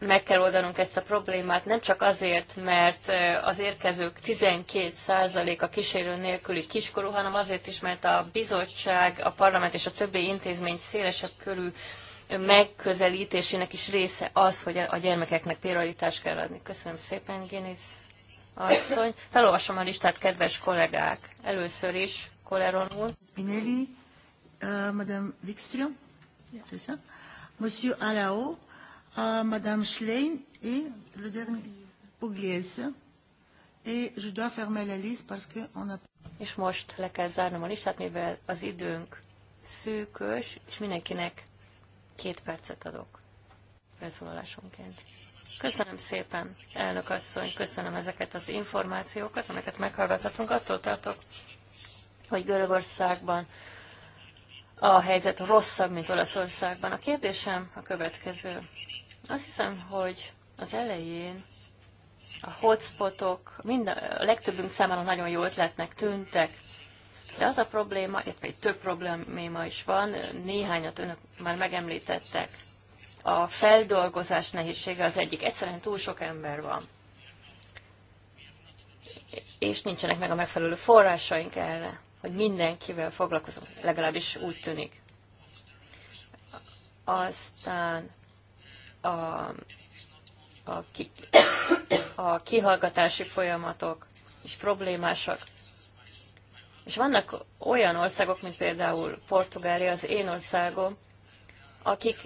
meg kell oldanunk ezt a problémát, nem csak azért, mert az érkezők 12% a kísérő nélküli kiskorú, hanem azért is, mert a bizottság, a parlament és a többi intézmény szélesebb körű megközelítésének is része az, hogy a gyermekeknek prioritást kell adni. Köszönöm szépen, Génész asszony. Felolvasom a listát, kedves kollégák. Először is Koleron úr. Spinelli, uh, Madame Wikström, yeah. Monsieur Alao, uh, Madame Schlein et le dernier Pugliese. Et je dois fermer la liste parce que on a... És most le kell zárnom a listát, mivel az időnk szűkös, és mindenkinek két percet adok felszólalásonként. Köszönöm szépen, elnök asszony, köszönöm ezeket az információkat, amiket meghallgathatunk. Attól tartok, hogy Görögországban a helyzet rosszabb, mint Olaszországban. A kérdésem a következő. Azt hiszem, hogy az elején a hotspotok mind a legtöbbünk számára nagyon jó ötletnek tűntek, de az a probléma, illetve egy több probléma is van, néhányat önök már megemlítettek a feldolgozás nehézsége az egyik. Egyszerűen túl sok ember van. És nincsenek meg a megfelelő forrásaink erre, hogy mindenkivel foglalkozunk, legalábbis úgy tűnik. Aztán a, a, ki, a kihallgatási folyamatok is problémásak. És vannak olyan országok, mint például Portugália, az én országom, akik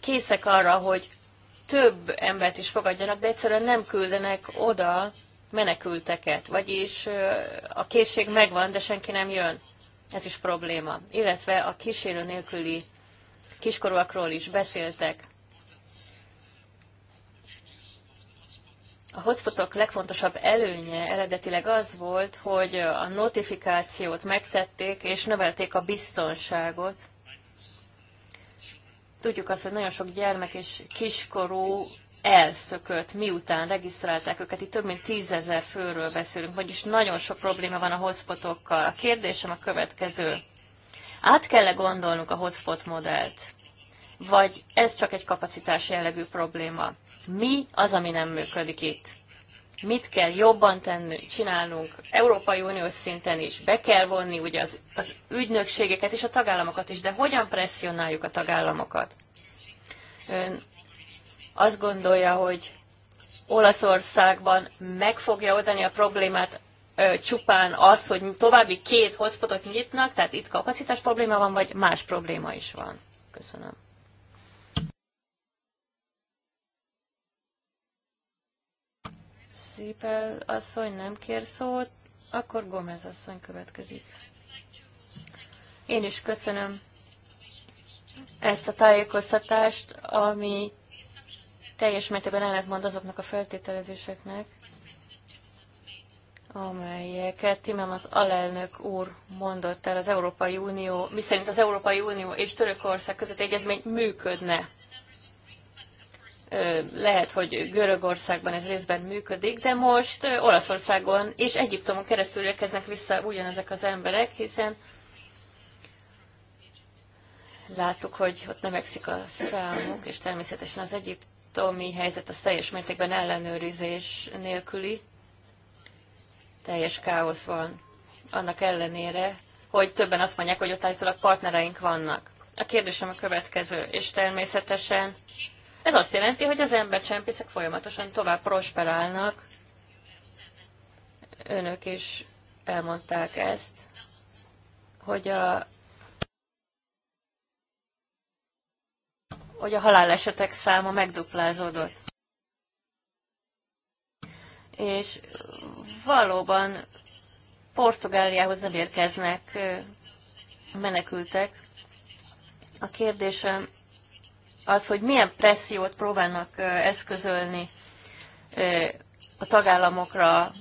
készek arra, hogy több embert is fogadjanak, de egyszerűen nem küldenek oda menekülteket. Vagyis a készség megvan, de senki nem jön. Ez is probléma. Illetve a kísérő nélküli kiskorúakról is beszéltek. A hotspotok legfontosabb előnye eredetileg az volt, hogy a notifikációt megtették és növelték a biztonságot Tudjuk azt, hogy nagyon sok gyermek és kiskorú elszökött, miután regisztrálták őket. Itt több mint tízezer főről beszélünk, vagyis nagyon sok probléma van a hotspotokkal. A kérdésem a következő. Át kell -e gondolnunk a hotspot modellt? Vagy ez csak egy kapacitás jellegű probléma? Mi az, ami nem működik itt? mit kell jobban tenni, csinálnunk Európai Uniós szinten is, be kell vonni ugye az, az ügynökségeket és a tagállamokat is, de hogyan presszionáljuk a tagállamokat? Ön azt gondolja, hogy Olaszországban meg fogja oldani a problémát ö, csupán az, hogy további két hotspotot nyitnak, tehát itt kapacitás probléma van, vagy más probléma is van? Köszönöm. Szépel asszony nem kér szót, akkor Gomez asszony következik. Én is köszönöm ezt a tájékoztatást, ami teljes mértékben ellentmond azoknak a feltételezéseknek, amelyeket Timmermans alelnök úr mondott el az Európai Unió, miszerint az Európai Unió és Törökország között egyezmény működne lehet, hogy Görögországban ez részben működik, de most Olaszországon és Egyiptomon keresztül érkeznek vissza ugyanezek az emberek, hiszen láttuk, hogy ott növekszik a számuk, és természetesen az egyiptomi helyzet az teljes mértékben ellenőrizés nélküli. Teljes káosz van. Annak ellenére, hogy többen azt mondják, hogy ott állítólag partnereink vannak. A kérdésem a következő, és természetesen ez azt jelenti, hogy az embercsempészek folyamatosan tovább prosperálnak. Önök is elmondták ezt, hogy a hogy a halálesetek száma megduplázódott. És valóban Portugáliához nem érkeznek menekültek. A kérdésem az, hogy milyen pressziót próbálnak eszközölni a tagállamokra,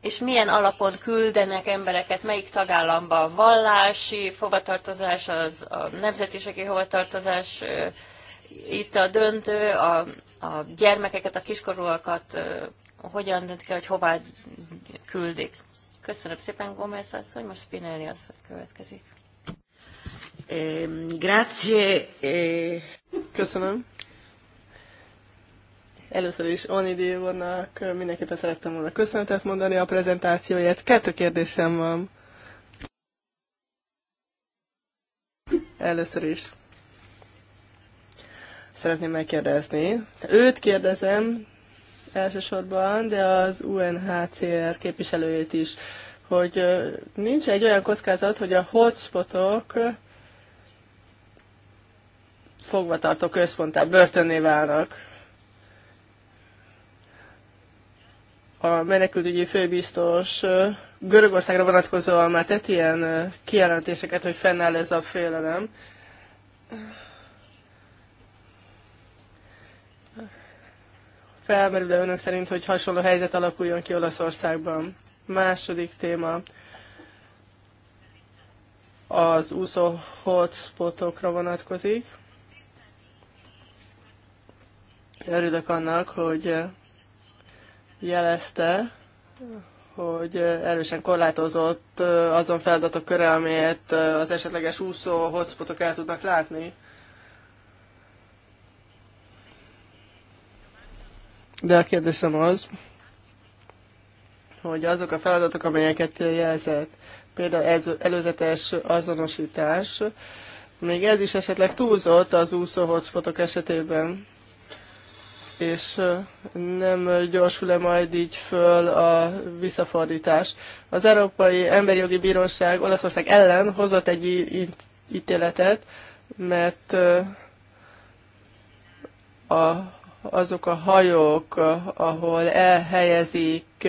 és milyen alapon küldenek embereket, melyik tagállamba a vallási hovatartozás, az a nemzetiségi hovatartozás itt a döntő, a, a gyermekeket, a kiskorúakat hogyan dönt hogy hová küldik. Köszönöm szépen, Gomez asszony, most Spinelli asszony következik. Ehm, grazie. Eh. Köszönöm. Először is Oni Dévornak mindenképpen szerettem volna köszönetet mondani a prezentációért. Kettő kérdésem van. Először is szeretném megkérdezni. Őt kérdezem elsősorban, de az UNHCR képviselőjét is, hogy nincs egy olyan kockázat, hogy a hotspotok -ok fogvatartó központtá, börtönné válnak. A menekültügyi főbiztos Görögországra vonatkozóan már tett ilyen kijelentéseket, hogy fennáll ez a félelem. Felmerül-e önök szerint, hogy hasonló helyzet alakuljon ki Olaszországban? Második téma az úszó hotspotokra vonatkozik. Örülök annak, hogy jelezte, hogy erősen korlátozott azon feladatok köre, amelyet az esetleges úszó hotspotok el tudnak látni. De a kérdésem az, hogy azok a feladatok, amelyeket jelzett, például ez előzetes azonosítás, még ez is esetleg túlzott az úszó hotspotok esetében és nem gyorsul-e majd így föl a visszafordítás. Az Európai Emberi Jogi Bíróság Olaszország ellen hozott egy ítéletet, mert a, azok a hajók, ahol elhelyezik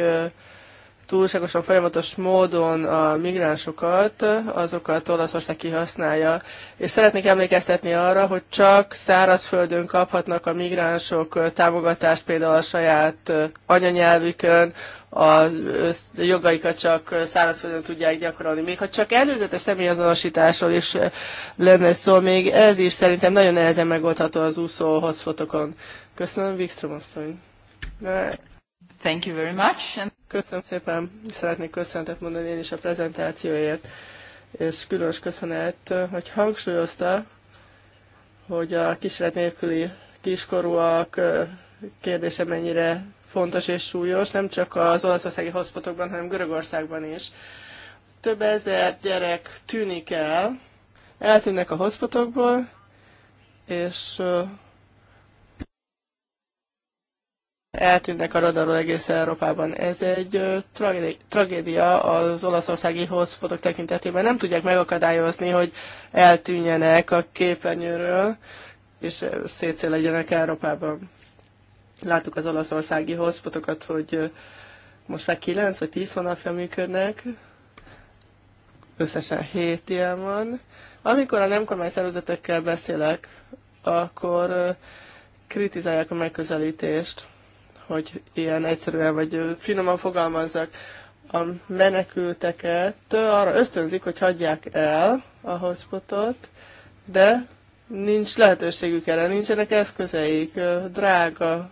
túlságosan folyamatos módon a migránsokat, azokat Olaszország kihasználja. És szeretnék emlékeztetni arra, hogy csak szárazföldön kaphatnak a migránsok támogatást például a saját anyanyelvükön, a jogaikat csak szárazföldön tudják gyakorolni. Még ha csak előzetes személyazonosításról is lenne szó, még ez is szerintem nagyon nehezen megoldható az úszó hotspotokon. Köszönöm, Wikström asszony. Thank you very much. Köszönöm szépen, szeretnék köszönetet mondani én is a prezentációért, és különös köszönet, hogy hangsúlyozta, hogy a kísérlet nélküli kiskorúak kérdése mennyire fontos és súlyos, nem csak az olaszországi hospotokban, hanem Görögországban is. Több ezer gyerek tűnik el, eltűnnek a hospotokból, és eltűntek a radarról egész Európában. Ez egy tragédia az olaszországi hotspotok tekintetében. Nem tudják megakadályozni, hogy eltűnjenek a képernyőről, és legyenek Európában. Láttuk az olaszországi hotspotokat, hogy most már 9 vagy 10 hónapja működnek, összesen 7 ilyen van. Amikor a nem kormány szervezetekkel beszélek, akkor kritizálják a megközelítést hogy ilyen egyszerűen vagy finoman fogalmazzak, a menekülteket arra ösztönzik, hogy hagyják el a hotspotot, de nincs lehetőségük erre, nincsenek eszközeik, drága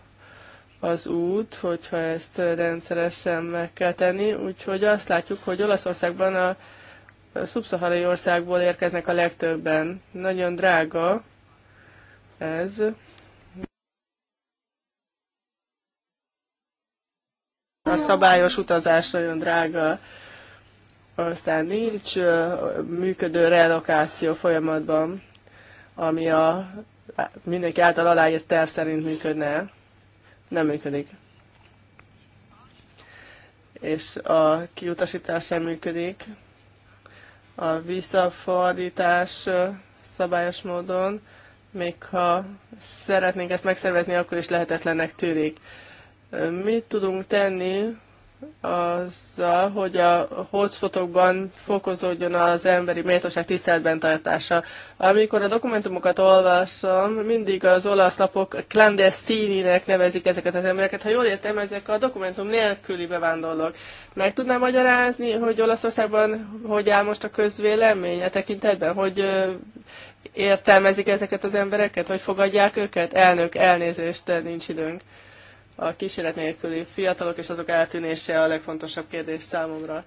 az út, hogyha ezt rendszeresen meg kell tenni. Úgyhogy azt látjuk, hogy Olaszországban a szubszaharai országból érkeznek a legtöbben. Nagyon drága ez. a szabályos utazás nagyon drága, aztán nincs működő relokáció folyamatban, ami a mindenki által aláírt terv szerint működne. Nem működik. És a kiutasítás sem működik. A visszafordítás szabályos módon, még ha szeretnénk ezt megszervezni, akkor is lehetetlennek tűnik. Mit tudunk tenni azzal, hogy a hotspotokban fokozódjon az emberi méltóság tiszteletben tartása. Amikor a dokumentumokat olvasom, mindig az olasz lapok clandestininek nevezik ezeket az embereket. Ha jól értem, ezek a dokumentum nélküli bevándorlók. Meg tudnám magyarázni, hogy Olaszországban hogy áll most a közvélemény a e tekintetben, hogy értelmezik ezeket az embereket, hogy fogadják őket? Elnök, elnézést, nincs időnk. A kísérlet nélküli fiatalok és azok eltűnése a legfontosabb kérdés számomra.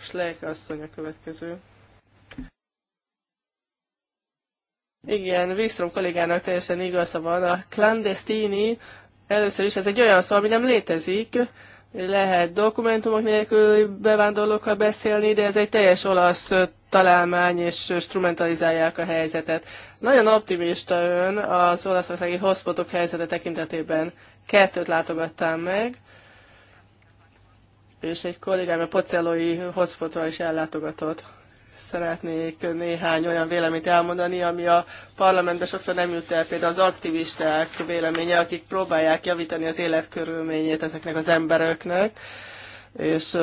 Slejk asszony a következő. Igen, Wikström kollégának teljesen igaza van. A clandestini először is ez egy olyan szó, ami nem létezik. Lehet dokumentumok nélkül bevándorlókkal beszélni, de ez egy teljes olasz találmány, és instrumentalizálják a helyzetet. Nagyon optimista ön az olaszországi hotspotok helyzete tekintetében kettőt látogattam meg, és egy kollégám a pocelói hotspotra is ellátogatott. Szeretnék néhány olyan véleményt elmondani, ami a parlamentben sokszor nem jut el, például az aktivisták véleménye, akik próbálják javítani az életkörülményét ezeknek az embereknek, és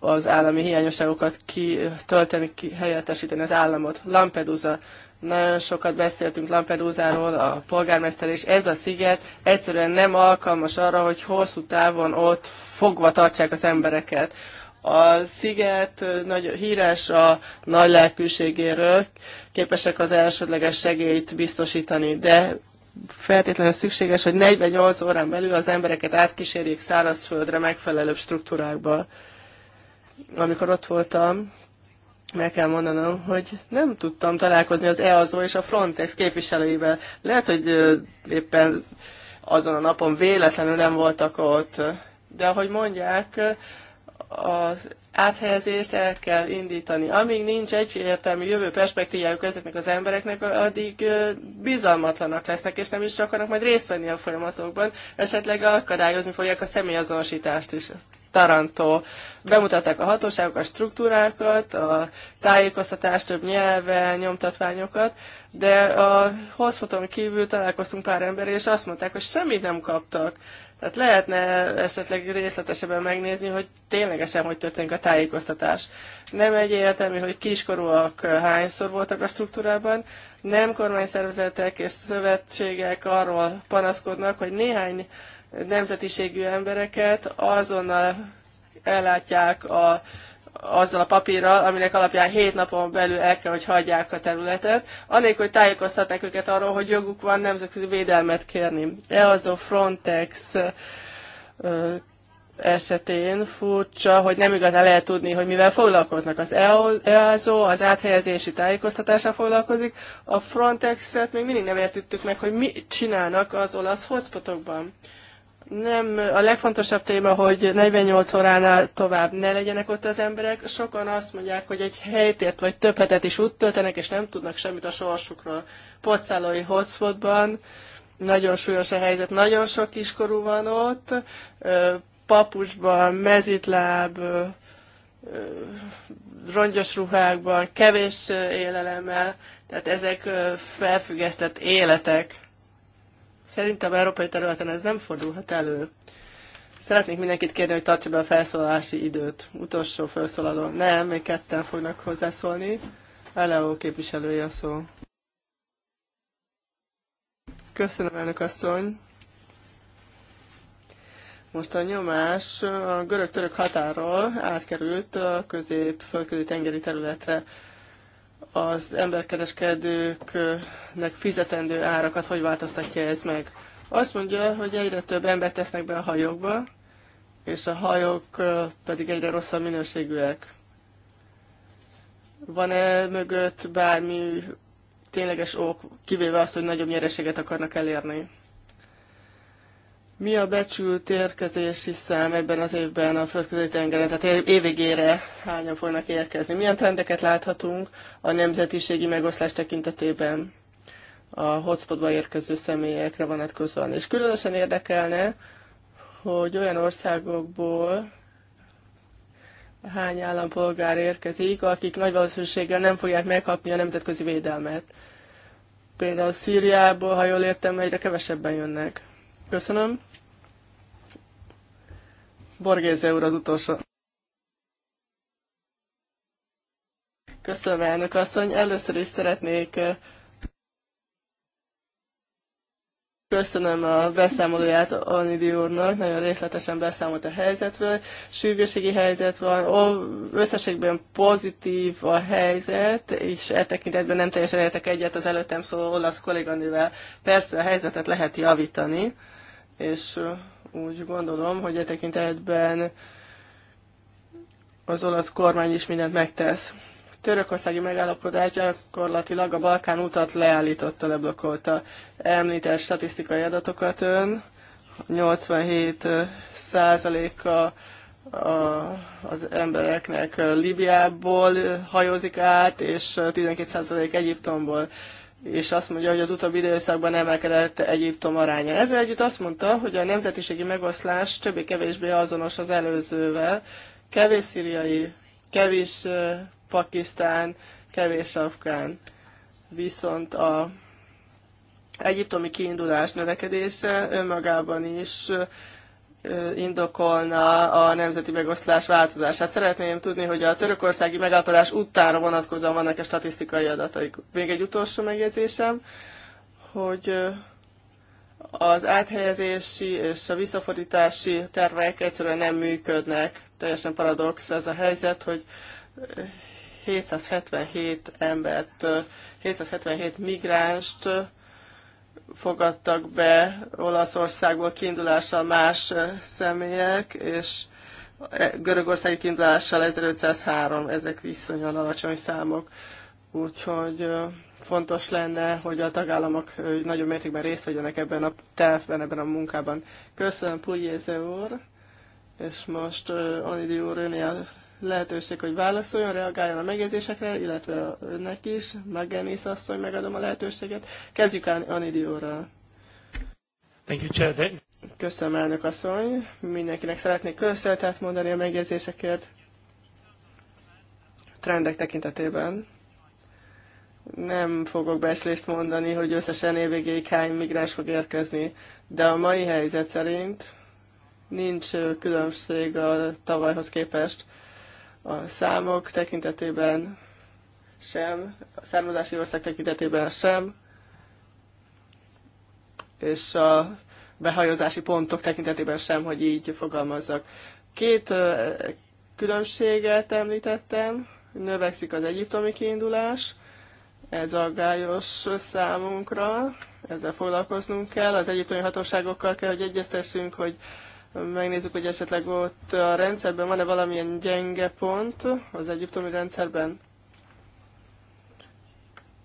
az állami hiányosságokat kitölteni, ki, helyettesíteni az államot. Lampedusa nagyon sokat beszéltünk Lampedusa-ról, a polgármester, és ez a sziget egyszerűen nem alkalmas arra, hogy hosszú távon ott fogva tartsák az embereket. A sziget nagy, híres a nagy lelkűségéről, képesek az elsődleges segélyt biztosítani, de feltétlenül szükséges, hogy 48 órán belül az embereket átkísérjék szárazföldre megfelelőbb struktúrákba. Amikor ott voltam, meg kell mondanom, hogy nem tudtam találkozni az EAZO és a Frontex képviselőivel. Lehet, hogy éppen azon a napon véletlenül nem voltak ott, de ahogy mondják, az áthelyezést el kell indítani. Amíg nincs egyértelmű jövő perspektívájuk ezeknek az embereknek, addig bizalmatlanak lesznek, és nem is akarnak majd részt venni a folyamatokban. Esetleg akadályozni fogják a személyazonosítást is. Taranto. Bemutatták a hatóságok, a struktúrákat, a tájékoztatást több nyelven, nyomtatványokat, de a hozfoton kívül találkoztunk pár ember, és azt mondták, hogy semmit nem kaptak. Tehát lehetne esetleg részletesebben megnézni, hogy ténylegesen hogy történik a tájékoztatás. Nem egyértelmű, hogy kiskorúak hányszor voltak a struktúrában, nem kormányszervezetek és szövetségek arról panaszkodnak, hogy néhány nemzetiségű embereket azonnal ellátják a, azzal a papírral, aminek alapján hét napon belül el kell, hogy hagyják a területet, anélkül, hogy tájékoztatnák őket arról, hogy joguk van nemzetközi védelmet kérni. E azó Frontex esetén furcsa, hogy nem igazán lehet tudni, hogy mivel foglalkoznak. Az EASO e az áthelyezési tájékoztatása foglalkozik, a Frontexet még mindig nem értettük meg, hogy mit csinálnak az olasz hotspotokban nem a legfontosabb téma, hogy 48 óránál tovább ne legyenek ott az emberek. Sokan azt mondják, hogy egy helytért vagy több hetet is úgy töltenek, és nem tudnak semmit a sorsukról. Pocálói hotspotban nagyon súlyos a helyzet, nagyon sok kiskorú van ott, papucsban, mezitláb, rongyos ruhákban, kevés élelemmel, tehát ezek felfüggesztett életek Szerintem európai területen ez nem fordulhat elő. Szeretnék mindenkit kérni, hogy tartsa be a felszólalási időt. Utolsó felszólaló. Nem, még ketten fognak hozzászólni. Eleó képviselője a szó. Köszönöm, elnök asszony. Most a nyomás a görög-török határól átkerült a közép-fölközi tengeri területre az emberkereskedőknek fizetendő árakat hogy változtatja ez meg. Azt mondja, hogy egyre több embert tesznek be a hajókba, és a hajók pedig egyre rosszabb minőségűek. Van-e mögött bármi tényleges ok, kivéve azt, hogy nagyobb nyereséget akarnak elérni? Mi a becsült érkezési szám ebben az évben a földközi tengeren, tehát évvégére hányan fognak érkezni? Milyen trendeket láthatunk a nemzetiségi megoszlás tekintetében a hotspotba érkező személyekre vonatkozóan? És különösen érdekelne, hogy olyan országokból hány állampolgár érkezik, akik nagy valószínűséggel nem fogják megkapni a nemzetközi védelmet. Például Szíriából, ha jól értem, egyre kevesebben jönnek. Köszönöm. Borgéze úr az utolsó. Köszönöm, elnök asszony. Először is szeretnék eh, Köszönöm a beszámolóját Anidi úrnak, nagyon részletesen beszámolt a helyzetről. Sürgőségi helyzet van, Ó, összességben pozitív a helyzet, és e tekintetben nem teljesen értek egyet az előttem szóló olasz kolléganővel. Persze a helyzetet lehet javítani, és eh, úgy gondolom, hogy e tekintetben az olasz kormány is mindent megtesz. Törökországi megállapodás gyakorlatilag a Balkán utat leállította, leblokkolta. Említett statisztikai adatokat ön, 87 százaléka az embereknek Libiából hajózik át, és 12% Egyiptomból és azt mondja, hogy az utóbbi időszakban emelkedett Egyiptom aránya. Ezzel együtt azt mondta, hogy a nemzetiségi megoszlás többé-kevésbé azonos az előzővel. Kevés szíriai, kevés pakisztán, kevés afgán. Viszont a egyiptomi kiindulás növekedése önmagában is indokolna a nemzeti megoszlás változását. Szeretném tudni, hogy a törökországi megállapodás utánra vonatkozóan vannak a statisztikai adataik. Még egy utolsó megjegyzésem, hogy az áthelyezési és a visszafordítási tervek egyszerűen nem működnek. Teljesen paradox ez a helyzet, hogy 777 embert, 777 migránst fogadtak be Olaszországból kiindulással más személyek, és e, görögországi kiindulással 1503, ezek viszonylag alacsony számok. Úgyhogy fontos lenne, hogy a tagállamok nagyobb mértékben részt vegyenek ebben a tervben, ebben a munkában. Köszönöm, Pugyéze úr, és most Onidi úr, önél lehetőség, hogy válaszoljon, reagáljon a megjegyzésekre, illetve önnek is, azt, hogy megadom a lehetőséget. Kezdjük el Anidióra. Thank you, Chair. Köszönöm, elnök asszony. Mindenkinek szeretnék köszönetet mondani a megjegyzésekért. Trendek tekintetében nem fogok beslést mondani, hogy összesen évvégéig hány migráns fog érkezni, de a mai helyzet szerint nincs különbség a tavalyhoz képest a számok tekintetében sem, a származási ország tekintetében sem, és a behajozási pontok tekintetében sem, hogy így fogalmazzak. Két különbséget említettem, növekszik az egyiptomi kiindulás, ez aggályos számunkra, ezzel foglalkoznunk kell, az egyiptomi hatóságokkal kell, hogy egyeztessünk, hogy megnézzük, hogy esetleg ott a rendszerben van-e valamilyen gyenge pont az egyiptomi rendszerben.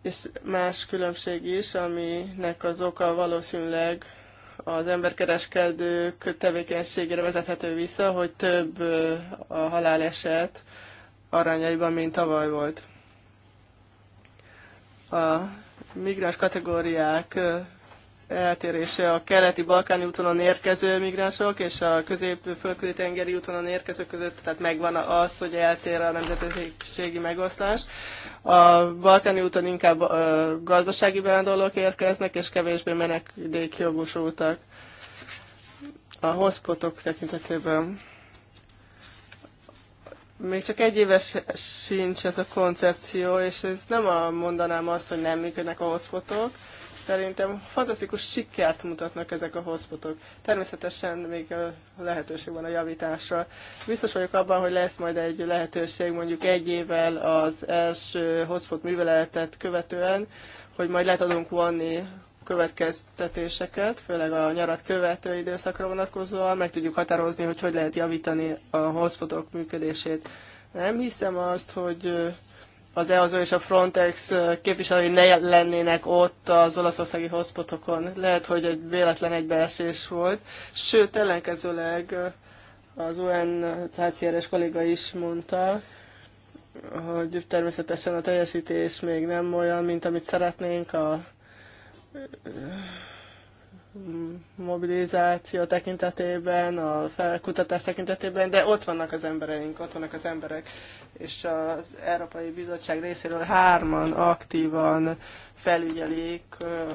És más különbség is, aminek az oka valószínűleg az emberkereskedők tevékenységére vezethető vissza, hogy több a haláleset arányaiban, mint tavaly volt. A migráns kategóriák eltérése a keleti balkáni útonon érkező migránsok és a közép-földközi tengeri útonon érkező között, tehát megvan az, hogy eltér a nemzetiségi megosztás. A balkáni úton inkább gazdasági bevándorlók érkeznek, és kevésbé menekdékjogosultak a hotspotok tekintetében. Még csak egy éves sincs ez a koncepció, és ez nem a, mondanám azt, hogy nem működnek a hotspotok, Szerintem fantasztikus sikert mutatnak ezek a hotspotok. Természetesen még lehetőség van a javításra. Biztos vagyok abban, hogy lesz majd egy lehetőség mondjuk egy évvel az első hotspot műveletet követően, hogy majd le tudunk vonni következtetéseket, főleg a nyarat követő időszakra vonatkozóan, meg tudjuk határozni, hogy hogy lehet javítani a hotspotok működését. Nem hiszem azt, hogy az EASO és a Frontex képviselői ne lennének ott az olaszországi hotspotokon. Lehet, hogy egy véletlen egybeesés volt. Sőt, ellenkezőleg az UNHCR-es kolléga is mondta, hogy természetesen a teljesítés még nem olyan, mint amit szeretnénk a mobilizáció tekintetében, a felkutatás tekintetében, de ott vannak az embereink, ott vannak az emberek, és az Európai Bizottság részéről hárman aktívan felügyelik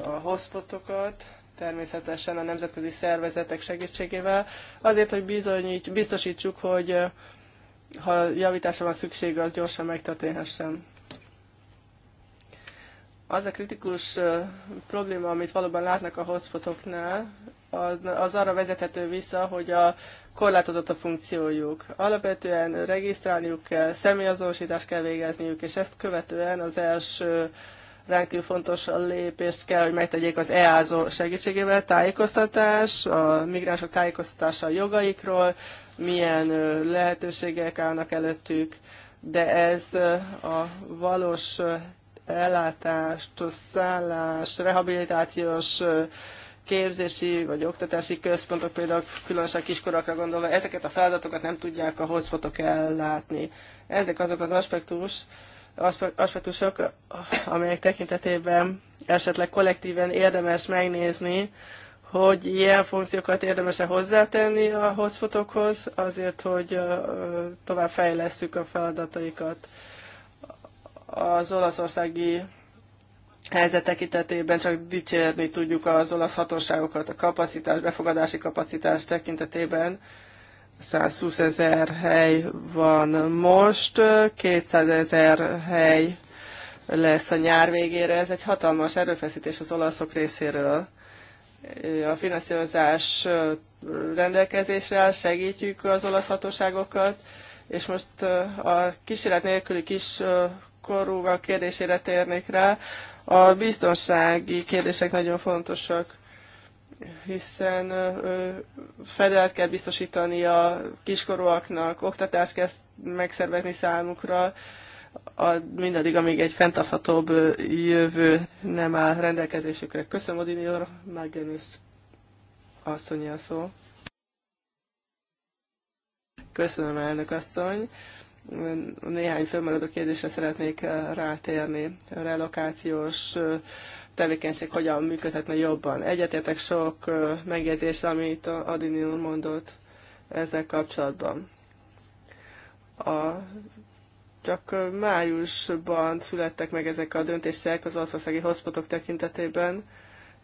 a hotspotokat, természetesen a nemzetközi szervezetek segítségével, azért, hogy biztosítsuk, hogy ha javításra van szükség, az gyorsan megtörténhessen. Az a kritikus probléma, amit valóban látnak a hotspotoknál, az arra vezethető vissza, hogy a korlátozott a funkciójuk. Alapvetően regisztrálniuk kell, személyazonosítást kell végezniük, és ezt követően az első rendkívül fontos a lépést kell, hogy megtegyék az EASO segítségével, tájékoztatás, a migránsok tájékoztatása a jogaikról, milyen lehetőségek állnak előttük, de ez a valós ellátást, szállás, rehabilitációs képzési vagy oktatási központok, például különösen kiskorakra gondolva, ezeket a feladatokat nem tudják a hotspotok ellátni. Ezek azok az aspektus, aspektusok, amelyek tekintetében esetleg kollektíven érdemes megnézni, hogy ilyen funkciókat érdemese hozzátenni a hotspotokhoz, azért, hogy tovább fejlesszük a feladataikat az olaszországi helyzet tekintetében csak dicsérni tudjuk az olasz hatóságokat a kapacitás, befogadási kapacitás tekintetében. 120 ezer hely van most, 200 ezer hely lesz a nyár végére. Ez egy hatalmas erőfeszítés az olaszok részéről. A finanszírozás rendelkezésre áll, segítjük az olasz hatóságokat, és most a kísérlet nélküli kis korúval kérdésére térnék rá. A biztonsági kérdések nagyon fontosak, hiszen fedelt kell biztosítani a kiskorúaknak, oktatást kell megszervezni számukra, a, mindaddig, amíg egy fenntarthatóbb jövő nem áll rendelkezésükre. Köszönöm, Odini úr, Magenus asszony a szó. Köszönöm, elnök asszony néhány fölmaradó kérdésre szeretnék eh, rátérni. A relokációs eh, tevékenység hogyan működhetne jobban. Egyetértek sok eh, megjegyzés, amit Adini úr mondott ezzel kapcsolatban. A, csak májusban születtek meg ezek a döntések az országországi hotspotok tekintetében,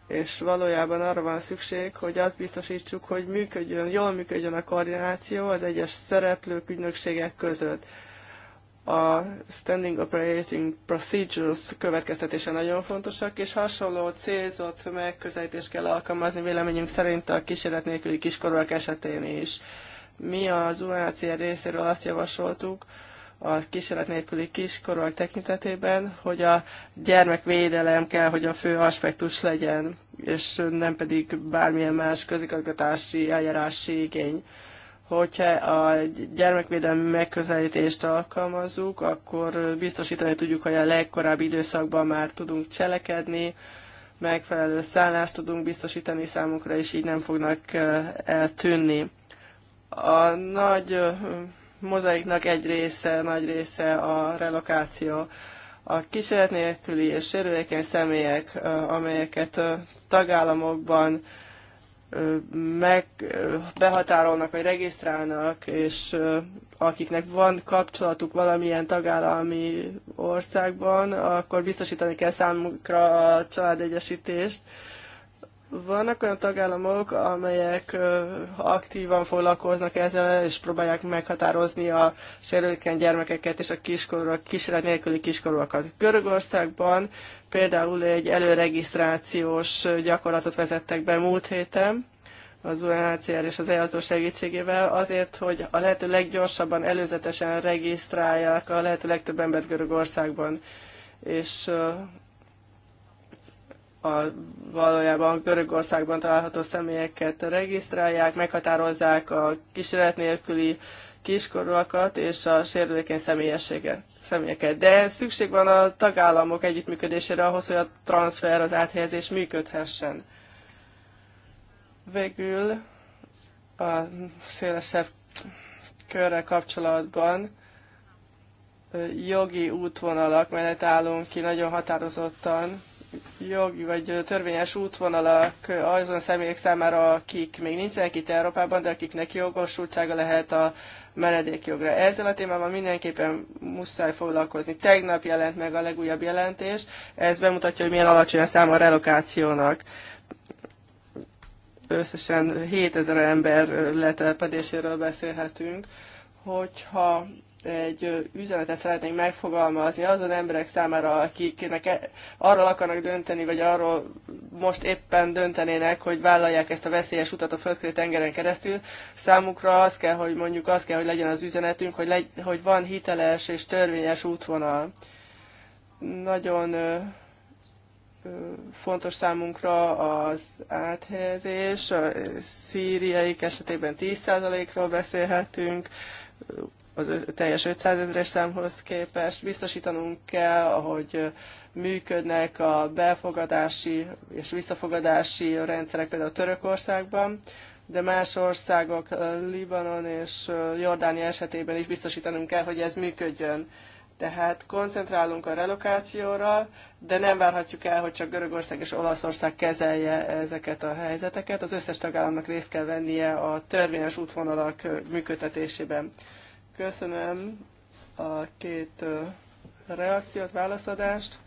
és valójában arra van szükség, hogy azt biztosítsuk, hogy működjön, jól működjön a koordináció az egyes szereplők, ügynökségek között. A Standing Operating Procedures következtetése nagyon fontosak, és hasonló célzott megközelítést kell alkalmazni véleményünk szerint a kísérlet nélküli kiskorúak esetén is. Mi az UNHCR részéről azt javasoltuk, a kísérlet nélküli kiskorúak tekintetében, hogy a gyermekvédelem kell, hogy a fő aspektus legyen, és nem pedig bármilyen más közigazgatási eljárási igény. Hogyha a gyermekvédelmi megközelítést alkalmazunk, akkor biztosítani tudjuk, hogy a legkorábbi időszakban már tudunk cselekedni, megfelelő szállást tudunk biztosítani számukra, és így nem fognak eh, eltűnni. A nagy mozaiknak egy része, nagy része a relokáció. A kísérlet nélküli és sérülékeny személyek, amelyeket tagállamokban meg behatárolnak vagy regisztrálnak, és akiknek van kapcsolatuk valamilyen tagállami országban, akkor biztosítani kell számukra a családegyesítést, vannak olyan tagállamok, amelyek aktívan foglalkoznak ezzel, és próbálják meghatározni a sérülékeny gyermekeket és a kiskorúak, kísérlet nélküli kiskorúakat. Görögországban például egy előregisztrációs gyakorlatot vezettek be múlt héten, az UNHCR és az EASZO segítségével azért, hogy a lehető leggyorsabban előzetesen regisztrálják a lehető legtöbb embert Görögországban. És a valójában Görögországban található személyeket regisztrálják, meghatározzák a kísérlet nélküli kiskorúakat és a sérülékeny személyeket. De szükség van a tagállamok együttműködésére ahhoz, hogy a transfer, az áthelyezés működhessen. Végül a szélesebb körre kapcsolatban jogi útvonalak mellett állunk ki nagyon határozottan, jogi vagy törvényes útvonalak azon személyek számára, akik még nincsenek itt Európában, de akiknek jogosultsága lehet a menedékjogra. Ezzel a témával mindenképpen muszáj foglalkozni. Tegnap jelent meg a legújabb jelentés, ez bemutatja, hogy milyen alacsony a száma a relokációnak. Összesen 7000 ember letelepedéséről beszélhetünk, hogyha egy üzenetet szeretnénk megfogalmazni azon emberek számára, akiknek e, arról akarnak dönteni, vagy arról most éppen döntenének, hogy vállalják ezt a veszélyes utat a földközi tengeren keresztül. Számukra az kell, hogy mondjuk az kell, hogy legyen az üzenetünk, hogy, legy, hogy van hiteles és törvényes útvonal. Nagyon fontos számunkra az áthelyezés. A szíriaik esetében 10%-ról beszélhetünk, az teljes 500 ezeres számhoz képest. Biztosítanunk kell, ahogy működnek a befogadási és visszafogadási rendszerek például Törökországban, de más országok, Libanon és Jordánia esetében is biztosítanunk kell, hogy ez működjön. Tehát koncentrálunk a relokációra, de nem várhatjuk el, hogy csak Görögország és Olaszország kezelje ezeket a helyzeteket. Az összes tagállamnak részt kell vennie a törvényes útvonalak működtetésében. Köszönöm a két reakciót, válaszadást.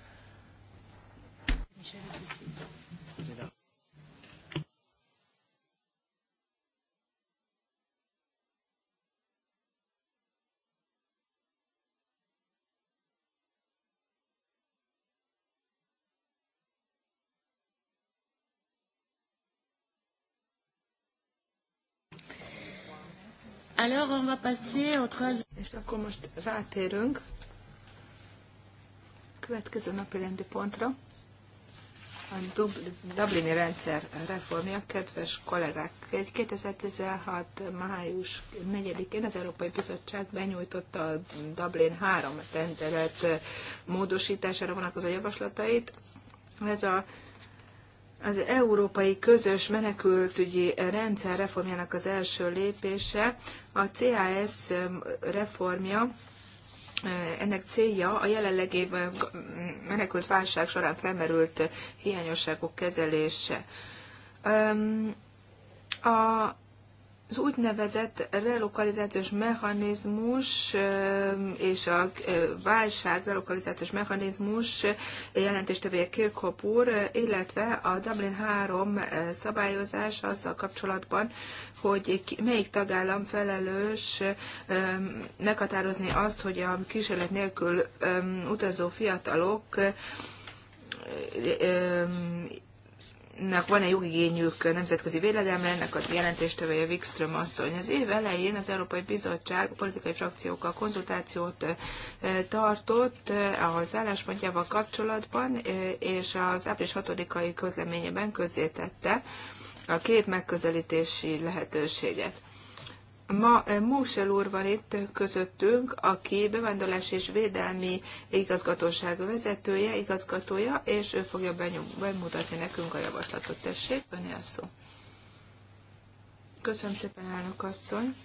Alors on va passer au troisième... És akkor most rátérünk a következő napi rendi pontra. A Dublini rendszer reformja, kedves kollégák, 2016. május 4-én az Európai Bizottság benyújtotta a Dublin 3 rendelet módosítására vonatkozó javaslatait. Ez a az európai közös menekültügyi rendszer reformjának az első lépése a CAS reformja, ennek célja a jelenlegi menekült válság során felmerült hiányosságok kezelése. A az úgynevezett relokalizációs mechanizmus és a válság relokalizációs mechanizmus jelentéstevője Kirkhope úr, illetve a Dublin 3 szabályozás azzal kapcsolatban, hogy melyik tagállam felelős meghatározni azt, hogy a kísérlet nélkül utazó fiatalok nak van-e jogigényük nemzetközi védelemre, ennek a jelentéstevője Wikström asszony. Az év elején az Európai Bizottság a politikai frakciókkal konzultációt tartott az álláspontjával kapcsolatban, és az április 6-ai közleményében közzétette a két megközelítési lehetőséget. Ma eh, Mósel úr van itt közöttünk, aki bevándorlás és védelmi igazgatóság vezetője, igazgatója, és ő fogja bemutatni nekünk a javaslatot. Tessék, van a szó. Köszönöm szépen, elnök asszony.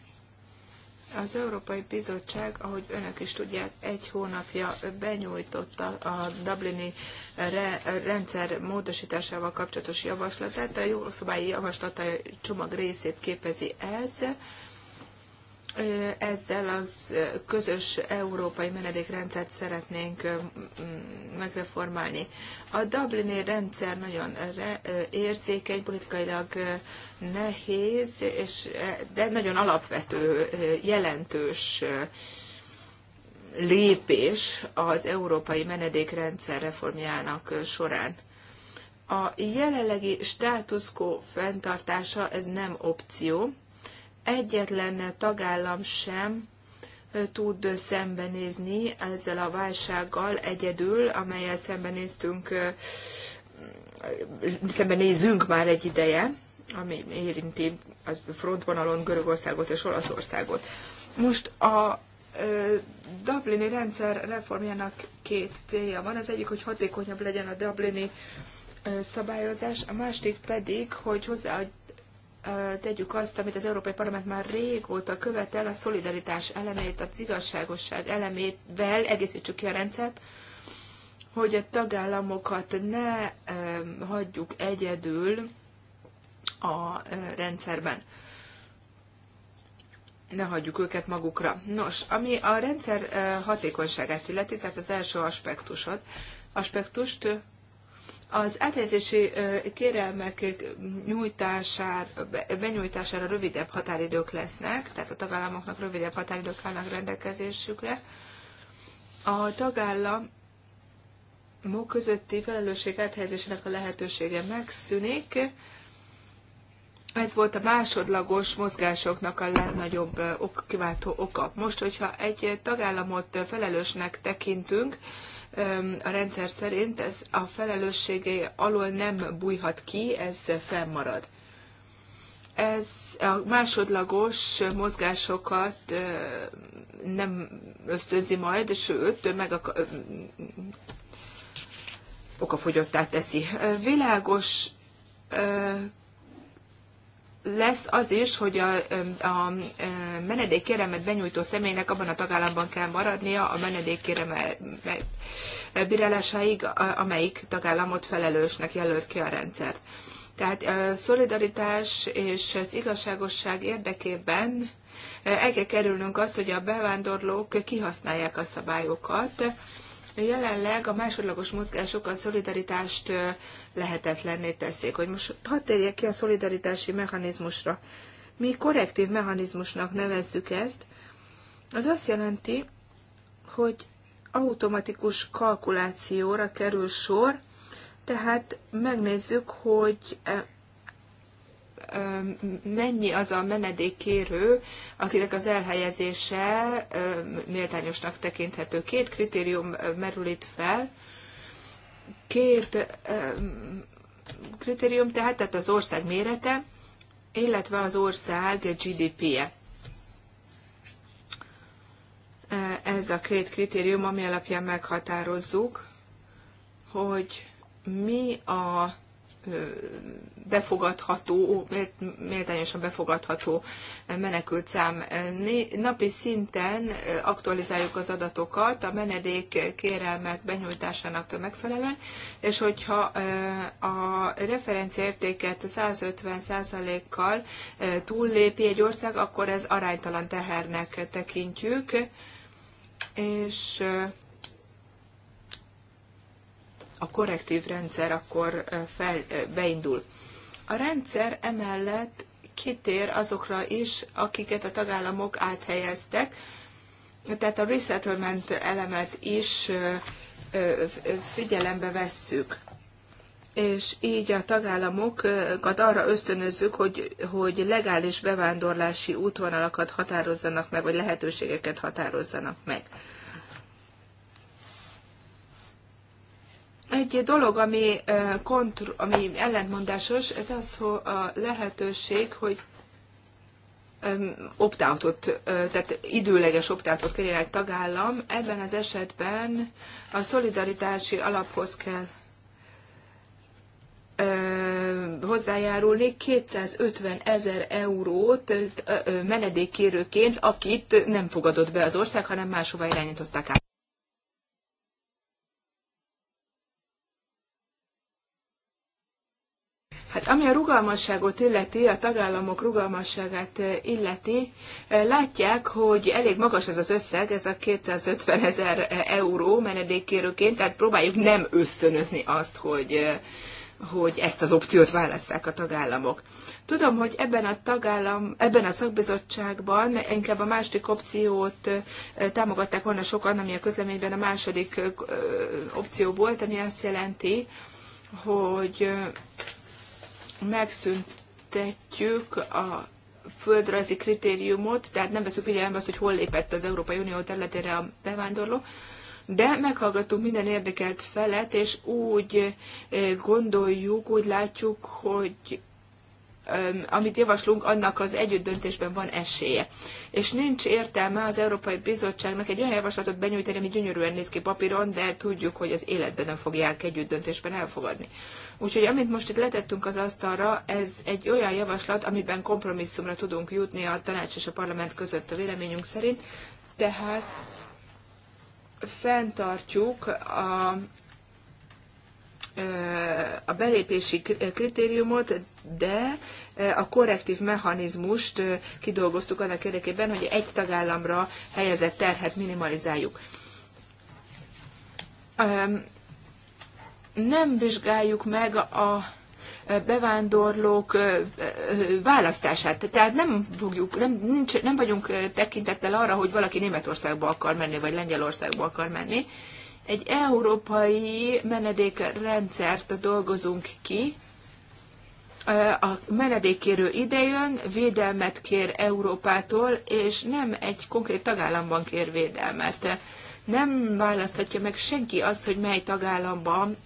Az Európai Bizottság, ahogy önök is tudják, egy hónapja benyújtotta a Dublini re- rendszer módosításával kapcsolatos javaslatát. A jogszabályi javaslata csomag részét képezi ez ezzel az közös európai menedékrendszert szeretnénk megreformálni. A Dublini rendszer nagyon érzékeny, politikailag nehéz, és, de nagyon alapvető, jelentős lépés az európai menedékrendszer reformjának során. A jelenlegi státuszkó fenntartása ez nem opció, egyetlen tagállam sem tud szembenézni ezzel a válsággal egyedül, amelyel szembenéztünk, szembenézünk már egy ideje, ami érinti az frontvonalon Görögországot és Olaszországot. Most a Dublini rendszer reformjának két célja van. Az egyik, hogy hatékonyabb legyen a Dublini szabályozás, a másik pedig, hogy hozzáadjuk tegyük azt, amit az Európai Parlament már régóta követel, a szolidaritás elemét, az igazságosság elemével egészítsük ki a rendszert, hogy a tagállamokat ne hagyjuk egyedül a rendszerben. Ne hagyjuk őket magukra. Nos, ami a rendszer hatékonyságát illeti, tehát az első aspektusot, aspektust, az átjegyzési kérelmek nyújtására, benyújtására rövidebb határidők lesznek, tehát a tagállamoknak rövidebb határidők állnak rendelkezésükre. A tagállam mó közötti felelősség áthelyezésének a lehetősége megszűnik. Ez volt a másodlagos mozgásoknak a legnagyobb ok, kiváltó oka. Most, hogyha egy tagállamot felelősnek tekintünk, a rendszer szerint ez a felelőssége alól nem bújhat ki, ez fennmarad. Ez a másodlagos mozgásokat nem ösztönzi majd, sőt, meg a, okafogyottá teszi. Világos lesz az is, hogy a, a menedékkéremet benyújtó személynek abban a tagállamban kell maradnia a menedékkérem bírálásáig, amelyik tagállamot felelősnek jelölt ki a rendszert. Tehát a szolidaritás és az igazságosság érdekében el kell kerülnünk azt, hogy a bevándorlók kihasználják a szabályokat. Jelenleg a másodlagos mozgások a szolidaritást lehetetlenné teszik. Hogy most hadd térjek ki a szolidaritási mechanizmusra. Mi korrektív mechanizmusnak nevezzük ezt. Az azt jelenti, hogy automatikus kalkulációra kerül sor, tehát megnézzük, hogy e, e, mennyi az a menedékkérő, akinek az elhelyezése e, méltányosnak tekinthető. Két kritérium merül itt fel két kritérium, tehát, tehát az ország mérete, illetve az ország GDP-je. Ez a két kritérium, ami alapján meghatározzuk, hogy mi a befogadható, méltányosan befogadható menekült szám. Napi szinten aktualizáljuk az adatokat a menedék kérelmek benyújtásának megfelelően, és hogyha a referenciértéket 150%-kal túllépi egy ország, akkor ez aránytalan tehernek tekintjük, és a korrektív rendszer akkor fel, beindul. A rendszer emellett kitér azokra is, akiket a tagállamok áthelyeztek, tehát a resettlement elemet is figyelembe vesszük. És így a tagállamokat arra ösztönözzük, hogy, hogy legális bevándorlási útvonalakat határozzanak meg, vagy lehetőségeket határozzanak meg. Egy dolog, ami, kontr, ami ellentmondásos, ez az hogy a lehetőség, hogy optátot, tehát időleges optátot kerül egy tagállam. Ebben az esetben a szolidaritási alaphoz kell hozzájárulni 250 ezer eurót menedékkérőként, akit nem fogadott be az ország, hanem máshova irányították át. Hát ami a rugalmasságot illeti, a tagállamok rugalmasságát eh, illeti, eh, látják, hogy elég magas ez az összeg, ez a 250 ezer eh, euró menedékkérőként, tehát próbáljuk nem ösztönözni azt, hogy hogy ezt az opciót válasszák a tagállamok. Tudom, hogy ebben a tagállam, ebben a szakbizottságban inkább a második opciót támogatták volna sokan, ami a közleményben a második opció volt, ami azt jelenti, hogy megszüntetjük a földrajzi kritériumot, tehát nem veszük figyelembe azt, hogy hol lépett az Európai Unió területére a bevándorló, de meghallgattunk minden érdekelt felet, és úgy eh, gondoljuk, úgy látjuk, hogy amit javaslunk, annak az együttdöntésben van esélye. És nincs értelme az Európai Bizottságnak egy olyan javaslatot benyújtani, ami gyönyörűen néz ki papíron, de tudjuk, hogy az életben nem fogják együttdöntésben elfogadni. Úgyhogy amit most itt letettünk az asztalra, ez egy olyan javaslat, amiben kompromisszumra tudunk jutni a tanács és a parlament között a véleményünk szerint, tehát fenntartjuk a a belépési kritériumot, de e, a korrektív mechanizmust e, kidolgoztuk annak érdekében, hogy egy tagállamra helyezett terhet minimalizáljuk. Nem vizsgáljuk meg a bevándorlók e, választását. Tehát nem, fogjuk, nem, nincs, nem vagyunk tekintettel arra, hogy valaki Németországba akar menni, vagy Lengyelországba akar menni, egy európai menedékrendszert dolgozunk ki, a menedékkérő idejön, védelmet kér Európától, és nem egy konkrét tagállamban kér védelmet. Nem választhatja meg senki azt, hogy mely tagállamban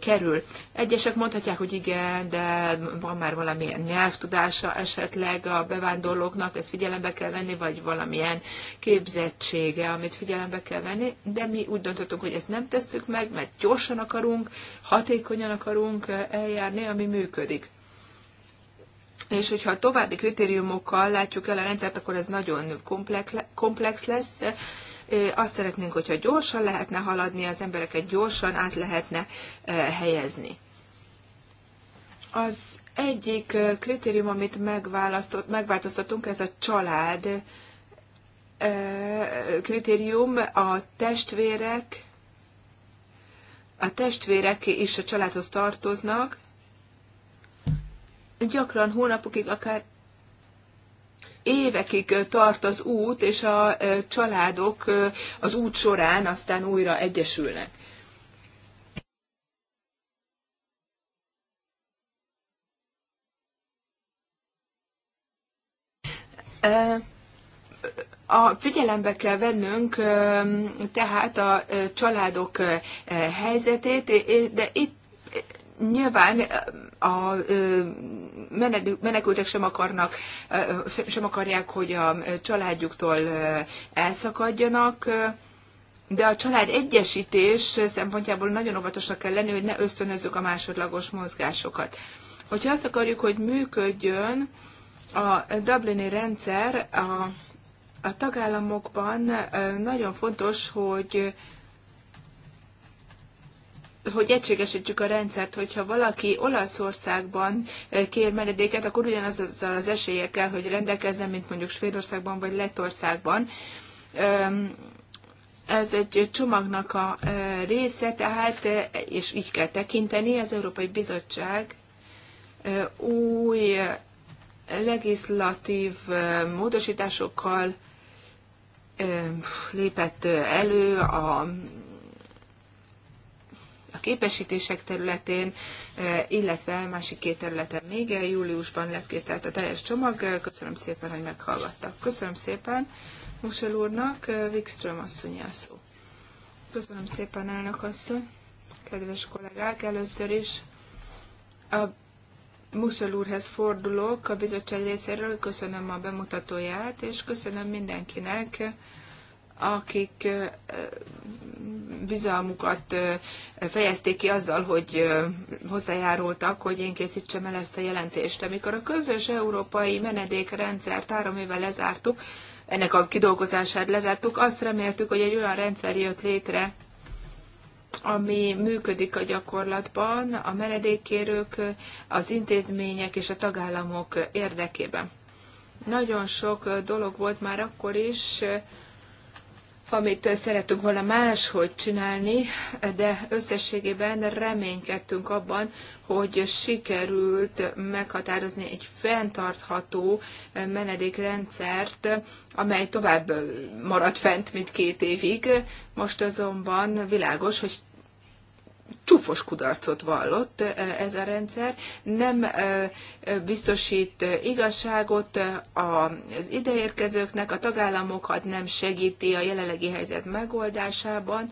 kerül. Egyesek mondhatják, hogy igen, de van már valamilyen nyelvtudása esetleg a bevándorlóknak, ezt figyelembe kell venni, vagy valamilyen képzettsége, amit figyelembe kell venni, de mi úgy döntöttünk, hogy ezt nem tesszük meg, mert gyorsan akarunk, hatékonyan akarunk eljárni, ami működik. És hogyha a további kritériumokkal látjuk el a rendszert, akkor ez nagyon komplex lesz, azt szeretnénk, hogyha gyorsan lehetne haladni, az embereket gyorsan át lehetne helyezni. Az egyik kritérium, amit megválasztott, megváltoztatunk, ez a család kritérium, a testvérek, a testvérek is a családhoz tartoznak, gyakran hónapokig, akár évekig tart az út, és a családok az út során aztán újra egyesülnek. A figyelembe kell vennünk tehát a családok helyzetét, de itt Nyilván a menekültek sem akarnak, sem akarják, hogy a családjuktól elszakadjanak, de a család egyesítés szempontjából nagyon óvatosnak kell lenni, hogy ne ösztönözzük a másodlagos mozgásokat. Hogyha azt akarjuk, hogy működjön a Dublini rendszer, a, a tagállamokban nagyon fontos, hogy hogy egységesítsük a rendszert, hogyha valaki Olaszországban eh, kér menedéket, akkor ugyanazzal az esélye kell, hogy rendelkezzen, mint mondjuk Svédországban vagy Lettországban. Ez egy csomagnak a eh, része, tehát, eh, és így kell tekinteni, az Európai Bizottság új legislatív módosításokkal lépett elő a képesítések területén, e, illetve másik két területen még e, júliusban lesz tehát a teljes csomag. Köszönöm szépen, hogy meghallgattak. Köszönöm szépen Musel úrnak, e, Wikström asszony a szó. Köszönöm szépen, elnök asszony, kedves kollégák, először is a Muszol úrhez fordulok a bizottság részéről, köszönöm a bemutatóját, és köszönöm mindenkinek, akik bizalmukat fejezték ki azzal, hogy hozzájárultak, hogy én készítsem el ezt a jelentést. Amikor a közös európai menedékrendszert három éve lezártuk, ennek a kidolgozását lezártuk, azt reméltük, hogy egy olyan rendszer jött létre, ami működik a gyakorlatban a menedékkérők, az intézmények és a tagállamok érdekében. Nagyon sok dolog volt már akkor is, amit szerettünk volna máshogy csinálni, de összességében reménykedtünk abban, hogy sikerült meghatározni egy fenntartható menedékrendszert, amely tovább maradt fent, mint két évig. Most azonban világos, hogy csúfos kudarcot vallott ez a rendszer, nem biztosít igazságot az ideérkezőknek, a tagállamokat nem segíti a jelenlegi helyzet megoldásában,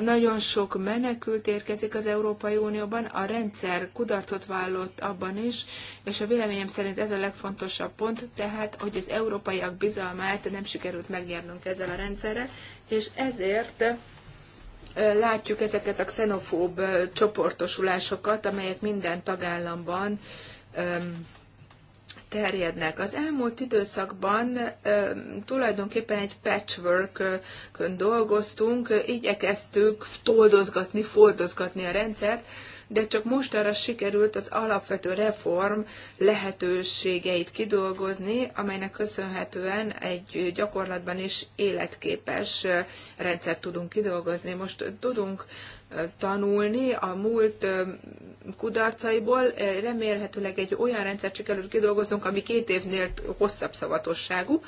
nagyon sok menekült érkezik az Európai Unióban, a rendszer kudarcot vállott abban is, és a véleményem szerint ez a legfontosabb pont, tehát, hogy az európaiak bizalmát nem sikerült megnyernünk ezzel a rendszerrel, és ezért látjuk ezeket a xenofób csoportosulásokat, amelyek minden tagállamban terjednek. Az elmúlt időszakban tulajdonképpen egy patchwork dolgoztunk, igyekeztük toldozgatni, fordozgatni a rendszert, de csak mostanra sikerült az alapvető reform lehetőségeit kidolgozni, amelynek köszönhetően egy gyakorlatban is életképes rendszert tudunk kidolgozni. Most tudunk tanulni a múlt kudarcaiból. Remélhetőleg egy olyan rendszert sikerült kidolgoznunk, ami két évnél hosszabb szavatosságú.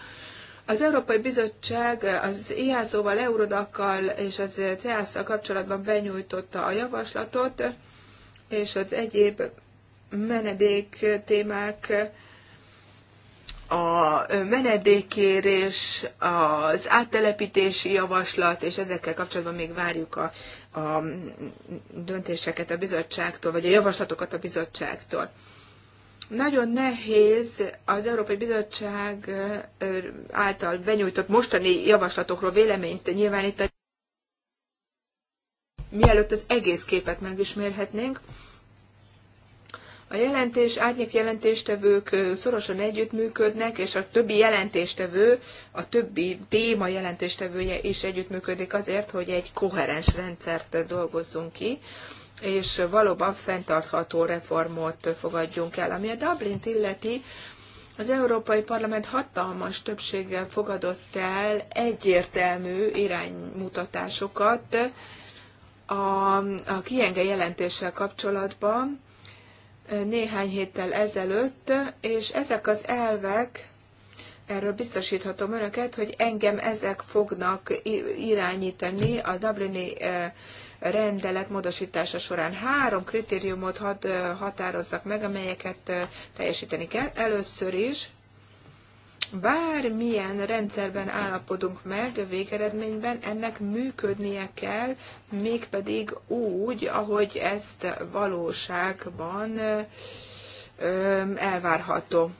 Az Európai Bizottság az IASZ-val, Eurodakkal és az CEASZ-szal kapcsolatban benyújtotta a javaslatot és az egyéb menedék témák, a menedékkérés, az áttelepítési javaslat, és ezekkel kapcsolatban még várjuk a, a döntéseket a bizottságtól, vagy a javaslatokat a bizottságtól. Nagyon nehéz az Európai Bizottság által benyújtott mostani javaslatokról véleményt nyilvánítani mielőtt az egész képet megismerhetnénk. A jelentés, árnyék jelentéstevők szorosan együttműködnek, és a többi jelentéstevő, a többi téma jelentéstevője is együttműködik azért, hogy egy koherens rendszert dolgozzunk ki, és valóban fenntartható reformot fogadjunk el. Ami a Dublin illeti, az Európai Parlament hatalmas többséggel fogadott el egyértelmű iránymutatásokat, a, a kienge jelentéssel kapcsolatban néhány héttel ezelőtt, és ezek az elvek, erről biztosíthatom önöket, hogy engem ezek fognak irányítani a Dublini rendelet módosítása során. Három kritériumot hadd határozzak meg, amelyeket teljesíteni kell. Először is bármilyen rendszerben állapodunk meg, a végeredményben ennek működnie kell, mégpedig úgy, ahogy ezt valóságban elvárható.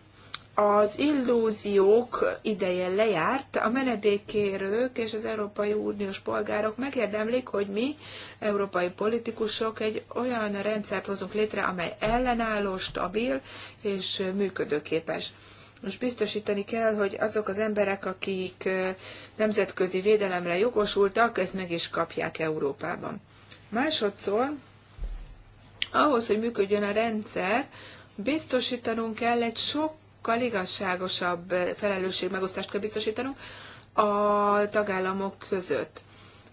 Az illúziók ideje lejárt, a menedékkérők és az Európai Uniós polgárok megérdemlik, hogy mi, európai politikusok, egy olyan rendszert hozunk létre, amely ellenálló, stabil és működőképes. Most biztosítani kell, hogy azok az emberek, akik nemzetközi védelemre jogosultak, ezt meg is kapják Európában. Másodszor, ahhoz, hogy működjön a rendszer, biztosítanunk kell egy sokkal igazságosabb felelősségmegosztást kell biztosítanunk a tagállamok között.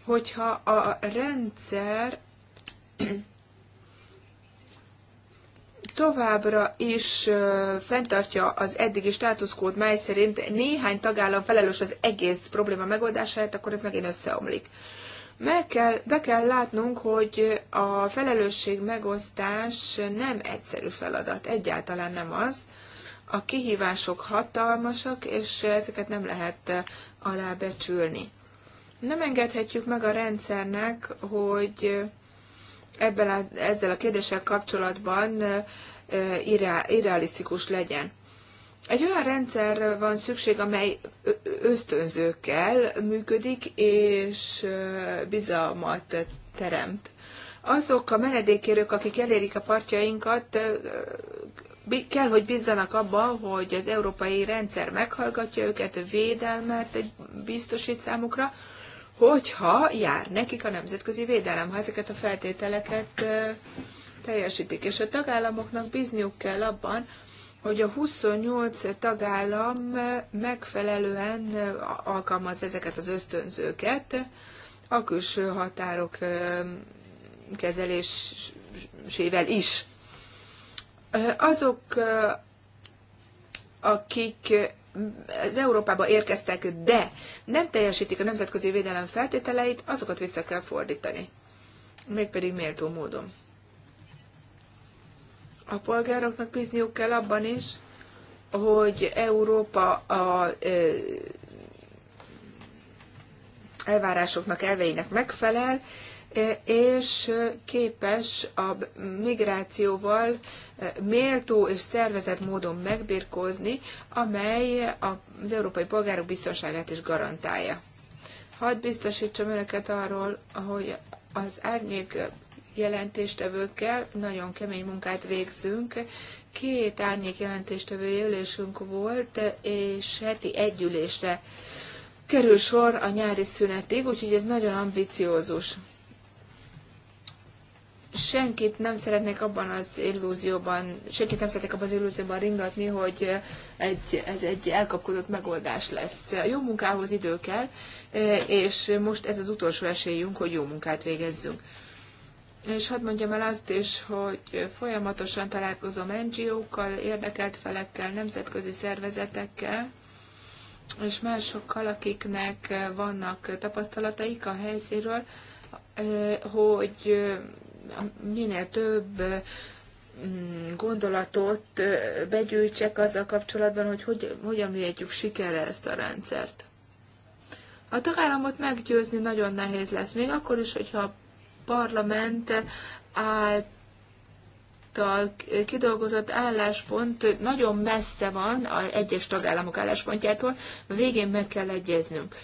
Hogyha a rendszer továbbra is fenntartja az eddigi státuszkód, mely szerint néhány tagállam felelős az egész probléma megoldásáért, akkor ez megint összeomlik. Meg kell, be kell látnunk, hogy a felelősség megosztás nem egyszerű feladat, egyáltalán nem az. A kihívások hatalmasak, és ezeket nem lehet alábecsülni. Nem engedhetjük meg a rendszernek, hogy ebben a, ezzel a kérdéssel kapcsolatban irrealisztikus legyen. Egy olyan rendszer van szükség, amely ösztönzőkkel működik, és bizalmat teremt. Azok a menedékérők, akik elérik a partjainkat, kell, hogy bizzanak abba, hogy az európai rendszer meghallgatja őket, védelmet biztosít számukra, hogyha jár nekik a nemzetközi védelem, ha ezeket a feltételeket teljesítik. És a tagállamoknak bízniuk kell abban, hogy a 28 tagállam megfelelően alkalmaz ezeket az ösztönzőket a külső határok kezelésével is. Azok, akik az Európába érkeztek, de nem teljesítik a nemzetközi védelem feltételeit, azokat vissza kell fordítani. Mégpedig méltó módon. A polgároknak bízniuk kell abban is, hogy Európa a ö, elvárásoknak, elveinek megfelel, E, és e, képes a migrációval e, méltó és szervezett módon megbirkózni, amely az európai polgárok biztonságát is garantálja. Hadd biztosítsam önöket arról, hogy az árnyék jelentéstevőkkel nagyon kemény munkát végzünk. Két árnyék jelentéstevői ülésünk volt, és heti együlésre kerül sor a nyári szünetig, úgyhogy ez nagyon ambiciózus senkit nem szeretnék abban az illúzióban, senkit nem szeretnék abban az illúzióban ringatni, hogy egy, ez egy elkapkodott megoldás lesz. A jó munkához idő kell, és most ez az utolsó esélyünk, hogy jó munkát végezzünk. És hadd mondjam el azt is, hogy folyamatosan találkozom NGO-kkal, érdekelt felekkel, nemzetközi szervezetekkel, és másokkal, akiknek vannak tapasztalataik a helyszínről, hogy minél több mm, gondolatot begyűjtsek azzal kapcsolatban, hogy, hogy hogyan műjegyük sikerre ezt a rendszert. A tagállamot meggyőzni nagyon nehéz lesz, még akkor is, hogyha a parlament által kidolgozott álláspont nagyon messze van az egyes tagállamok álláspontjától, végén meg kell egyeznünk.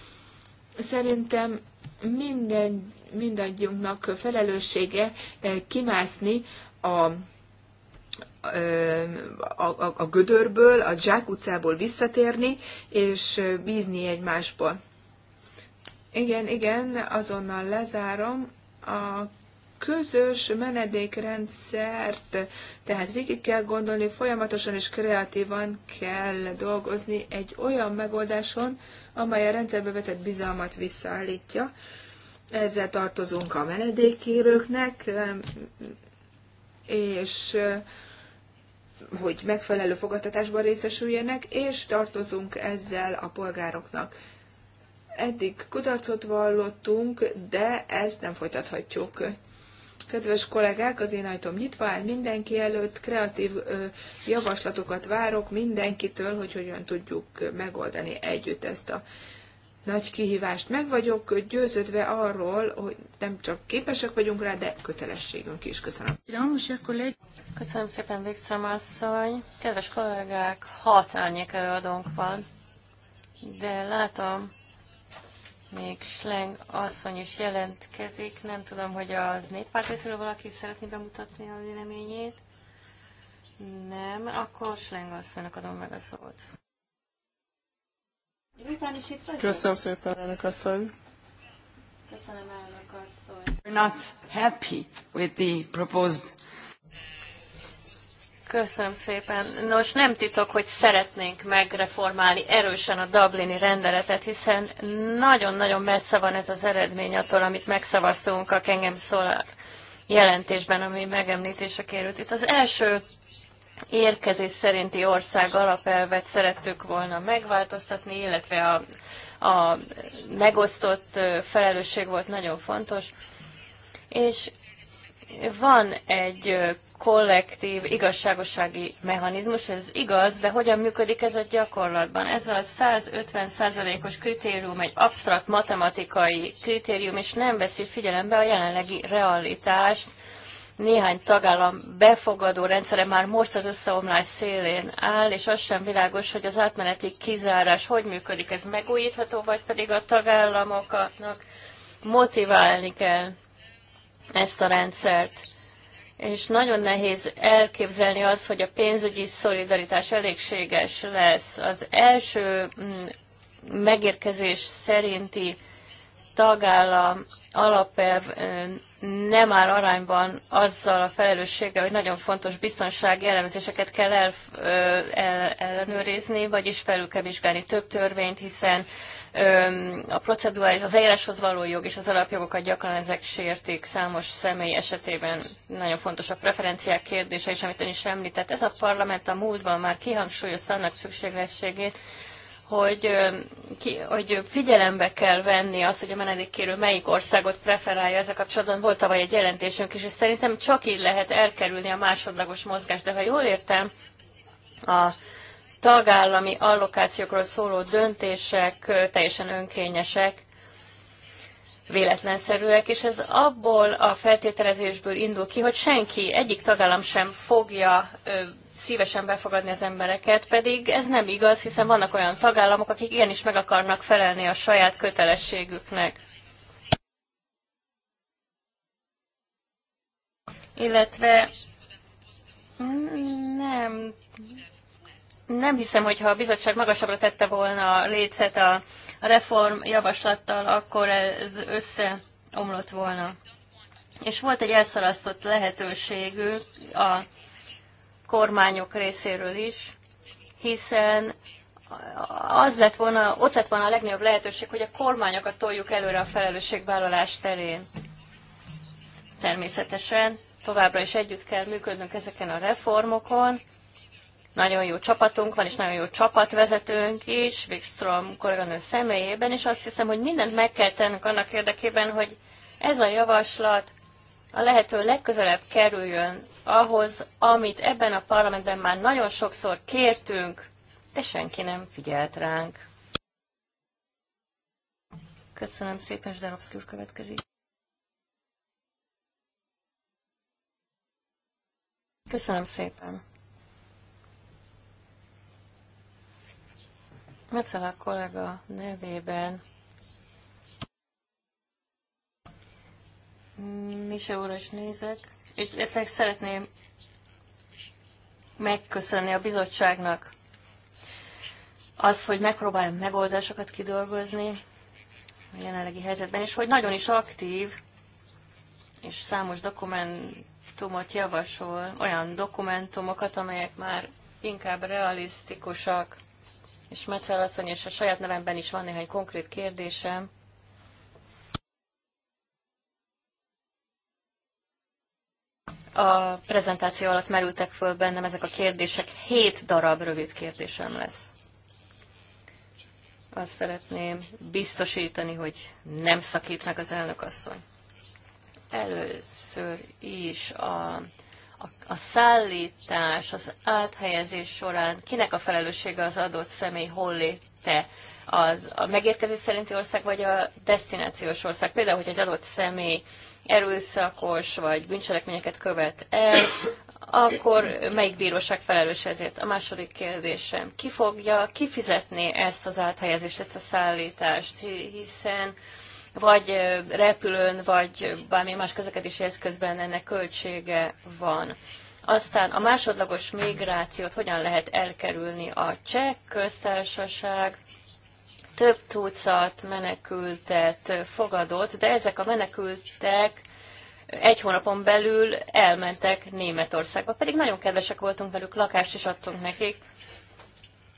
Szerintem minden mindannyiunknak felelőssége eh, kimászni a eh, a, a, a gödörből, a Zsák utcából visszatérni, és eh, bízni egymásból. Igen, igen, azonnal lezárom. A közös menedékrendszert, tehát végig kell gondolni, folyamatosan és kreatívan kell dolgozni egy olyan megoldáson, amely a rendszerbe vetett bizalmat visszaállítja, ezzel tartozunk a menedékkérőknek, és eh, hogy megfelelő fogadtatásban részesüljenek, és tartozunk ezzel a polgároknak. Eddig kudarcot vallottunk, de ezt nem folytathatjuk. Kedves kollégák, az én ajtóm nyitva áll mindenki előtt, kreatív ö, javaslatokat várok mindenkitől, hogy hogyan tudjuk megoldani együtt ezt a nagy kihívást. Meg vagyok győződve arról, hogy nem csak képesek vagyunk rá, de kötelességünk is. Köszönöm. Köszönöm szépen, Végszem asszony. Kedves kollégák, hat árnyék előadónk van, de látom, még Sleng asszony is jelentkezik. Nem tudom, hogy az néppárt részéről valaki szeretné bemutatni a véleményét. Nem, akkor Sleng asszonynak adom meg a szót. Köszönöm szépen, elnök asszony. Köszönöm, elnök asszony. We're not happy with the proposed Köszönöm szépen. Nos, nem titok, hogy szeretnénk megreformálni erősen a Dublini rendeletet, hiszen nagyon-nagyon messze van ez az eredmény attól, amit megszavaztunk a Kengem szól jelentésben, ami megemlítése került. Itt az első érkezés szerinti ország alapelvet szerettük volna megváltoztatni, illetve a, a megosztott felelősség volt nagyon fontos. És van egy kollektív igazságosági mechanizmus, ez igaz, de hogyan működik ez a gyakorlatban? Ez a 150%-os kritérium egy absztrakt matematikai kritérium, és nem veszi figyelembe a jelenlegi realitást, néhány tagállam befogadó rendszere már most az összeomlás szélén áll, és az sem világos, hogy az átmeneti kizárás hogy működik, ez megújítható, vagy pedig a tagállamoknak motiválni kell ezt a rendszert. És nagyon nehéz elképzelni azt, hogy a pénzügyi szolidaritás elégséges lesz. Az első mm, megérkezés szerinti tagállam alapelv mm, nem áll arányban azzal a felelősséggel, hogy nagyon fontos biztonsági elemzéseket kell el, el, ellenőrizni, vagyis felül kell vizsgálni több törvényt, hiszen öm, a procedurális, az eljáráshoz való jog és az alapjogokat gyakran ezek sértik számos személy esetében. Nagyon fontos a preferenciák kérdése is, amit ön is említett. Ez a parlament a múltban már kihangsúlyozta annak szükségességét, hogy, ki, hogy figyelembe kell venni azt, hogy a menedékkérő melyik országot preferálja. Ezzel kapcsolatban volt tavaly egy jelentésünk is, és szerintem csak így lehet elkerülni a másodlagos mozgást. De ha jól értem, a tagállami allokációkról szóló döntések teljesen önkényesek, véletlenszerűek, és ez abból a feltételezésből indul ki, hogy senki, egyik tagállam sem fogja szívesen befogadni az embereket, pedig ez nem igaz, hiszen vannak olyan tagállamok, akik igenis meg akarnak felelni a saját kötelességüknek. Illetve nem, nem hiszem, hogy ha a bizottság magasabbra tette volna a lécet a reform javaslattal, akkor ez összeomlott volna. És volt egy elszalasztott lehetőségük a kormányok részéről is, hiszen az lett volna, ott lett volna a legnagyobb lehetőség, hogy a kormányokat toljuk előre a felelősségvállalás terén. Természetesen továbbra is együtt kell működnünk ezeken a reformokon. Nagyon jó csapatunk van, és nagyon jó csapatvezetőnk is, Wikström koronő személyében, és azt hiszem, hogy mindent meg kell tennünk annak érdekében, hogy ez a javaslat a lehető legközelebb kerüljön ahhoz, amit ebben a parlamentben már nagyon sokszor kértünk, de senki nem figyelt ránk. Köszönöm szépen, Zsdarovszki úr következik. Köszönöm szépen. Metszalák kollega nevében Mise úr is nézek, és egyébként szeretném megköszönni a bizottságnak az, hogy megpróbálja megoldásokat kidolgozni a jelenlegi helyzetben, és hogy nagyon is aktív, és számos dokumentumot javasol, olyan dokumentumokat, amelyek már inkább realisztikusak, és Metzel asszony, és a saját nevemben is van néhány konkrét kérdésem, A prezentáció alatt merültek föl bennem ezek a kérdések. Hét darab rövid kérdésem lesz. Azt szeretném biztosítani, hogy nem szakít meg az asszony. Először is a a, a szállítás, az áthelyezés során kinek a felelőssége az adott személy hol lépte? Az a megérkezés szerinti ország, vagy a destinációs ország? Például, hogy egy adott személy erőszakos vagy bűncselekményeket követ el, akkor melyik bíróság felelős ezért? A második kérdésem, ki fogja kifizetni ezt az áthelyezést, ezt a szállítást, hiszen vagy repülőn, vagy bármi más közlekedési eszközben ennek költsége van. Aztán a másodlagos migrációt hogyan lehet elkerülni a cseh köztársaság, több tucat menekültet fogadott, de ezek a menekültek egy hónapon belül elmentek Németországba, pedig nagyon kedvesek voltunk velük, lakást is adtunk nekik,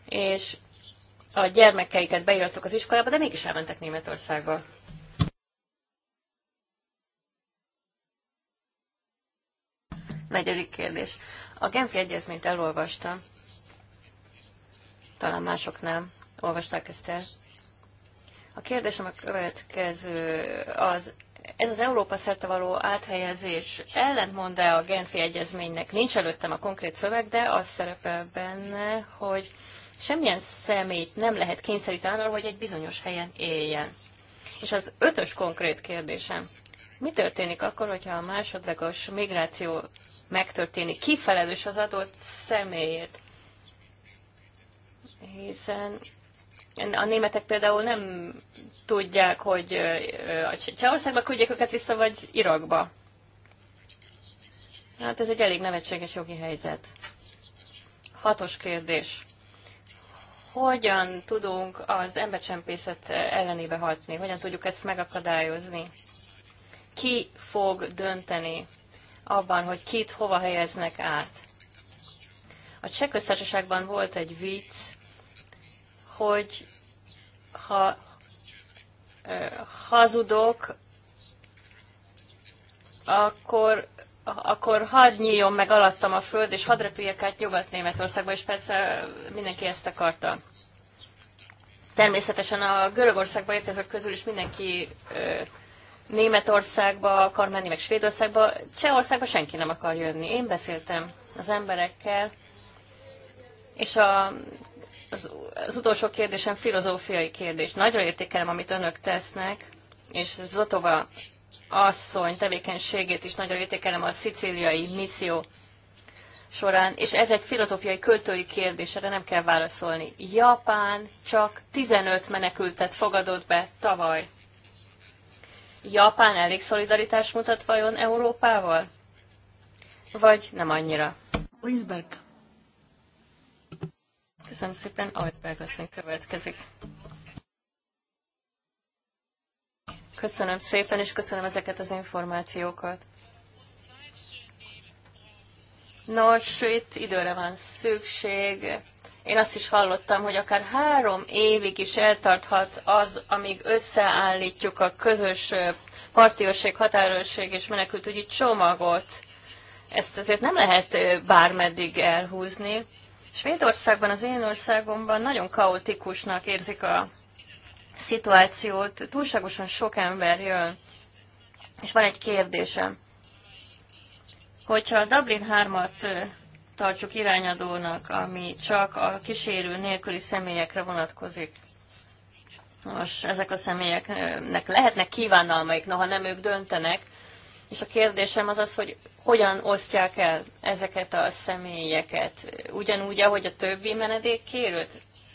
és a gyermekeiket beírtuk az iskolába, de mégis elmentek Németországba. Negyedik kérdés. A Genfi Egyezményt elolvastam. Talán mások nem olvasták ezt el. A kérdésem a következő, az, ez az Európa szerte való áthelyezés ellentmond-e a Genfi Egyezménynek? Nincs előttem a konkrét szöveg, de az szerepel benne, hogy semmilyen személyt nem lehet kényszeríteni arra, hogy egy bizonyos helyen éljen. És az ötös konkrét kérdésem, mi történik akkor, hogyha a másodlagos migráció megtörténik? Ki felelős az adott személyért? Hiszen a németek például nem tudják, hogy a Csehországba küldjék őket vissza, vagy Irakba. Hát ez egy elég nevetséges jogi helyzet. Hatos kérdés. Hogyan tudunk az embercsempészet ellenébe hatni? Hogyan tudjuk ezt megakadályozni? Ki fog dönteni abban, hogy kit hova helyeznek át? A Cseh volt egy vicc, hogy ha hazudok, akkor, akkor hadd nyíljon meg alattam a föld, és hadd repüljek át Nyugat-Németországba, és persze mindenki ezt akarta. Természetesen a Görögországba érkezők közül is mindenki Németországba akar menni, meg Svédországba. Csehországba senki nem akar jönni. Én beszéltem az emberekkel, és a az, az utolsó kérdésem filozófiai kérdés. Nagyon értékelem, amit önök tesznek, és Zotova asszony tevékenységét is nagyon értékelem a szicíliai misszió során, és ez egy filozófiai költői kérdés, erre nem kell válaszolni. Japán csak 15 menekültet fogadott be tavaly. Japán elég szolidaritást mutat vajon Európával? Vagy nem annyira? Winsberg. Köszönöm szépen, Altberg asszony következik. Köszönöm szépen, és köszönöm ezeket az információkat. Nos, itt időre van szükség. Én azt is hallottam, hogy akár három évig is eltarthat az, amíg összeállítjuk a közös partiőrség, határőrség és menekültügyi csomagot. Ezt azért nem lehet bármeddig elhúzni. Svédországban, az én országomban nagyon kaotikusnak érzik a szituációt, túlságosan sok ember jön. És van egy kérdésem. Hogyha a Dublin 3-at tartjuk irányadónak, ami csak a kísérő nélküli személyekre vonatkozik, most ezek a személyeknek lehetnek kívánalmaik, noha nem ők döntenek, és a kérdésem az az, hogy hogyan osztják el ezeket a személyeket? Ugyanúgy, ahogy a többi menedék kérőt?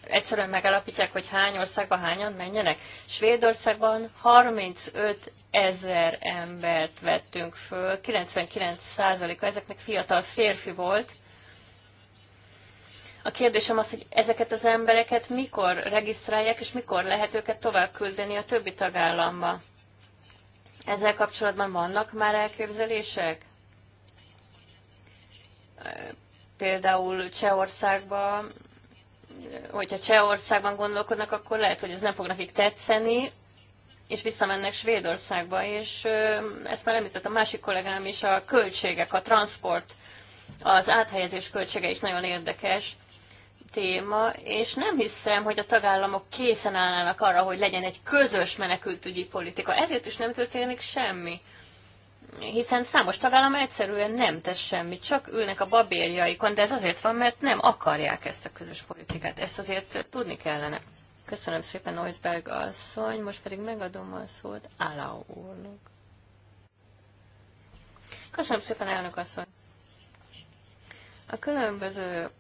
Egyszerűen megalapítják, hogy hány országba hányan menjenek. Svédországban 35 ezer embert vettünk föl, 99%-a ezeknek fiatal férfi volt, a kérdésem az, hogy ezeket az embereket mikor regisztrálják, és mikor lehet őket tovább küldeni a többi tagállamba. Ezzel kapcsolatban vannak már elképzelések? Például Csehországban, hogyha Csehországban gondolkodnak, akkor lehet, hogy ez nem fog nekik tetszeni, és visszamennek Svédországba, és ezt már említett a másik kollégám is, a költségek, a transport, az áthelyezés költsége is nagyon érdekes téma, és nem hiszem, hogy a tagállamok készen állnának arra, hogy legyen egy közös menekültügyi politika. Ezért is nem történik semmi. Hiszen számos tagállam egyszerűen nem tesz semmit, csak ülnek a babérjaikon, de ez azért van, mert nem akarják ezt a közös politikát. Ezt azért tudni kellene. Köszönöm szépen, Oisberg asszony, most pedig megadom a szót Álao úrnak. Köszönöm szépen, elnök asszony! A különböző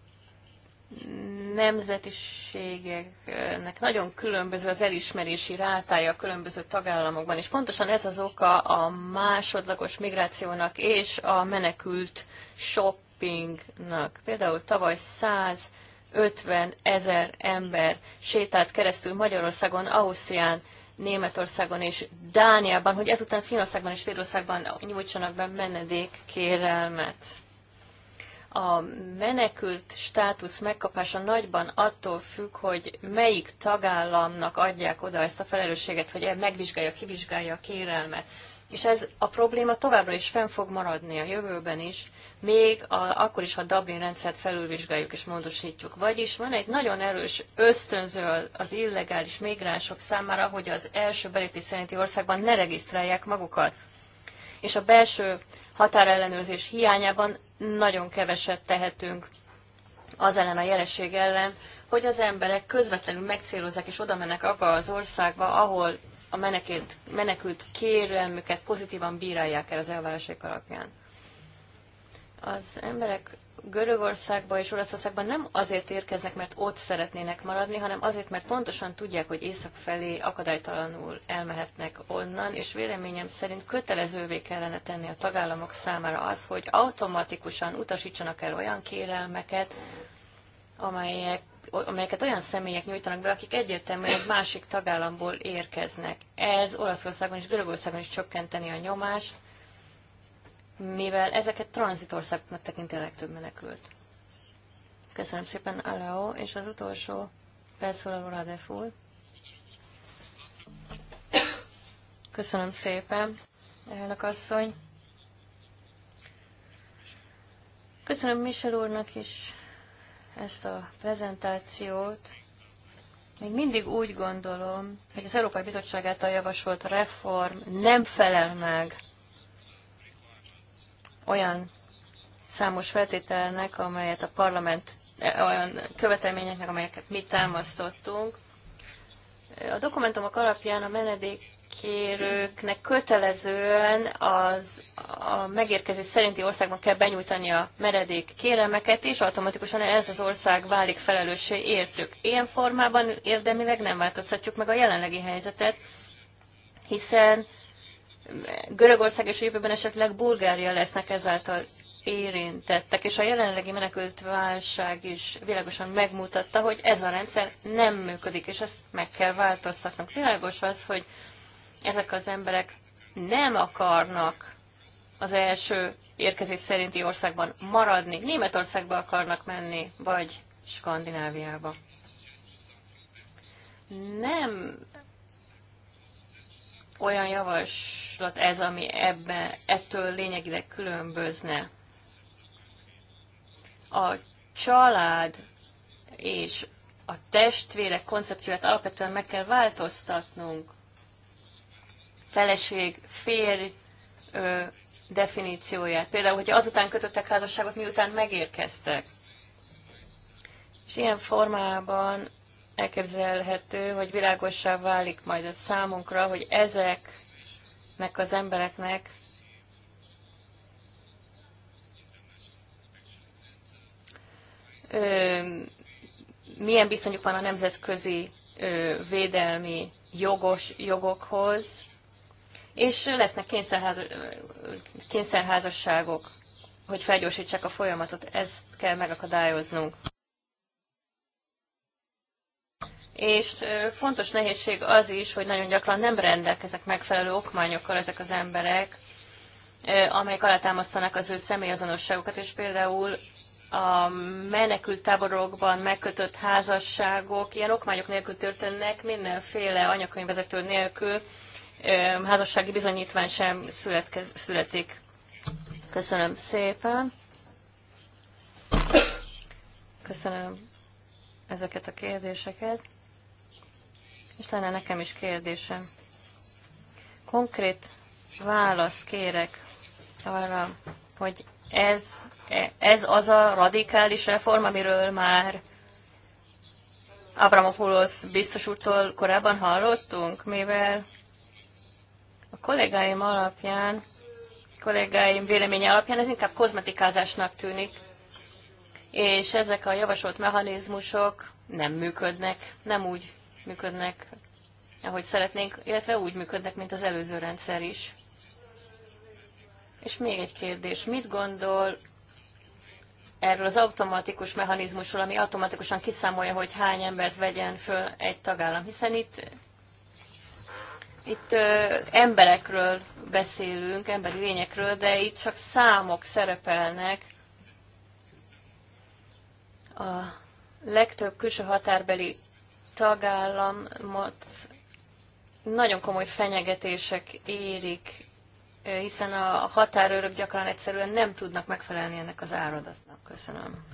nemzetiségeknek nagyon különböző az elismerési rátája a különböző tagállamokban, és pontosan ez az oka a másodlagos migrációnak és a menekült shoppingnak. Például tavaly 150 ezer ember sétált keresztül Magyarországon, Ausztrián, Németországon és Dániában, hogy ezután Finországban és Svédországban nyújtsanak be menedékkérelmet a menekült státusz megkapása nagyban attól függ, hogy melyik tagállamnak adják oda ezt a felelősséget, hogy e megvizsgálja, kivizsgálja a kérelmet. És ez a probléma továbbra is fenn fog maradni a jövőben is, még a, akkor is, ha Dublin rendszert felülvizsgáljuk és módosítjuk. Vagyis van egy nagyon erős ösztönző az illegális migránsok számára, hogy az első belépés szerinti országban ne regisztrálják magukat. És a belső határellenőrzés hiányában nagyon keveset tehetünk az ellen a jelenség ellen, hogy az emberek közvetlenül megcélozzák és oda mennek abba az országba, ahol a menekült, menekült kérelmüket pozitívan bírálják el az elvárások alapján. Az emberek Görögországba és Olaszországba nem azért érkeznek, mert ott szeretnének maradni, hanem azért, mert pontosan tudják, hogy észak felé akadálytalanul elmehetnek onnan, és véleményem szerint kötelezővé kellene tenni a tagállamok számára az, hogy automatikusan utasítsanak el olyan kérelmeket, amelyek amelyeket olyan személyek nyújtanak be, akik egyértelműen egy másik tagállamból érkeznek. Ez Olaszországon és Görögországon is csökkenteni a nyomást, mivel ezeket tranzitországoknak tekinti a legtöbb menekült. Köszönöm szépen, Aleo, és az utolsó felszólaló Radef úr. Köszönöm szépen, elnök asszony. Köszönöm Michel úrnak is ezt a prezentációt. Még mindig úgy gondolom, hogy az Európai Bizottság által javasolt reform nem felel meg olyan számos feltételnek, amelyet a parlament, e, olyan követelményeknek, amelyeket mi támasztottunk. A dokumentumok alapján a menedék kérőknek kötelezően az a megérkezés szerinti országban kell benyújtani a meredék kérelmeket, és automatikusan ez az ország válik felelőssé értük. Ilyen formában érdemileg nem változtatjuk meg a jelenlegi helyzetet, hiszen Görögország és jövőben esetleg Bulgária lesznek ezáltal érintettek, és a jelenlegi menekült válság is világosan megmutatta, hogy ez a rendszer nem működik, és ezt meg kell változtatnunk. Világos az, hogy ezek az emberek nem akarnak az első érkezés szerinti országban maradni. Németországba akarnak menni, vagy Skandináviába. Nem olyan javaslat ez, ami ebben, ettől lényegileg különbözne. A család és a testvérek koncepcióját alapvetően meg kell változtatnunk. Feleség, férj ö, definícióját. Például, hogy azután kötöttek házasságot, miután megérkeztek. És ilyen formában elképzelhető, hogy világosá válik majd a számunkra, hogy ezeknek az embereknek milyen viszonyuk van a nemzetközi védelmi jogos jogokhoz, és lesznek kényszerház, kényszerházasságok, hogy felgyorsítsák a folyamatot, ezt kell megakadályoznunk és fontos nehézség az is, hogy nagyon gyakran nem rendelkeznek megfelelő okmányokkal ezek az emberek, amelyek alátámasztanak az ő személyazonosságokat, és például a menekült táborokban megkötött házasságok ilyen okmányok nélkül történnek, mindenféle anyakönyvvezető nélkül házassági bizonyítvány sem születkez, születik. Köszönöm szépen. Köszönöm ezeket a kérdéseket. És lenne nekem is kérdésem. Konkrét választ kérek arra, hogy ez, ez az a radikális reform, amiről már Abramopoulos biztos úrtól korábban hallottunk, mivel a kollégáim alapján, kollégáim véleménye alapján ez inkább kozmetikázásnak tűnik, és ezek a javasolt mechanizmusok nem működnek, nem úgy működnek, ahogy szeretnénk, illetve úgy működnek, mint az előző rendszer is. És még egy kérdés. Mit gondol erről az automatikus mechanizmusról, ami automatikusan kiszámolja, hogy hány embert vegyen föl egy tagállam? Hiszen itt, itt ö, emberekről beszélünk, emberi lényekről, de itt csak számok szerepelnek. A legtöbb külső határbeli tagállamot nagyon komoly fenyegetések érik, hiszen a határőrök gyakran egyszerűen nem tudnak megfelelni ennek az áradatnak. Köszönöm.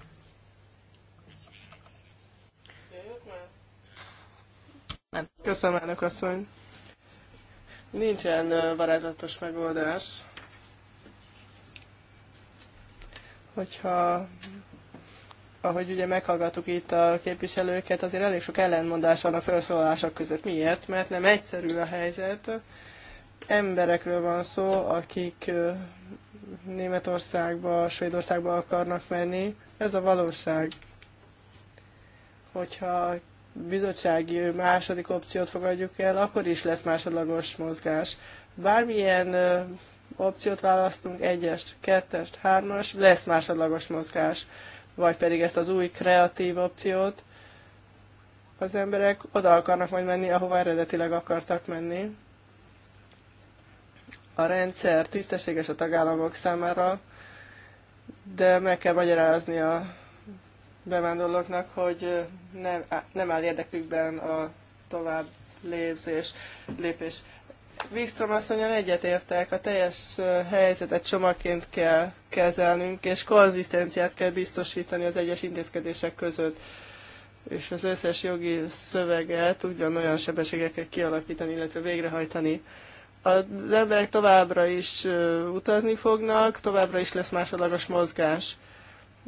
Köszönöm, elnök asszony. Nincsen varázslatos megoldás. Hogyha ahogy ugye meghallgattuk itt a képviselőket, azért elég sok ellentmondás van a felszólalások között. Miért? Mert nem egyszerű a helyzet. Emberekről van szó, akik Németországba, Svédországba akarnak menni. Ez a valóság. Hogyha bizottsági második opciót fogadjuk el, akkor is lesz másodlagos mozgás. Bármilyen opciót választunk, egyest, kettest, hármas, lesz másodlagos mozgás vagy pedig ezt az új kreatív opciót, az emberek oda akarnak majd menni, ahova eredetileg akartak menni. A rendszer tisztességes a tagállamok számára, de meg kell magyarázni a bevándorlóknak, hogy nem, nem áll érdekükben a tovább lépzés, lépés. Wikström asszonyon egyetértek, a teljes helyzetet csomagként kell kezelnünk, és konzisztenciát kell biztosítani az egyes intézkedések között, és az összes jogi szöveget ugyanolyan sebességekkel kell kialakítani, illetve végrehajtani. Az emberek továbbra is utazni fognak, továbbra is lesz másodlagos mozgás.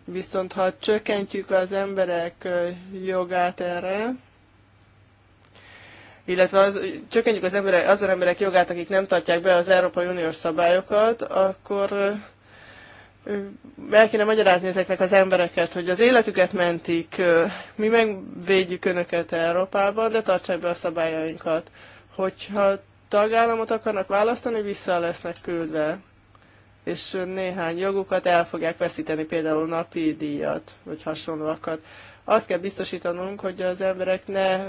Viszont ha csökkentjük az emberek jogát erre, illetve az, csökkentjük az emberek, az emberek jogát, akik nem tartják be az Európai Uniós szabályokat, akkor el kéne magyarázni ezeknek az embereket, hogy az életüket mentik, mi megvédjük önöket Európában, de tartsák be a szabályainkat. Hogyha tagállamot akarnak választani, vissza lesznek küldve. És néhány jogukat el fogják veszíteni, például napi díjat, vagy hasonlóakat. Azt kell biztosítanunk, hogy az emberek ne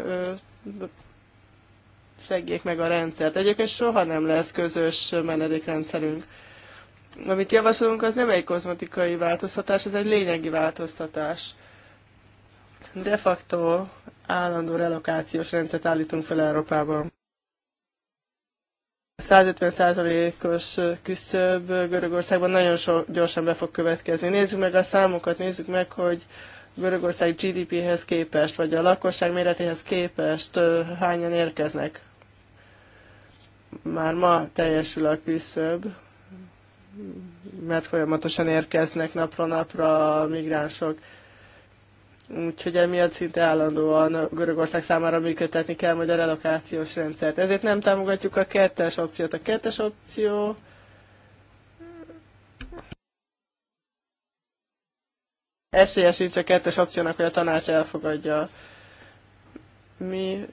szegjék meg a rendszert. Egyébként soha nem lesz közös menedékrendszerünk. Amit javasolunk, az nem egy kozmetikai változtatás, ez egy lényegi változtatás. De facto állandó relokációs rendszert állítunk fel Európában. 150%-os küszöb Görögországban nagyon so, gyorsan be fog következni. Nézzük meg a számokat, nézzük meg, hogy Görögország GDP-hez képest, vagy a lakosság méretéhez képest hányan érkeznek már ma teljesül a küszöb, mert folyamatosan érkeznek napra napra a migránsok. Úgyhogy emiatt szinte állandóan Görögország számára működtetni kell majd a relokációs rendszert. Ezért nem támogatjuk a kettes opciót. A kettes opció esélye sincs a kettes opciónak, hogy a tanács elfogadja. Mi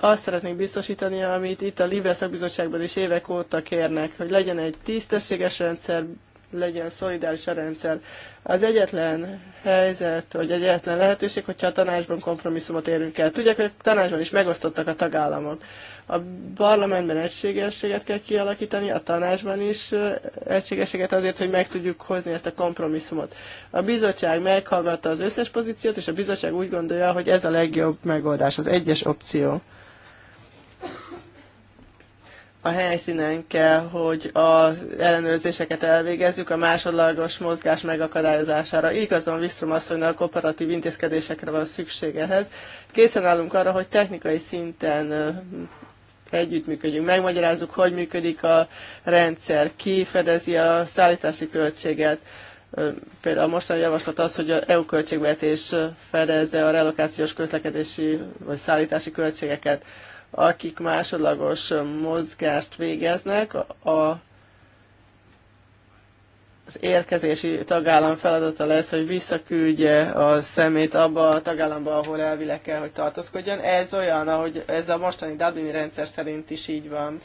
azt szeretnék biztosítani, amit itt a Libre Szakbizottságban is évek óta kérnek, hogy legyen egy tisztességes rendszer, legyen szolidáris a rendszer. Az egyetlen helyzet, vagy egyetlen lehetőség, hogyha a tanácsban kompromisszumot érünk el. Tudják, hogy a tanácsban is megosztottak a tagállamok. A parlamentben egységességet kell kialakítani, a tanácsban is egységességet azért, hogy meg tudjuk hozni ezt a kompromisszumot. A bizottság meghallgatta az összes pozíciót, és a bizottság úgy gondolja, hogy ez a legjobb megoldás, az egyes opció a helyszínen kell, hogy az ellenőrzéseket elvégezzük a másodlagos mozgás megakadályozására. Igazon Visztrom asszonynak operatív intézkedésekre van szükség ehhez. Készen állunk arra, hogy technikai szinten együttműködjünk, megmagyarázzuk, hogy működik a rendszer, ki fedezi a szállítási költséget. Például a mostani javaslat az, hogy a EU költségvetés fedezze a relokációs közlekedési vagy szállítási költségeket akik másodlagos mozgást végeznek, a, az érkezési tagállam feladata lesz, hogy visszaküldje a szemét abba a tagállamba, ahol elvileg kell, hogy tartózkodjon. Ez olyan, ahogy ez a mostani Dublini rendszer szerint is így van.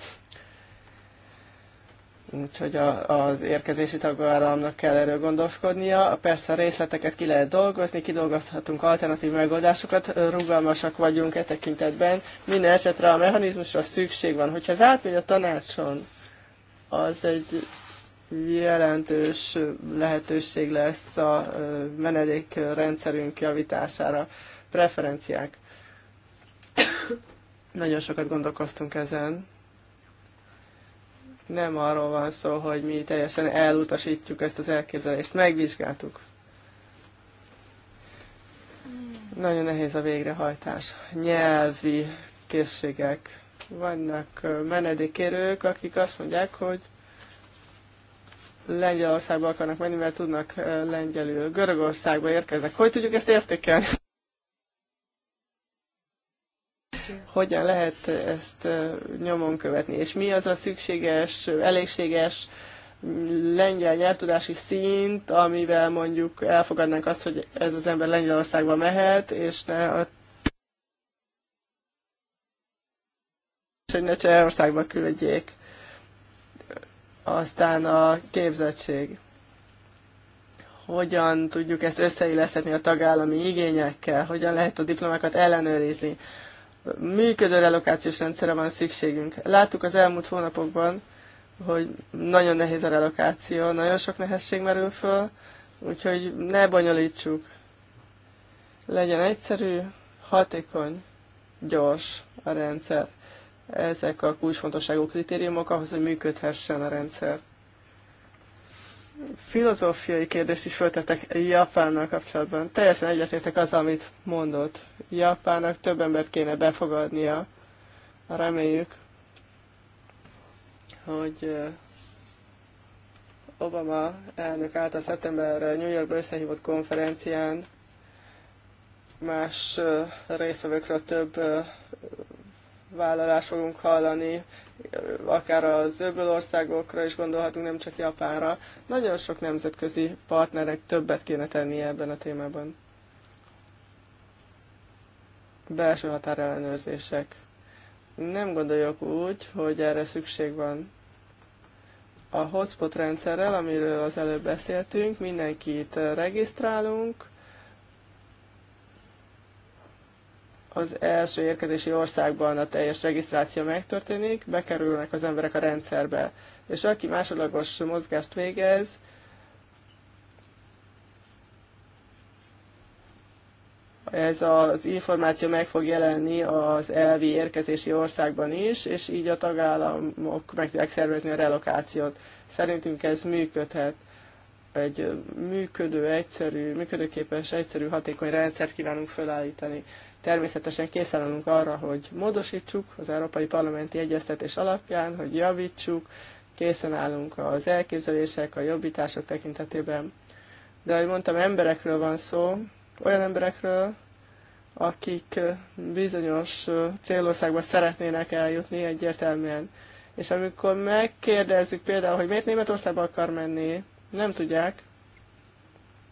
Úgyhogy a, az érkezési tagállamnak kell erről gondolkodnia. Persze a részleteket ki lehet dolgozni, kidolgozhatunk alternatív megoldásokat, rugalmasak vagyunk e tekintetben. Minden esetre a mechanizmusra szükség van. Hogyha az átmegy a tanácson, az egy jelentős lehetőség lesz a menedékrendszerünk javítására. Preferenciák. Nagyon sokat gondolkoztunk ezen nem arról van szó, hogy mi teljesen elutasítjuk ezt az elképzelést. Megvizsgáltuk. Nagyon nehéz a végrehajtás. Nyelvi készségek. Vannak menedékérők, akik azt mondják, hogy Lengyelországba akarnak menni, mert tudnak lengyelül. Görögországba érkeznek. Hogy tudjuk ezt értékelni? hogyan lehet ezt nyomon követni, és mi az a szükséges, elégséges lengyel nyelvtudási szint, amivel mondjuk elfogadnánk azt, hogy ez az ember Lengyelországba mehet, és ne a hogy ne Csehországba küldjék. Aztán a képzettség. Hogyan tudjuk ezt összeilleszteni a tagállami igényekkel? Hogyan lehet a diplomákat ellenőrizni? működő relokációs rendszerre van szükségünk. Láttuk az elmúlt hónapokban, hogy nagyon nehéz a relokáció, nagyon sok nehézség merül föl, úgyhogy ne bonyolítsuk. Legyen egyszerű, hatékony, gyors a rendszer. Ezek a kulcsfontosságú kritériumok ahhoz, hogy működhessen a rendszer filozófiai kérdést is föltettek Japánnal kapcsolatban. Teljesen egyetértek az, amit mondott. Japánnak több embert kéne befogadnia. Reméljük, hogy Obama elnök által szeptemberre New Yorkba összehívott konferencián más részvevőkről több vállalást fogunk hallani, akár az öböl országokra is gondolhatunk, nem csak Japánra. Nagyon sok nemzetközi partnerek többet kéne tenni ebben a témában. Belső határellenőrzések. Nem gondoljuk úgy, hogy erre szükség van. A hotspot rendszerrel, amiről az előbb beszéltünk, mindenkit regisztrálunk, az első érkezési országban a teljes regisztráció megtörténik, bekerülnek az emberek a rendszerbe, és aki másodlagos mozgást végez, ez az információ meg fog jelenni az elvi érkezési országban is, és így a tagállamok meg tudják szervezni a relokációt. Szerintünk ez működhet. Egy működő, egyszerű, működőképes, egyszerű, hatékony rendszert kívánunk felállítani. Természetesen készen állunk arra, hogy módosítsuk az Európai Parlamenti Egyeztetés alapján, hogy javítsuk, készen állunk az elképzelések, a jobbítások tekintetében. De ahogy mondtam, emberekről van szó, olyan emberekről, akik bizonyos célországba szeretnének eljutni egyértelműen. És amikor megkérdezzük például, hogy miért Németországba akar menni, nem tudják,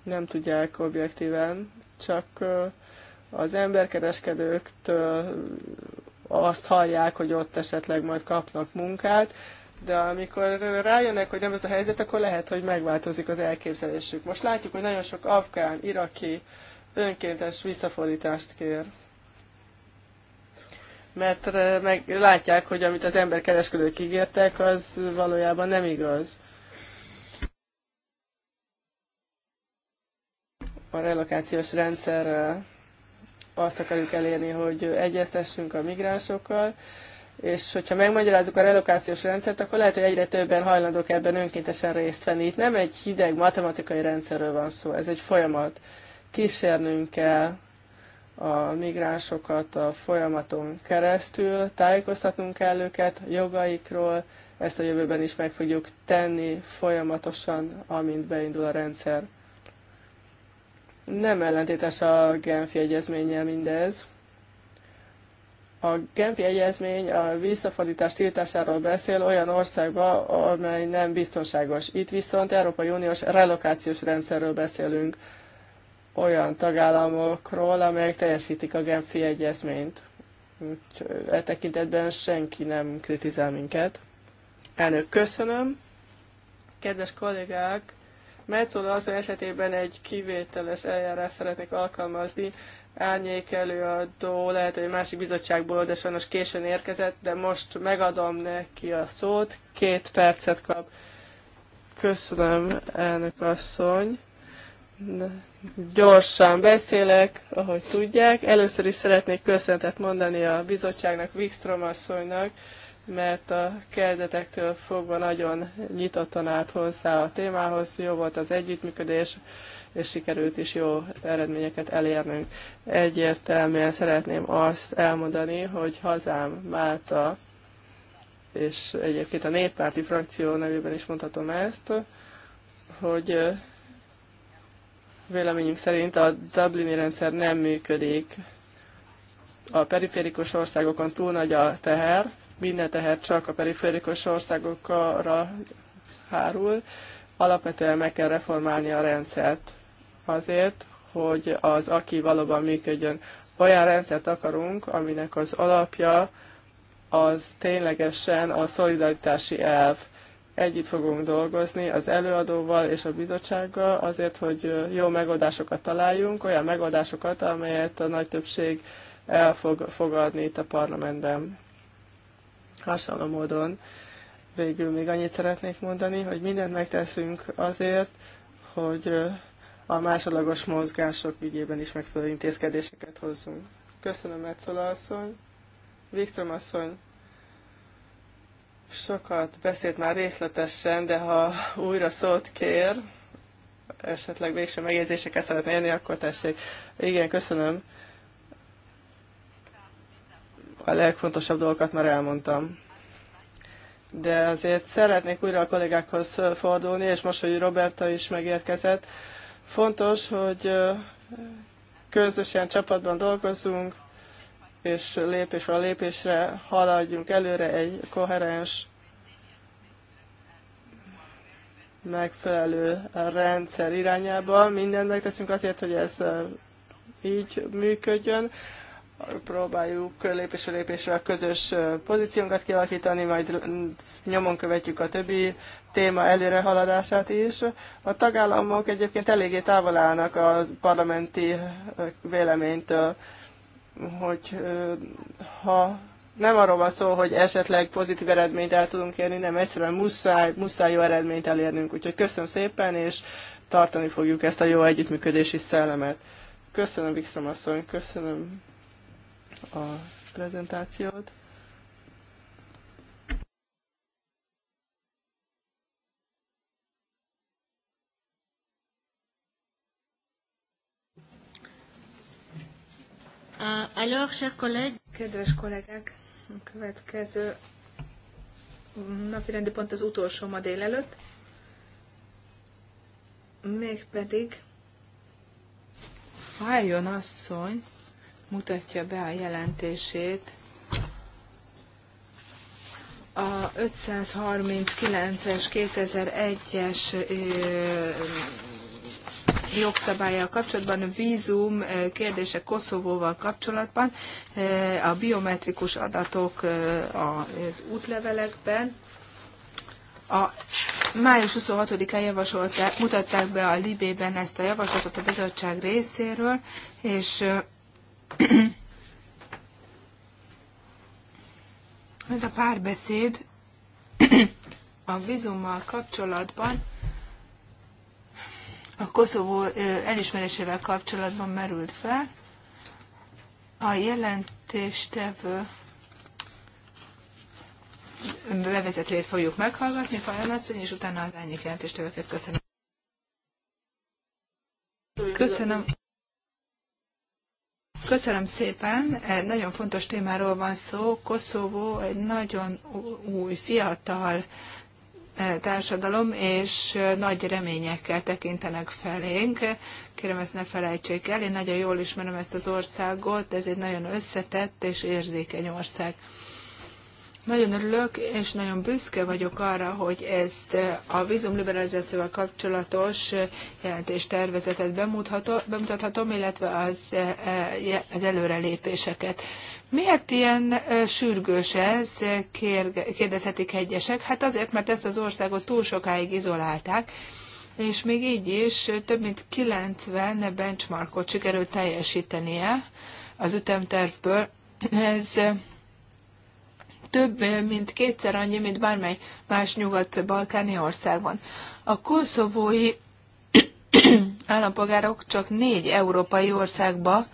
nem tudják objektíven, csak az emberkereskedőktől azt hallják, hogy ott esetleg majd kapnak munkát, de amikor rájönnek, hogy nem ez a helyzet, akkor lehet, hogy megváltozik az elképzelésük. Most látjuk, hogy nagyon sok afgán, iraki önkéntes visszafordítást kér. Mert eh, meg látják, hogy amit az emberkereskedők ígértek, az valójában nem igaz. A relokációs rendszerrel azt akarjuk elérni, hogy egyeztessünk a migránsokkal, és hogyha megmagyarázzuk a relokációs rendszert, akkor lehet, hogy egyre többen hajlandók ebben önkéntesen részt venni. Itt nem egy hideg matematikai rendszerről van szó, ez egy folyamat. Kísérnünk kell a migránsokat a folyamaton keresztül, tájékoztatnunk kell őket jogaikról, ezt a jövőben is meg fogjuk tenni folyamatosan, amint beindul a rendszer. Nem ellentétes a Genfi egyezménnyel mindez. A Genfi egyezmény a visszafordítás tiltásáról beszél olyan országba, amely nem biztonságos. Itt viszont Európai Uniós relokációs rendszerről beszélünk olyan tagállamokról, amelyek teljesítik a Genfi egyezményt. Úgyhogy e tekintetben senki nem kritizál minket. Elnök, köszönöm. Kedves kollégák, Metzola az esetében egy kivételes eljárás szeretnék alkalmazni, árnyék előadó, lehet, hogy másik bizottságból, de sajnos későn érkezett, de most megadom neki a szót, két percet kap. Köszönöm, elnök asszony. Gyorsan beszélek, ahogy tudják. Először is szeretnék köszöntet mondani a bizottságnak, Wikström asszonynak, mert a kezdetektől fogva nagyon nyitottan állt hozzá a témához, jó volt az együttműködés, és sikerült is jó eredményeket elérnünk. Egyértelműen szeretném azt elmondani, hogy hazám Málta, és egyébként a néppárti frakció nevében is mondhatom ezt, hogy véleményünk szerint a Dublini rendszer nem működik. A periférikus országokon túl nagy a teher, minden teher csak a periférikus országokra hárul. Alapvetően meg kell reformálni a rendszert azért, hogy az aki valóban működjön. Olyan rendszert akarunk, aminek az alapja az ténylegesen a szolidaritási elv. Együtt fogunk dolgozni az előadóval és a bizottsággal azért, hogy jó megoldásokat találjunk, olyan megoldásokat, amelyet a nagy többség el fog fogadni itt a parlamentben. Hasonló módon végül még annyit szeretnék mondani, hogy mindent megteszünk azért, hogy a másodlagos mozgások ügyében is megfelelő intézkedéseket hozzunk. Köszönöm, Metzola asszony. Wikström asszony, sokat beszélt már részletesen, de ha újra szót kér, esetleg végső megjegyzésekkel szeretne élni, akkor tessék. Igen, köszönöm a legfontosabb dolgokat már elmondtam. De azért szeretnék újra a kollégákhoz fordulni, és most, hogy Roberta is megérkezett, fontos, hogy közösen csapatban dolgozzunk, és lépésről lépésre haladjunk előre egy koherens, megfelelő rendszer irányába. Mindent megteszünk azért, hogy ez így működjön próbáljuk lépésről lépésre a közös pozíciónkat kialakítani, majd nyomon követjük a többi téma előrehaladását is. A tagállamok egyébként eléggé távol állnak a parlamenti véleménytől, hogy ha nem arról van szó, hogy esetleg pozitív eredményt el tudunk érni, nem egyszerűen muszáj, muszáj jó eredményt elérnünk. Úgyhogy köszönöm szépen, és tartani fogjuk ezt a jó együttműködési szellemet. Köszönöm, Vixom asszony, köszönöm a prezentációt. Ah, alors, chers collègues, kedves kollégák, a következő napi rendi pont az utolsó ma délelőtt, mégpedig Fájjon asszony mutatja be a jelentését. A 539-es 2001-es jogszabályjal kapcsolatban, vízum kérdése Koszovóval kapcsolatban, a biometrikus adatok az útlevelekben. A május 26-án javasolták, mutatták be a Libében ezt a javaslatot a bizottság részéről, és Ez a párbeszéd a vizummal kapcsolatban, a Koszovó elismerésével kapcsolatban merült fel. A jelentéstevő bevezetőjét fogjuk meghallgatni, Fajon asszony, és utána az ányik jelentéstevőket köszönöm. Köszönöm. Köszönöm szépen, egy nagyon fontos témáról van szó. Koszovó egy nagyon új, fiatal e, társadalom, és e, nagy reményekkel tekintenek felénk. Kérem, ezt ne felejtsék el. Én nagyon jól ismerem ezt az országot, ez egy nagyon összetett és érzékeny ország. Nagyon örülök, és nagyon büszke vagyok arra, hogy ezt a vízumliberalizációval kapcsolatos jelentés tervezetet bemutathatom, illetve az, eh, az előrelépéseket. Miért ilyen eh, sürgős ez, kérdezhetik egyesek? Hát azért, mert ezt az országot túl sokáig izolálták, és még így is több mint 90 benchmarkot sikerült teljesítenie az ütemtervből. Ez több, mint kétszer annyi, mint bármely más nyugat-balkáni országban. A koszovói állampolgárok csak négy európai országba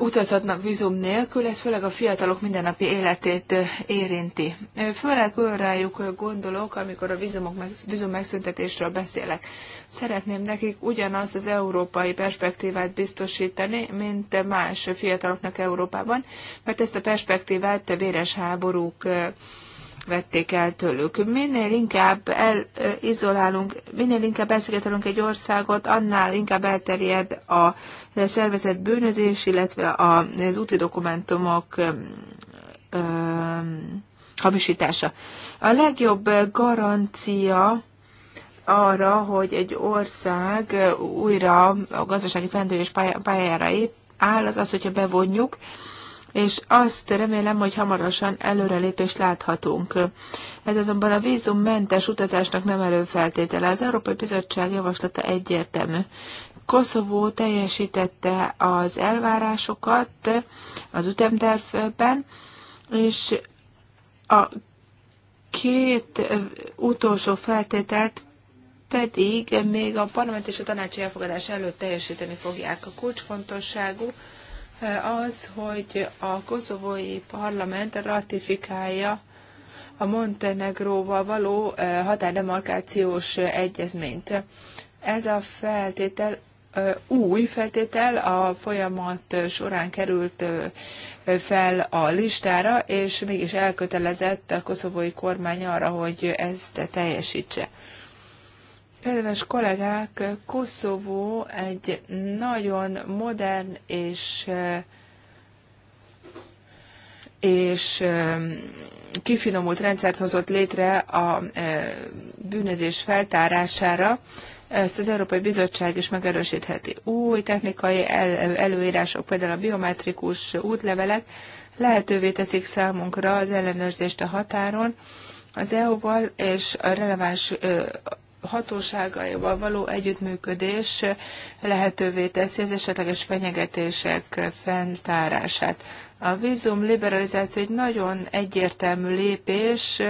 utazhatnak vízum nélkül, ez főleg a fiatalok mindennapi életét érinti. Főleg rájuk gondolok, amikor a vízumok meg, vízum megszüntetésről beszélek. Szeretném nekik ugyanazt az európai perspektívát biztosítani, mint más fiataloknak Európában, mert ezt a perspektívát véres háborúk vették el tőlük. Minél inkább elizolálunk, minél inkább elszigetelünk egy országot, annál inkább elterjed a szervezet bűnözés, illetve az úti dokumentumok hamisítása. A legjobb garancia arra, hogy egy ország újra a gazdasági fendőjés pályára áll, az az, hogyha bevonjuk és azt remélem, hogy hamarosan előrelépést láthatunk. Ez azonban a vízummentes utazásnak nem előfeltétele. Az Európai Bizottság javaslata egyértelmű. Koszovó teljesítette az elvárásokat az ütemtervben, és a két utolsó feltételt pedig még a parlament és a tanács elfogadás előtt teljesíteni fogják a kulcsfontosságú az, hogy a koszovói parlament ratifikálja a Montenegróval való határdemarkációs egyezményt. Ez a feltétel új feltétel a folyamat során került fel a listára, és mégis elkötelezett a koszovói kormány arra, hogy ezt teljesítse. Kedves kollégák, Koszovó egy nagyon modern és és ehm, kifinomult rendszert hozott létre a ehm, bűnözés feltárására. Ezt az Európai Bizottság is megerősítheti. Új technikai előírások, például a biometrikus útlevelek lehetővé teszik számunkra az ellenőrzést a határon, az EU-val és a releváns hatóságaival való együttműködés lehetővé teszi az esetleges fenyegetések fentárását. A vízum liberalizáció egy nagyon egyértelmű lépés,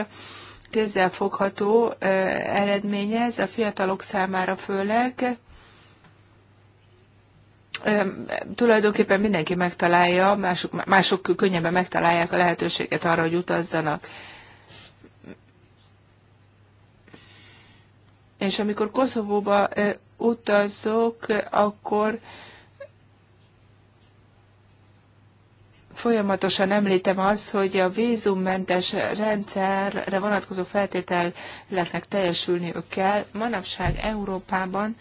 kézzelfogható eredményez a fiatalok számára főleg, tulajdonképpen mindenki megtalálja, mások, mások könnyebben megtalálják a lehetőséget arra, hogy utazzanak. És amikor Koszovóba utazok, akkor folyamatosan említem azt, hogy a vízummentes rendszerre vonatkozó feltételeknek teljesülniük kell. Manapság Európában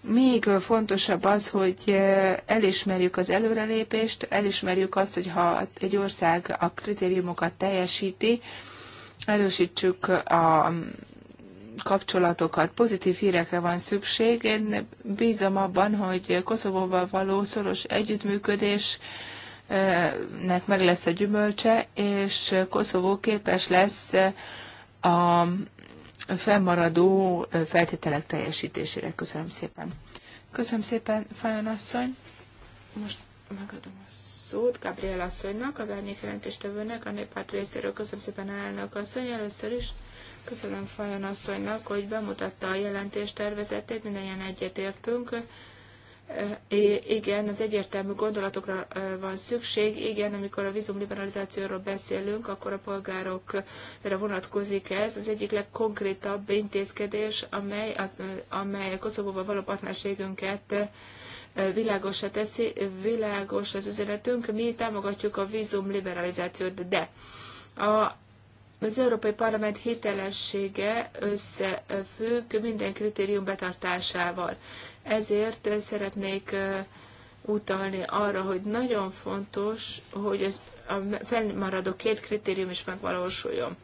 még fontosabb az, hogy elismerjük az előrelépést, elismerjük azt, hogy ha egy ország a kritériumokat teljesíti, erősítsük a kapcsolatokat. Pozitív hírekre van szükség. Én bízom abban, hogy Koszovóval való szoros együttműködés nek meg lesz a gyümölcse, és Koszovó képes lesz a fennmaradó feltételek teljesítésére. Köszönöm szépen. Köszönöm szépen, Fajon asszony. Most megadom a szót Gabriel asszonynak, az árnyék jelentéstevőnek, a néppárt részéről. Köszönöm szépen, elnök asszony. Először is Köszönöm Fajon asszonynak, hogy bemutatta a jelentés tervezetét, mindannyian egyetértünk. Igen, az egyértelmű gondolatokra van szükség. Igen, amikor a vízumliberalizációról beszélünk, akkor a polgárokra vonatkozik ez. Az egyik legkonkrétabb intézkedés, amely, amely a Koszovóval való partnerségünket világosra teszi, világos az üzenetünk. Mi támogatjuk a vízum liberalizációt, de a az Európai Parlament hitelessége összefügg minden kritérium betartásával. Ezért szeretnék utalni arra, hogy nagyon fontos, hogy az, a felmaradó két kritérium is megvalósuljon.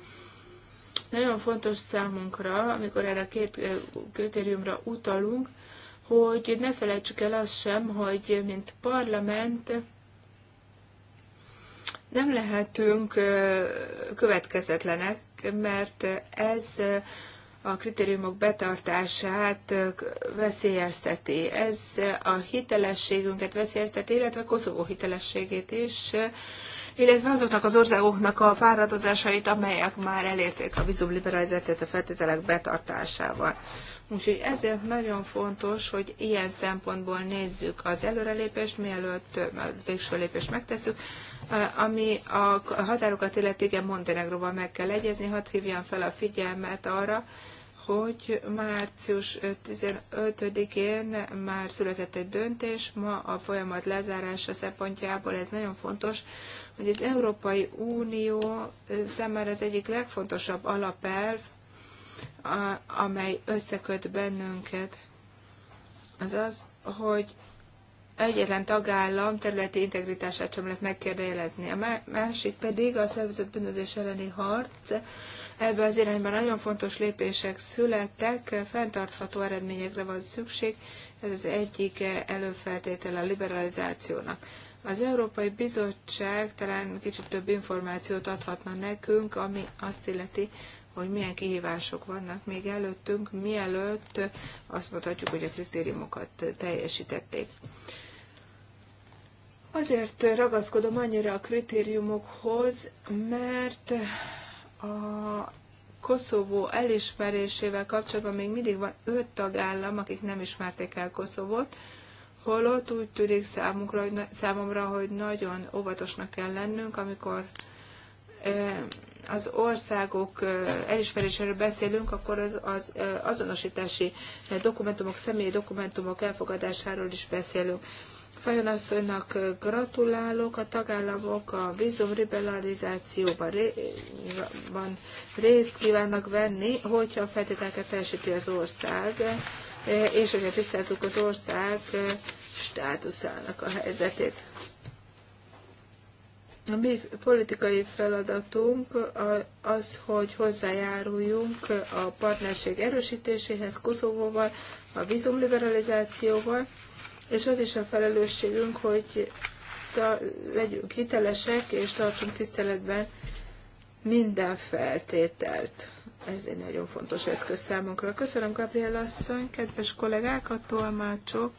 Nagyon fontos számunkra, amikor erre a két kritériumra utalunk, hogy ne felejtsük el azt sem, hogy mint parlament nem lehetünk következetlenek, mert ez a kritériumok betartását veszélyezteti. Ez a hitelességünket veszélyezteti, illetve Koszovó hitelességét is, illetve azoknak az országoknak a fáradozásait, amelyek már elérték a vízumliberalizációt a feltételek betartásával. Úgyhogy ezért nagyon fontos, hogy ilyen szempontból nézzük az előrelépést, mielőtt a végső lépést megteszünk, ami a határokat illeti, igen, Montenegróban meg kell egyezni, hadd hívjam fel a figyelmet arra, hogy március 15-én már született egy döntés, ma a folyamat lezárása szempontjából ez nagyon fontos, hogy az Európai Unió számára az egyik legfontosabb alapelv, amely összeköt bennünket, az az, hogy egyetlen tagállam területi integritását sem lehet megkérdőjelezni. A másik pedig a szervezet bűnözés elleni harc. Ebben az irányban nagyon fontos lépések születtek, fenntartható eredményekre van szükség, ez az egyik előfeltétele a liberalizációnak. Az Európai Bizottság talán kicsit több információt adhatna nekünk, ami azt illeti, hogy milyen kihívások vannak még előttünk, mielőtt azt mondhatjuk, hogy a kritériumokat teljesítették. Azért ragaszkodom annyira a kritériumokhoz, mert a Koszovó elismerésével kapcsolatban még mindig van öt tagállam, akik nem ismerték el Koszovót, holott úgy tűnik számunkra, hogy, számomra, hogy nagyon óvatosnak kell lennünk, amikor az országok elismeréséről beszélünk, akkor az, az azonosítási dokumentumok, személyi dokumentumok elfogadásáról is beszélünk. Fajon asszonynak gratulálok, a tagállamok a vízum liberalizációban részt kívánnak venni, hogyha a feltételeket teljesíti az ország, és hogyha tisztázzuk az ország státuszának a helyzetét. A mi politikai feladatunk az, hogy hozzájáruljunk a partnerség erősítéséhez Koszovóval, a vízumliberalizációval, liberalizációval, és az is a felelősségünk, hogy legyünk hitelesek, és tartsunk tiszteletben minden feltételt. Ez egy nagyon fontos eszköz számunkra. Köszönöm, Gabriel asszony, kedves kollégák, a tolmácsok.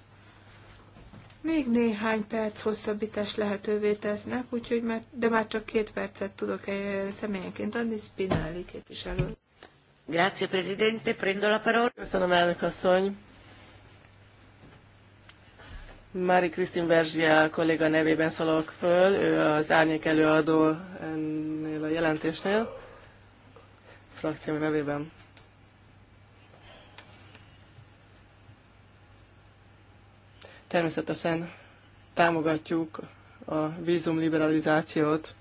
Még néhány perc hosszabbítás lehetővé tesznek, úgyhogy már, de már csak két percet tudok eh, személyenként adni, Spinelli képviselő. Grazie, Presidente, prendo la parola. Köszönöm, elnök asszony. Mári Krisztin Verzsia kolléga nevében szólok föl, ő az árnyék előadó ennél a jelentésnél, frakció nevében. Természetesen támogatjuk a vízumliberalizációt,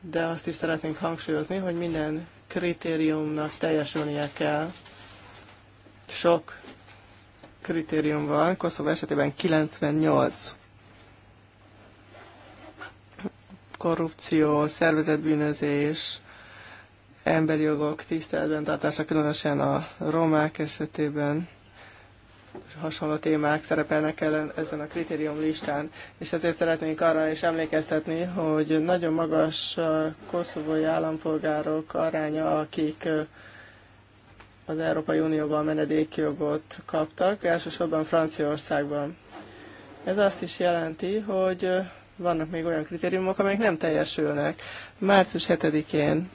de azt is szeretnénk hangsúlyozni, hogy minden kritériumnak teljesülnie kell. Sok kritérium van, Koszovó esetében 98 korrupció, szervezetbűnözés, emberi jogok tiszteletben tartása, különösen a romák esetében hasonló témák szerepelnek ellen ezen a kritérium listán, és ezért szeretnénk arra is emlékeztetni, hogy nagyon magas koszovói állampolgárok aránya, akik az Európai Unióban menedékjogot kaptak, elsősorban Franciaországban. Ez azt is jelenti, hogy vannak még olyan kritériumok, amelyek nem teljesülnek. Március 7-én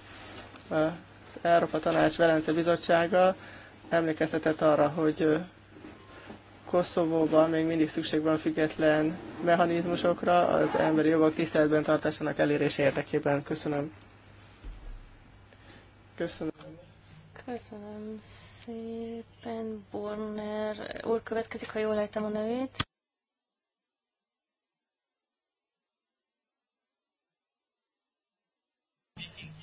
az Európa Tanács Velence Bizottsága emlékeztetett arra, hogy Koszovóban még mindig szükség van független mechanizmusokra az emberi jogok tiszteletben tartásának elérés érdekében. Köszönöm. Köszönöm. Köszönöm szépen, Borner úr következik, ha jól lejtem a nevét.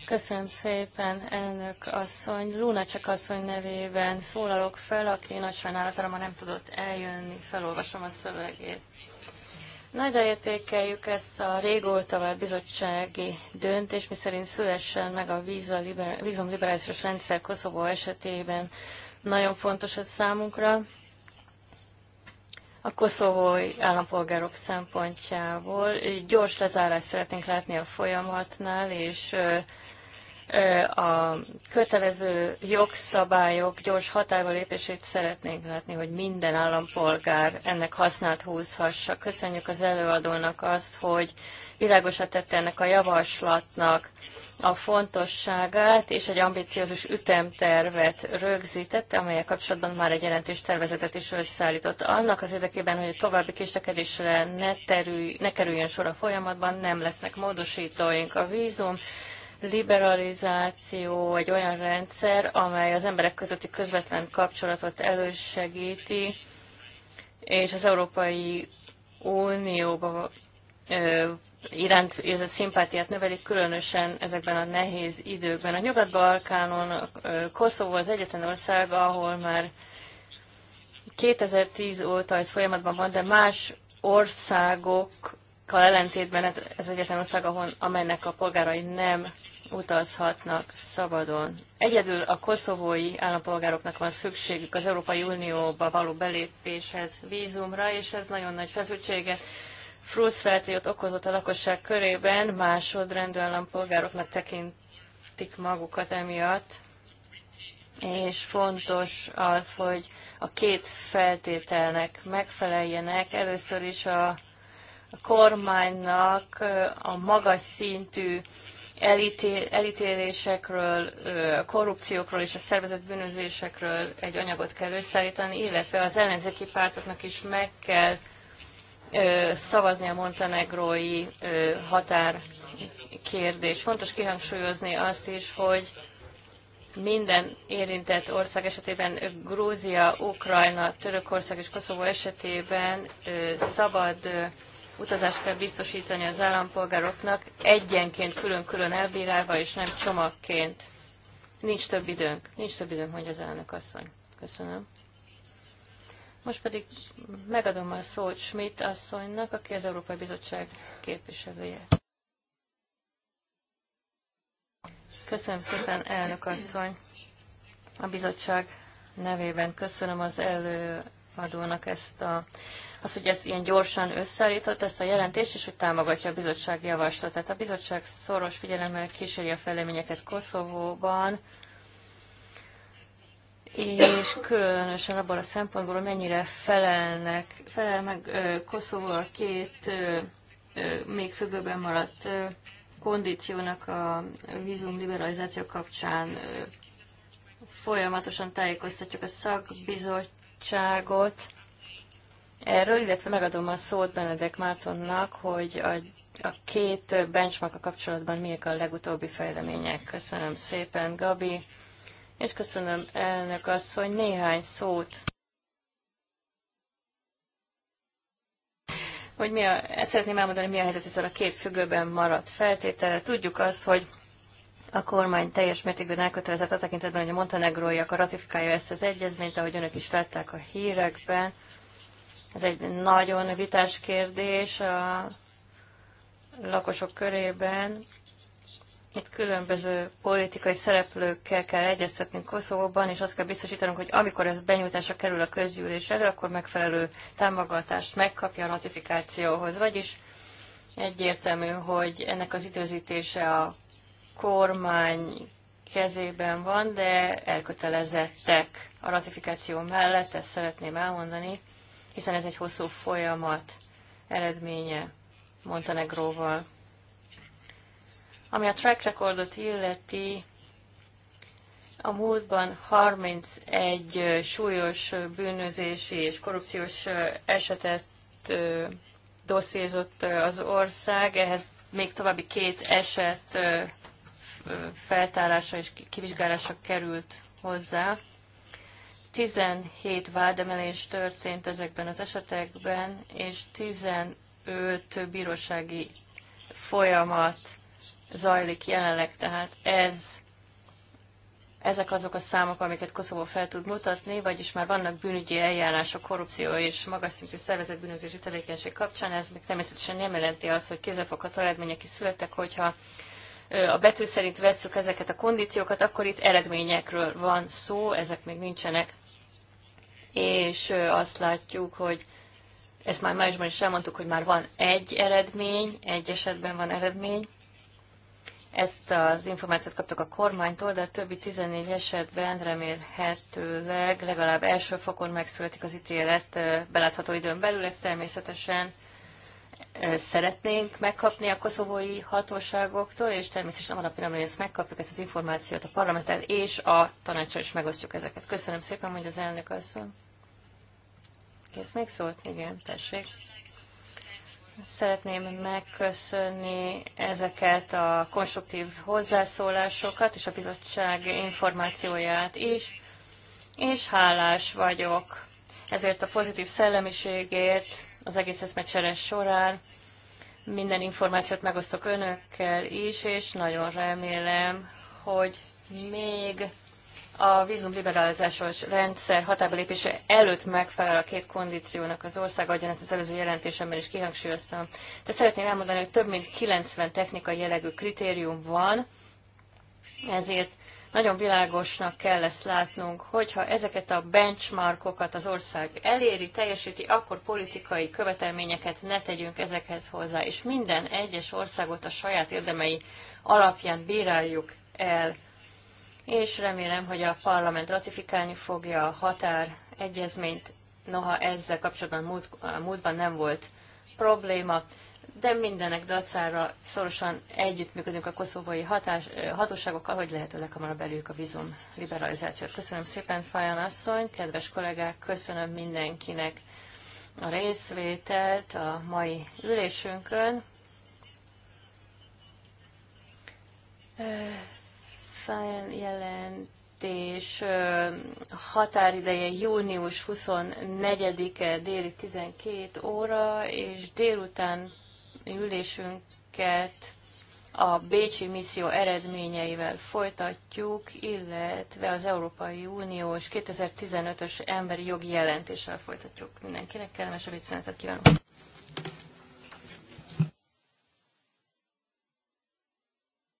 Köszönöm szépen, elnök asszony. Luna csak asszony nevében szólalok fel, aki nagy sajnálatomra ma nem tudott eljönni, felolvasom a szövegét. Nagyra értékeljük ezt a régóta már bizottsági döntés, miszerint szülessen meg a vízumliberációs rendszer Koszovó esetében. Nagyon fontos ez számunkra. A koszovói állampolgárok szempontjából gyors lezárást szeretnénk látni a folyamatnál, és a kötelező jogszabályok gyors hatályba lépését szeretnénk látni, hogy minden állampolgár ennek hasznát húzhassa. Köszönjük az előadónak azt, hogy világosra tette ennek a javaslatnak a fontosságát, és egy ambiciózus ütemtervet rögzített, amelyek kapcsolatban már egy jelentős tervezetet is összeállított. Annak az érdekében, hogy a további késlekedésre ne, terülj, ne kerüljön sor a folyamatban, nem lesznek módosítóink. A vízum liberalizáció egy olyan rendszer, amely az emberek közötti közvetlen kapcsolatot elősegíti, és az Európai Unióba iránt érzett szimpátiát növelik, különösen ezekben a nehéz időkben. A Nyugat-Balkánon Koszovó az egyetlen ország, ahol már 2010 óta ez folyamatban van, de más országokkal ellentétben ez, ez egyetlen ország, ahol, amelynek a polgárai nem utazhatnak szabadon. Egyedül a koszovói állampolgároknak van szükségük az Európai Unióba való belépéshez vízumra, és ez nagyon nagy feszültsége frusztrációt okozott a lakosság körében, másodrendű állampolgároknak tekintik magukat emiatt, és fontos az, hogy a két feltételnek megfeleljenek. Először is a a kormánynak a magas szintű elítél, elítélésekről, korrupciókról és a szervezett bűnözésekről egy anyagot kell összeállítani, illetve az ellenzéki pártoknak is meg kell szavazni a montenegrói határ kérdés. Fontos kihangsúlyozni azt is, hogy minden érintett ország esetében, Grúzia, Ukrajna, Törökország és Koszovó esetében szabad utazást kell biztosítani az állampolgároknak, egyenként külön-külön elbírálva, és nem csomagként. Nincs több időnk. Nincs több időnk, mondja az elnök asszony. Köszönöm. Most pedig megadom a szót Schmidt asszonynak, aki az Európai Bizottság képviselője. Köszönöm szépen, elnök asszony. A bizottság nevében köszönöm az előadónak ezt a az, hogy ez ilyen gyorsan összeállított ezt a jelentést, és hogy támogatja a bizottság javaslatát. A bizottság szoros figyelemmel kíséri a fejleményeket Koszovóban, és különösen abból a szempontból, hogy mennyire felelnek, felel meg Koszovó a két még függőben maradt kondíciónak a vízum liberalizáció kapcsán folyamatosan tájékoztatjuk a szakbizottságot erről, illetve megadom a szót Benedek Mártonnak, hogy a, a két benchmark a kapcsolatban miek a legutóbbi fejlemények. Köszönöm szépen, Gabi, és köszönöm elnök azt, hogy néhány szót hogy mi a, szeretném elmondani, mi a helyzet ezzel a két függőben maradt feltétele. Tudjuk azt, hogy a kormány teljes mértékben elkötelezett a tekintetben, hogy a montenegróiak ratifikálja ezt az egyezményt, ahogy önök is látták a hírekben. Ez egy nagyon vitás kérdés a lakosok körében. Itt különböző politikai szereplőkkel kell egyeztetnünk Koszovóban, és azt kell biztosítanunk, hogy amikor ez benyújtása kerül a közgyűlés elő, akkor megfelelő támogatást megkapja a notifikációhoz. Vagyis egyértelmű, hogy ennek az időzítése a kormány kezében van, de elkötelezettek a ratifikáció mellett, ezt szeretném elmondani hiszen ez egy hosszú folyamat eredménye Montenegróval. Ami a track recordot illeti, a múltban 31 súlyos bűnözési és korrupciós esetet dosszézott az ország, ehhez még további két eset feltárása és kivizsgálása került hozzá. 17 vádemelés történt ezekben az esetekben, és 15 bírósági folyamat zajlik jelenleg, tehát ez ezek azok a számok, amiket Koszovó fel tud mutatni, vagyis már vannak bűnügyi eljárások, korrupció és magas szintű szervezetbűnözési tevékenység kapcsán. Ez még természetesen nem jelenti azt, hogy kézzelfogható eredmények is születtek, hogyha a betű szerint veszük ezeket a kondíciókat, akkor itt eredményekről van szó, ezek még nincsenek és azt látjuk, hogy ezt már májusban is elmondtuk, hogy már van egy eredmény, egy esetben van eredmény. Ezt az információt kaptak a kormánytól, de a többi 14 esetben remélhetőleg legalább első fokon megszületik az ítélet belátható időn belül. Ez természetesen szeretnénk megkapni a koszovói hatóságoktól, és természetesen a napja, amire ezt megkapjuk, ezt az információt a parlamenttel és a tanácsra is megosztjuk ezeket. Köszönöm szépen, hogy az elnök asszony. Kész még szólt? Igen, tessék. Szeretném megköszönni ezeket a konstruktív hozzászólásokat és a bizottság információját is, és hálás vagyok ezért a pozitív szellemiségért, az egész eszmecsere során. Minden információt megosztok önökkel is, és nagyon remélem, hogy még a vízumliberalizációs rendszer hatába lépése előtt megfelel a két kondíciónak az ország, ahogyan ezt az előző jelentésemben is kihangsúlyoztam. De szeretném elmondani, hogy több mint 90 technikai jellegű kritérium van, ezért nagyon világosnak kell ezt látnunk, hogyha ezeket a benchmarkokat az ország eléri, teljesíti, akkor politikai követelményeket ne tegyünk ezekhez hozzá, és minden egyes országot a saját érdemei alapján bíráljuk el. És remélem, hogy a parlament ratifikálni fogja a határ egyezményt, noha ezzel kapcsolatban múlt, múltban nem volt probléma de mindenek dacára szorosan együttműködünk a koszovói hatás, hatóságokkal, hogy lehető leghamarabb előjük a vízum liberalizációt. Köszönöm szépen, Fajan asszony, kedves kollégák, köszönöm mindenkinek a részvételt a mai ülésünkön. Fajan jelentés határideje június 24-e déli 12 óra, és délután ülésünket a Bécsi misszió eredményeivel folytatjuk, illetve az Európai Uniós 2015-ös emberi jogi jelentéssel folytatjuk. Mindenkinek kellemes ebédszünetet kívánok!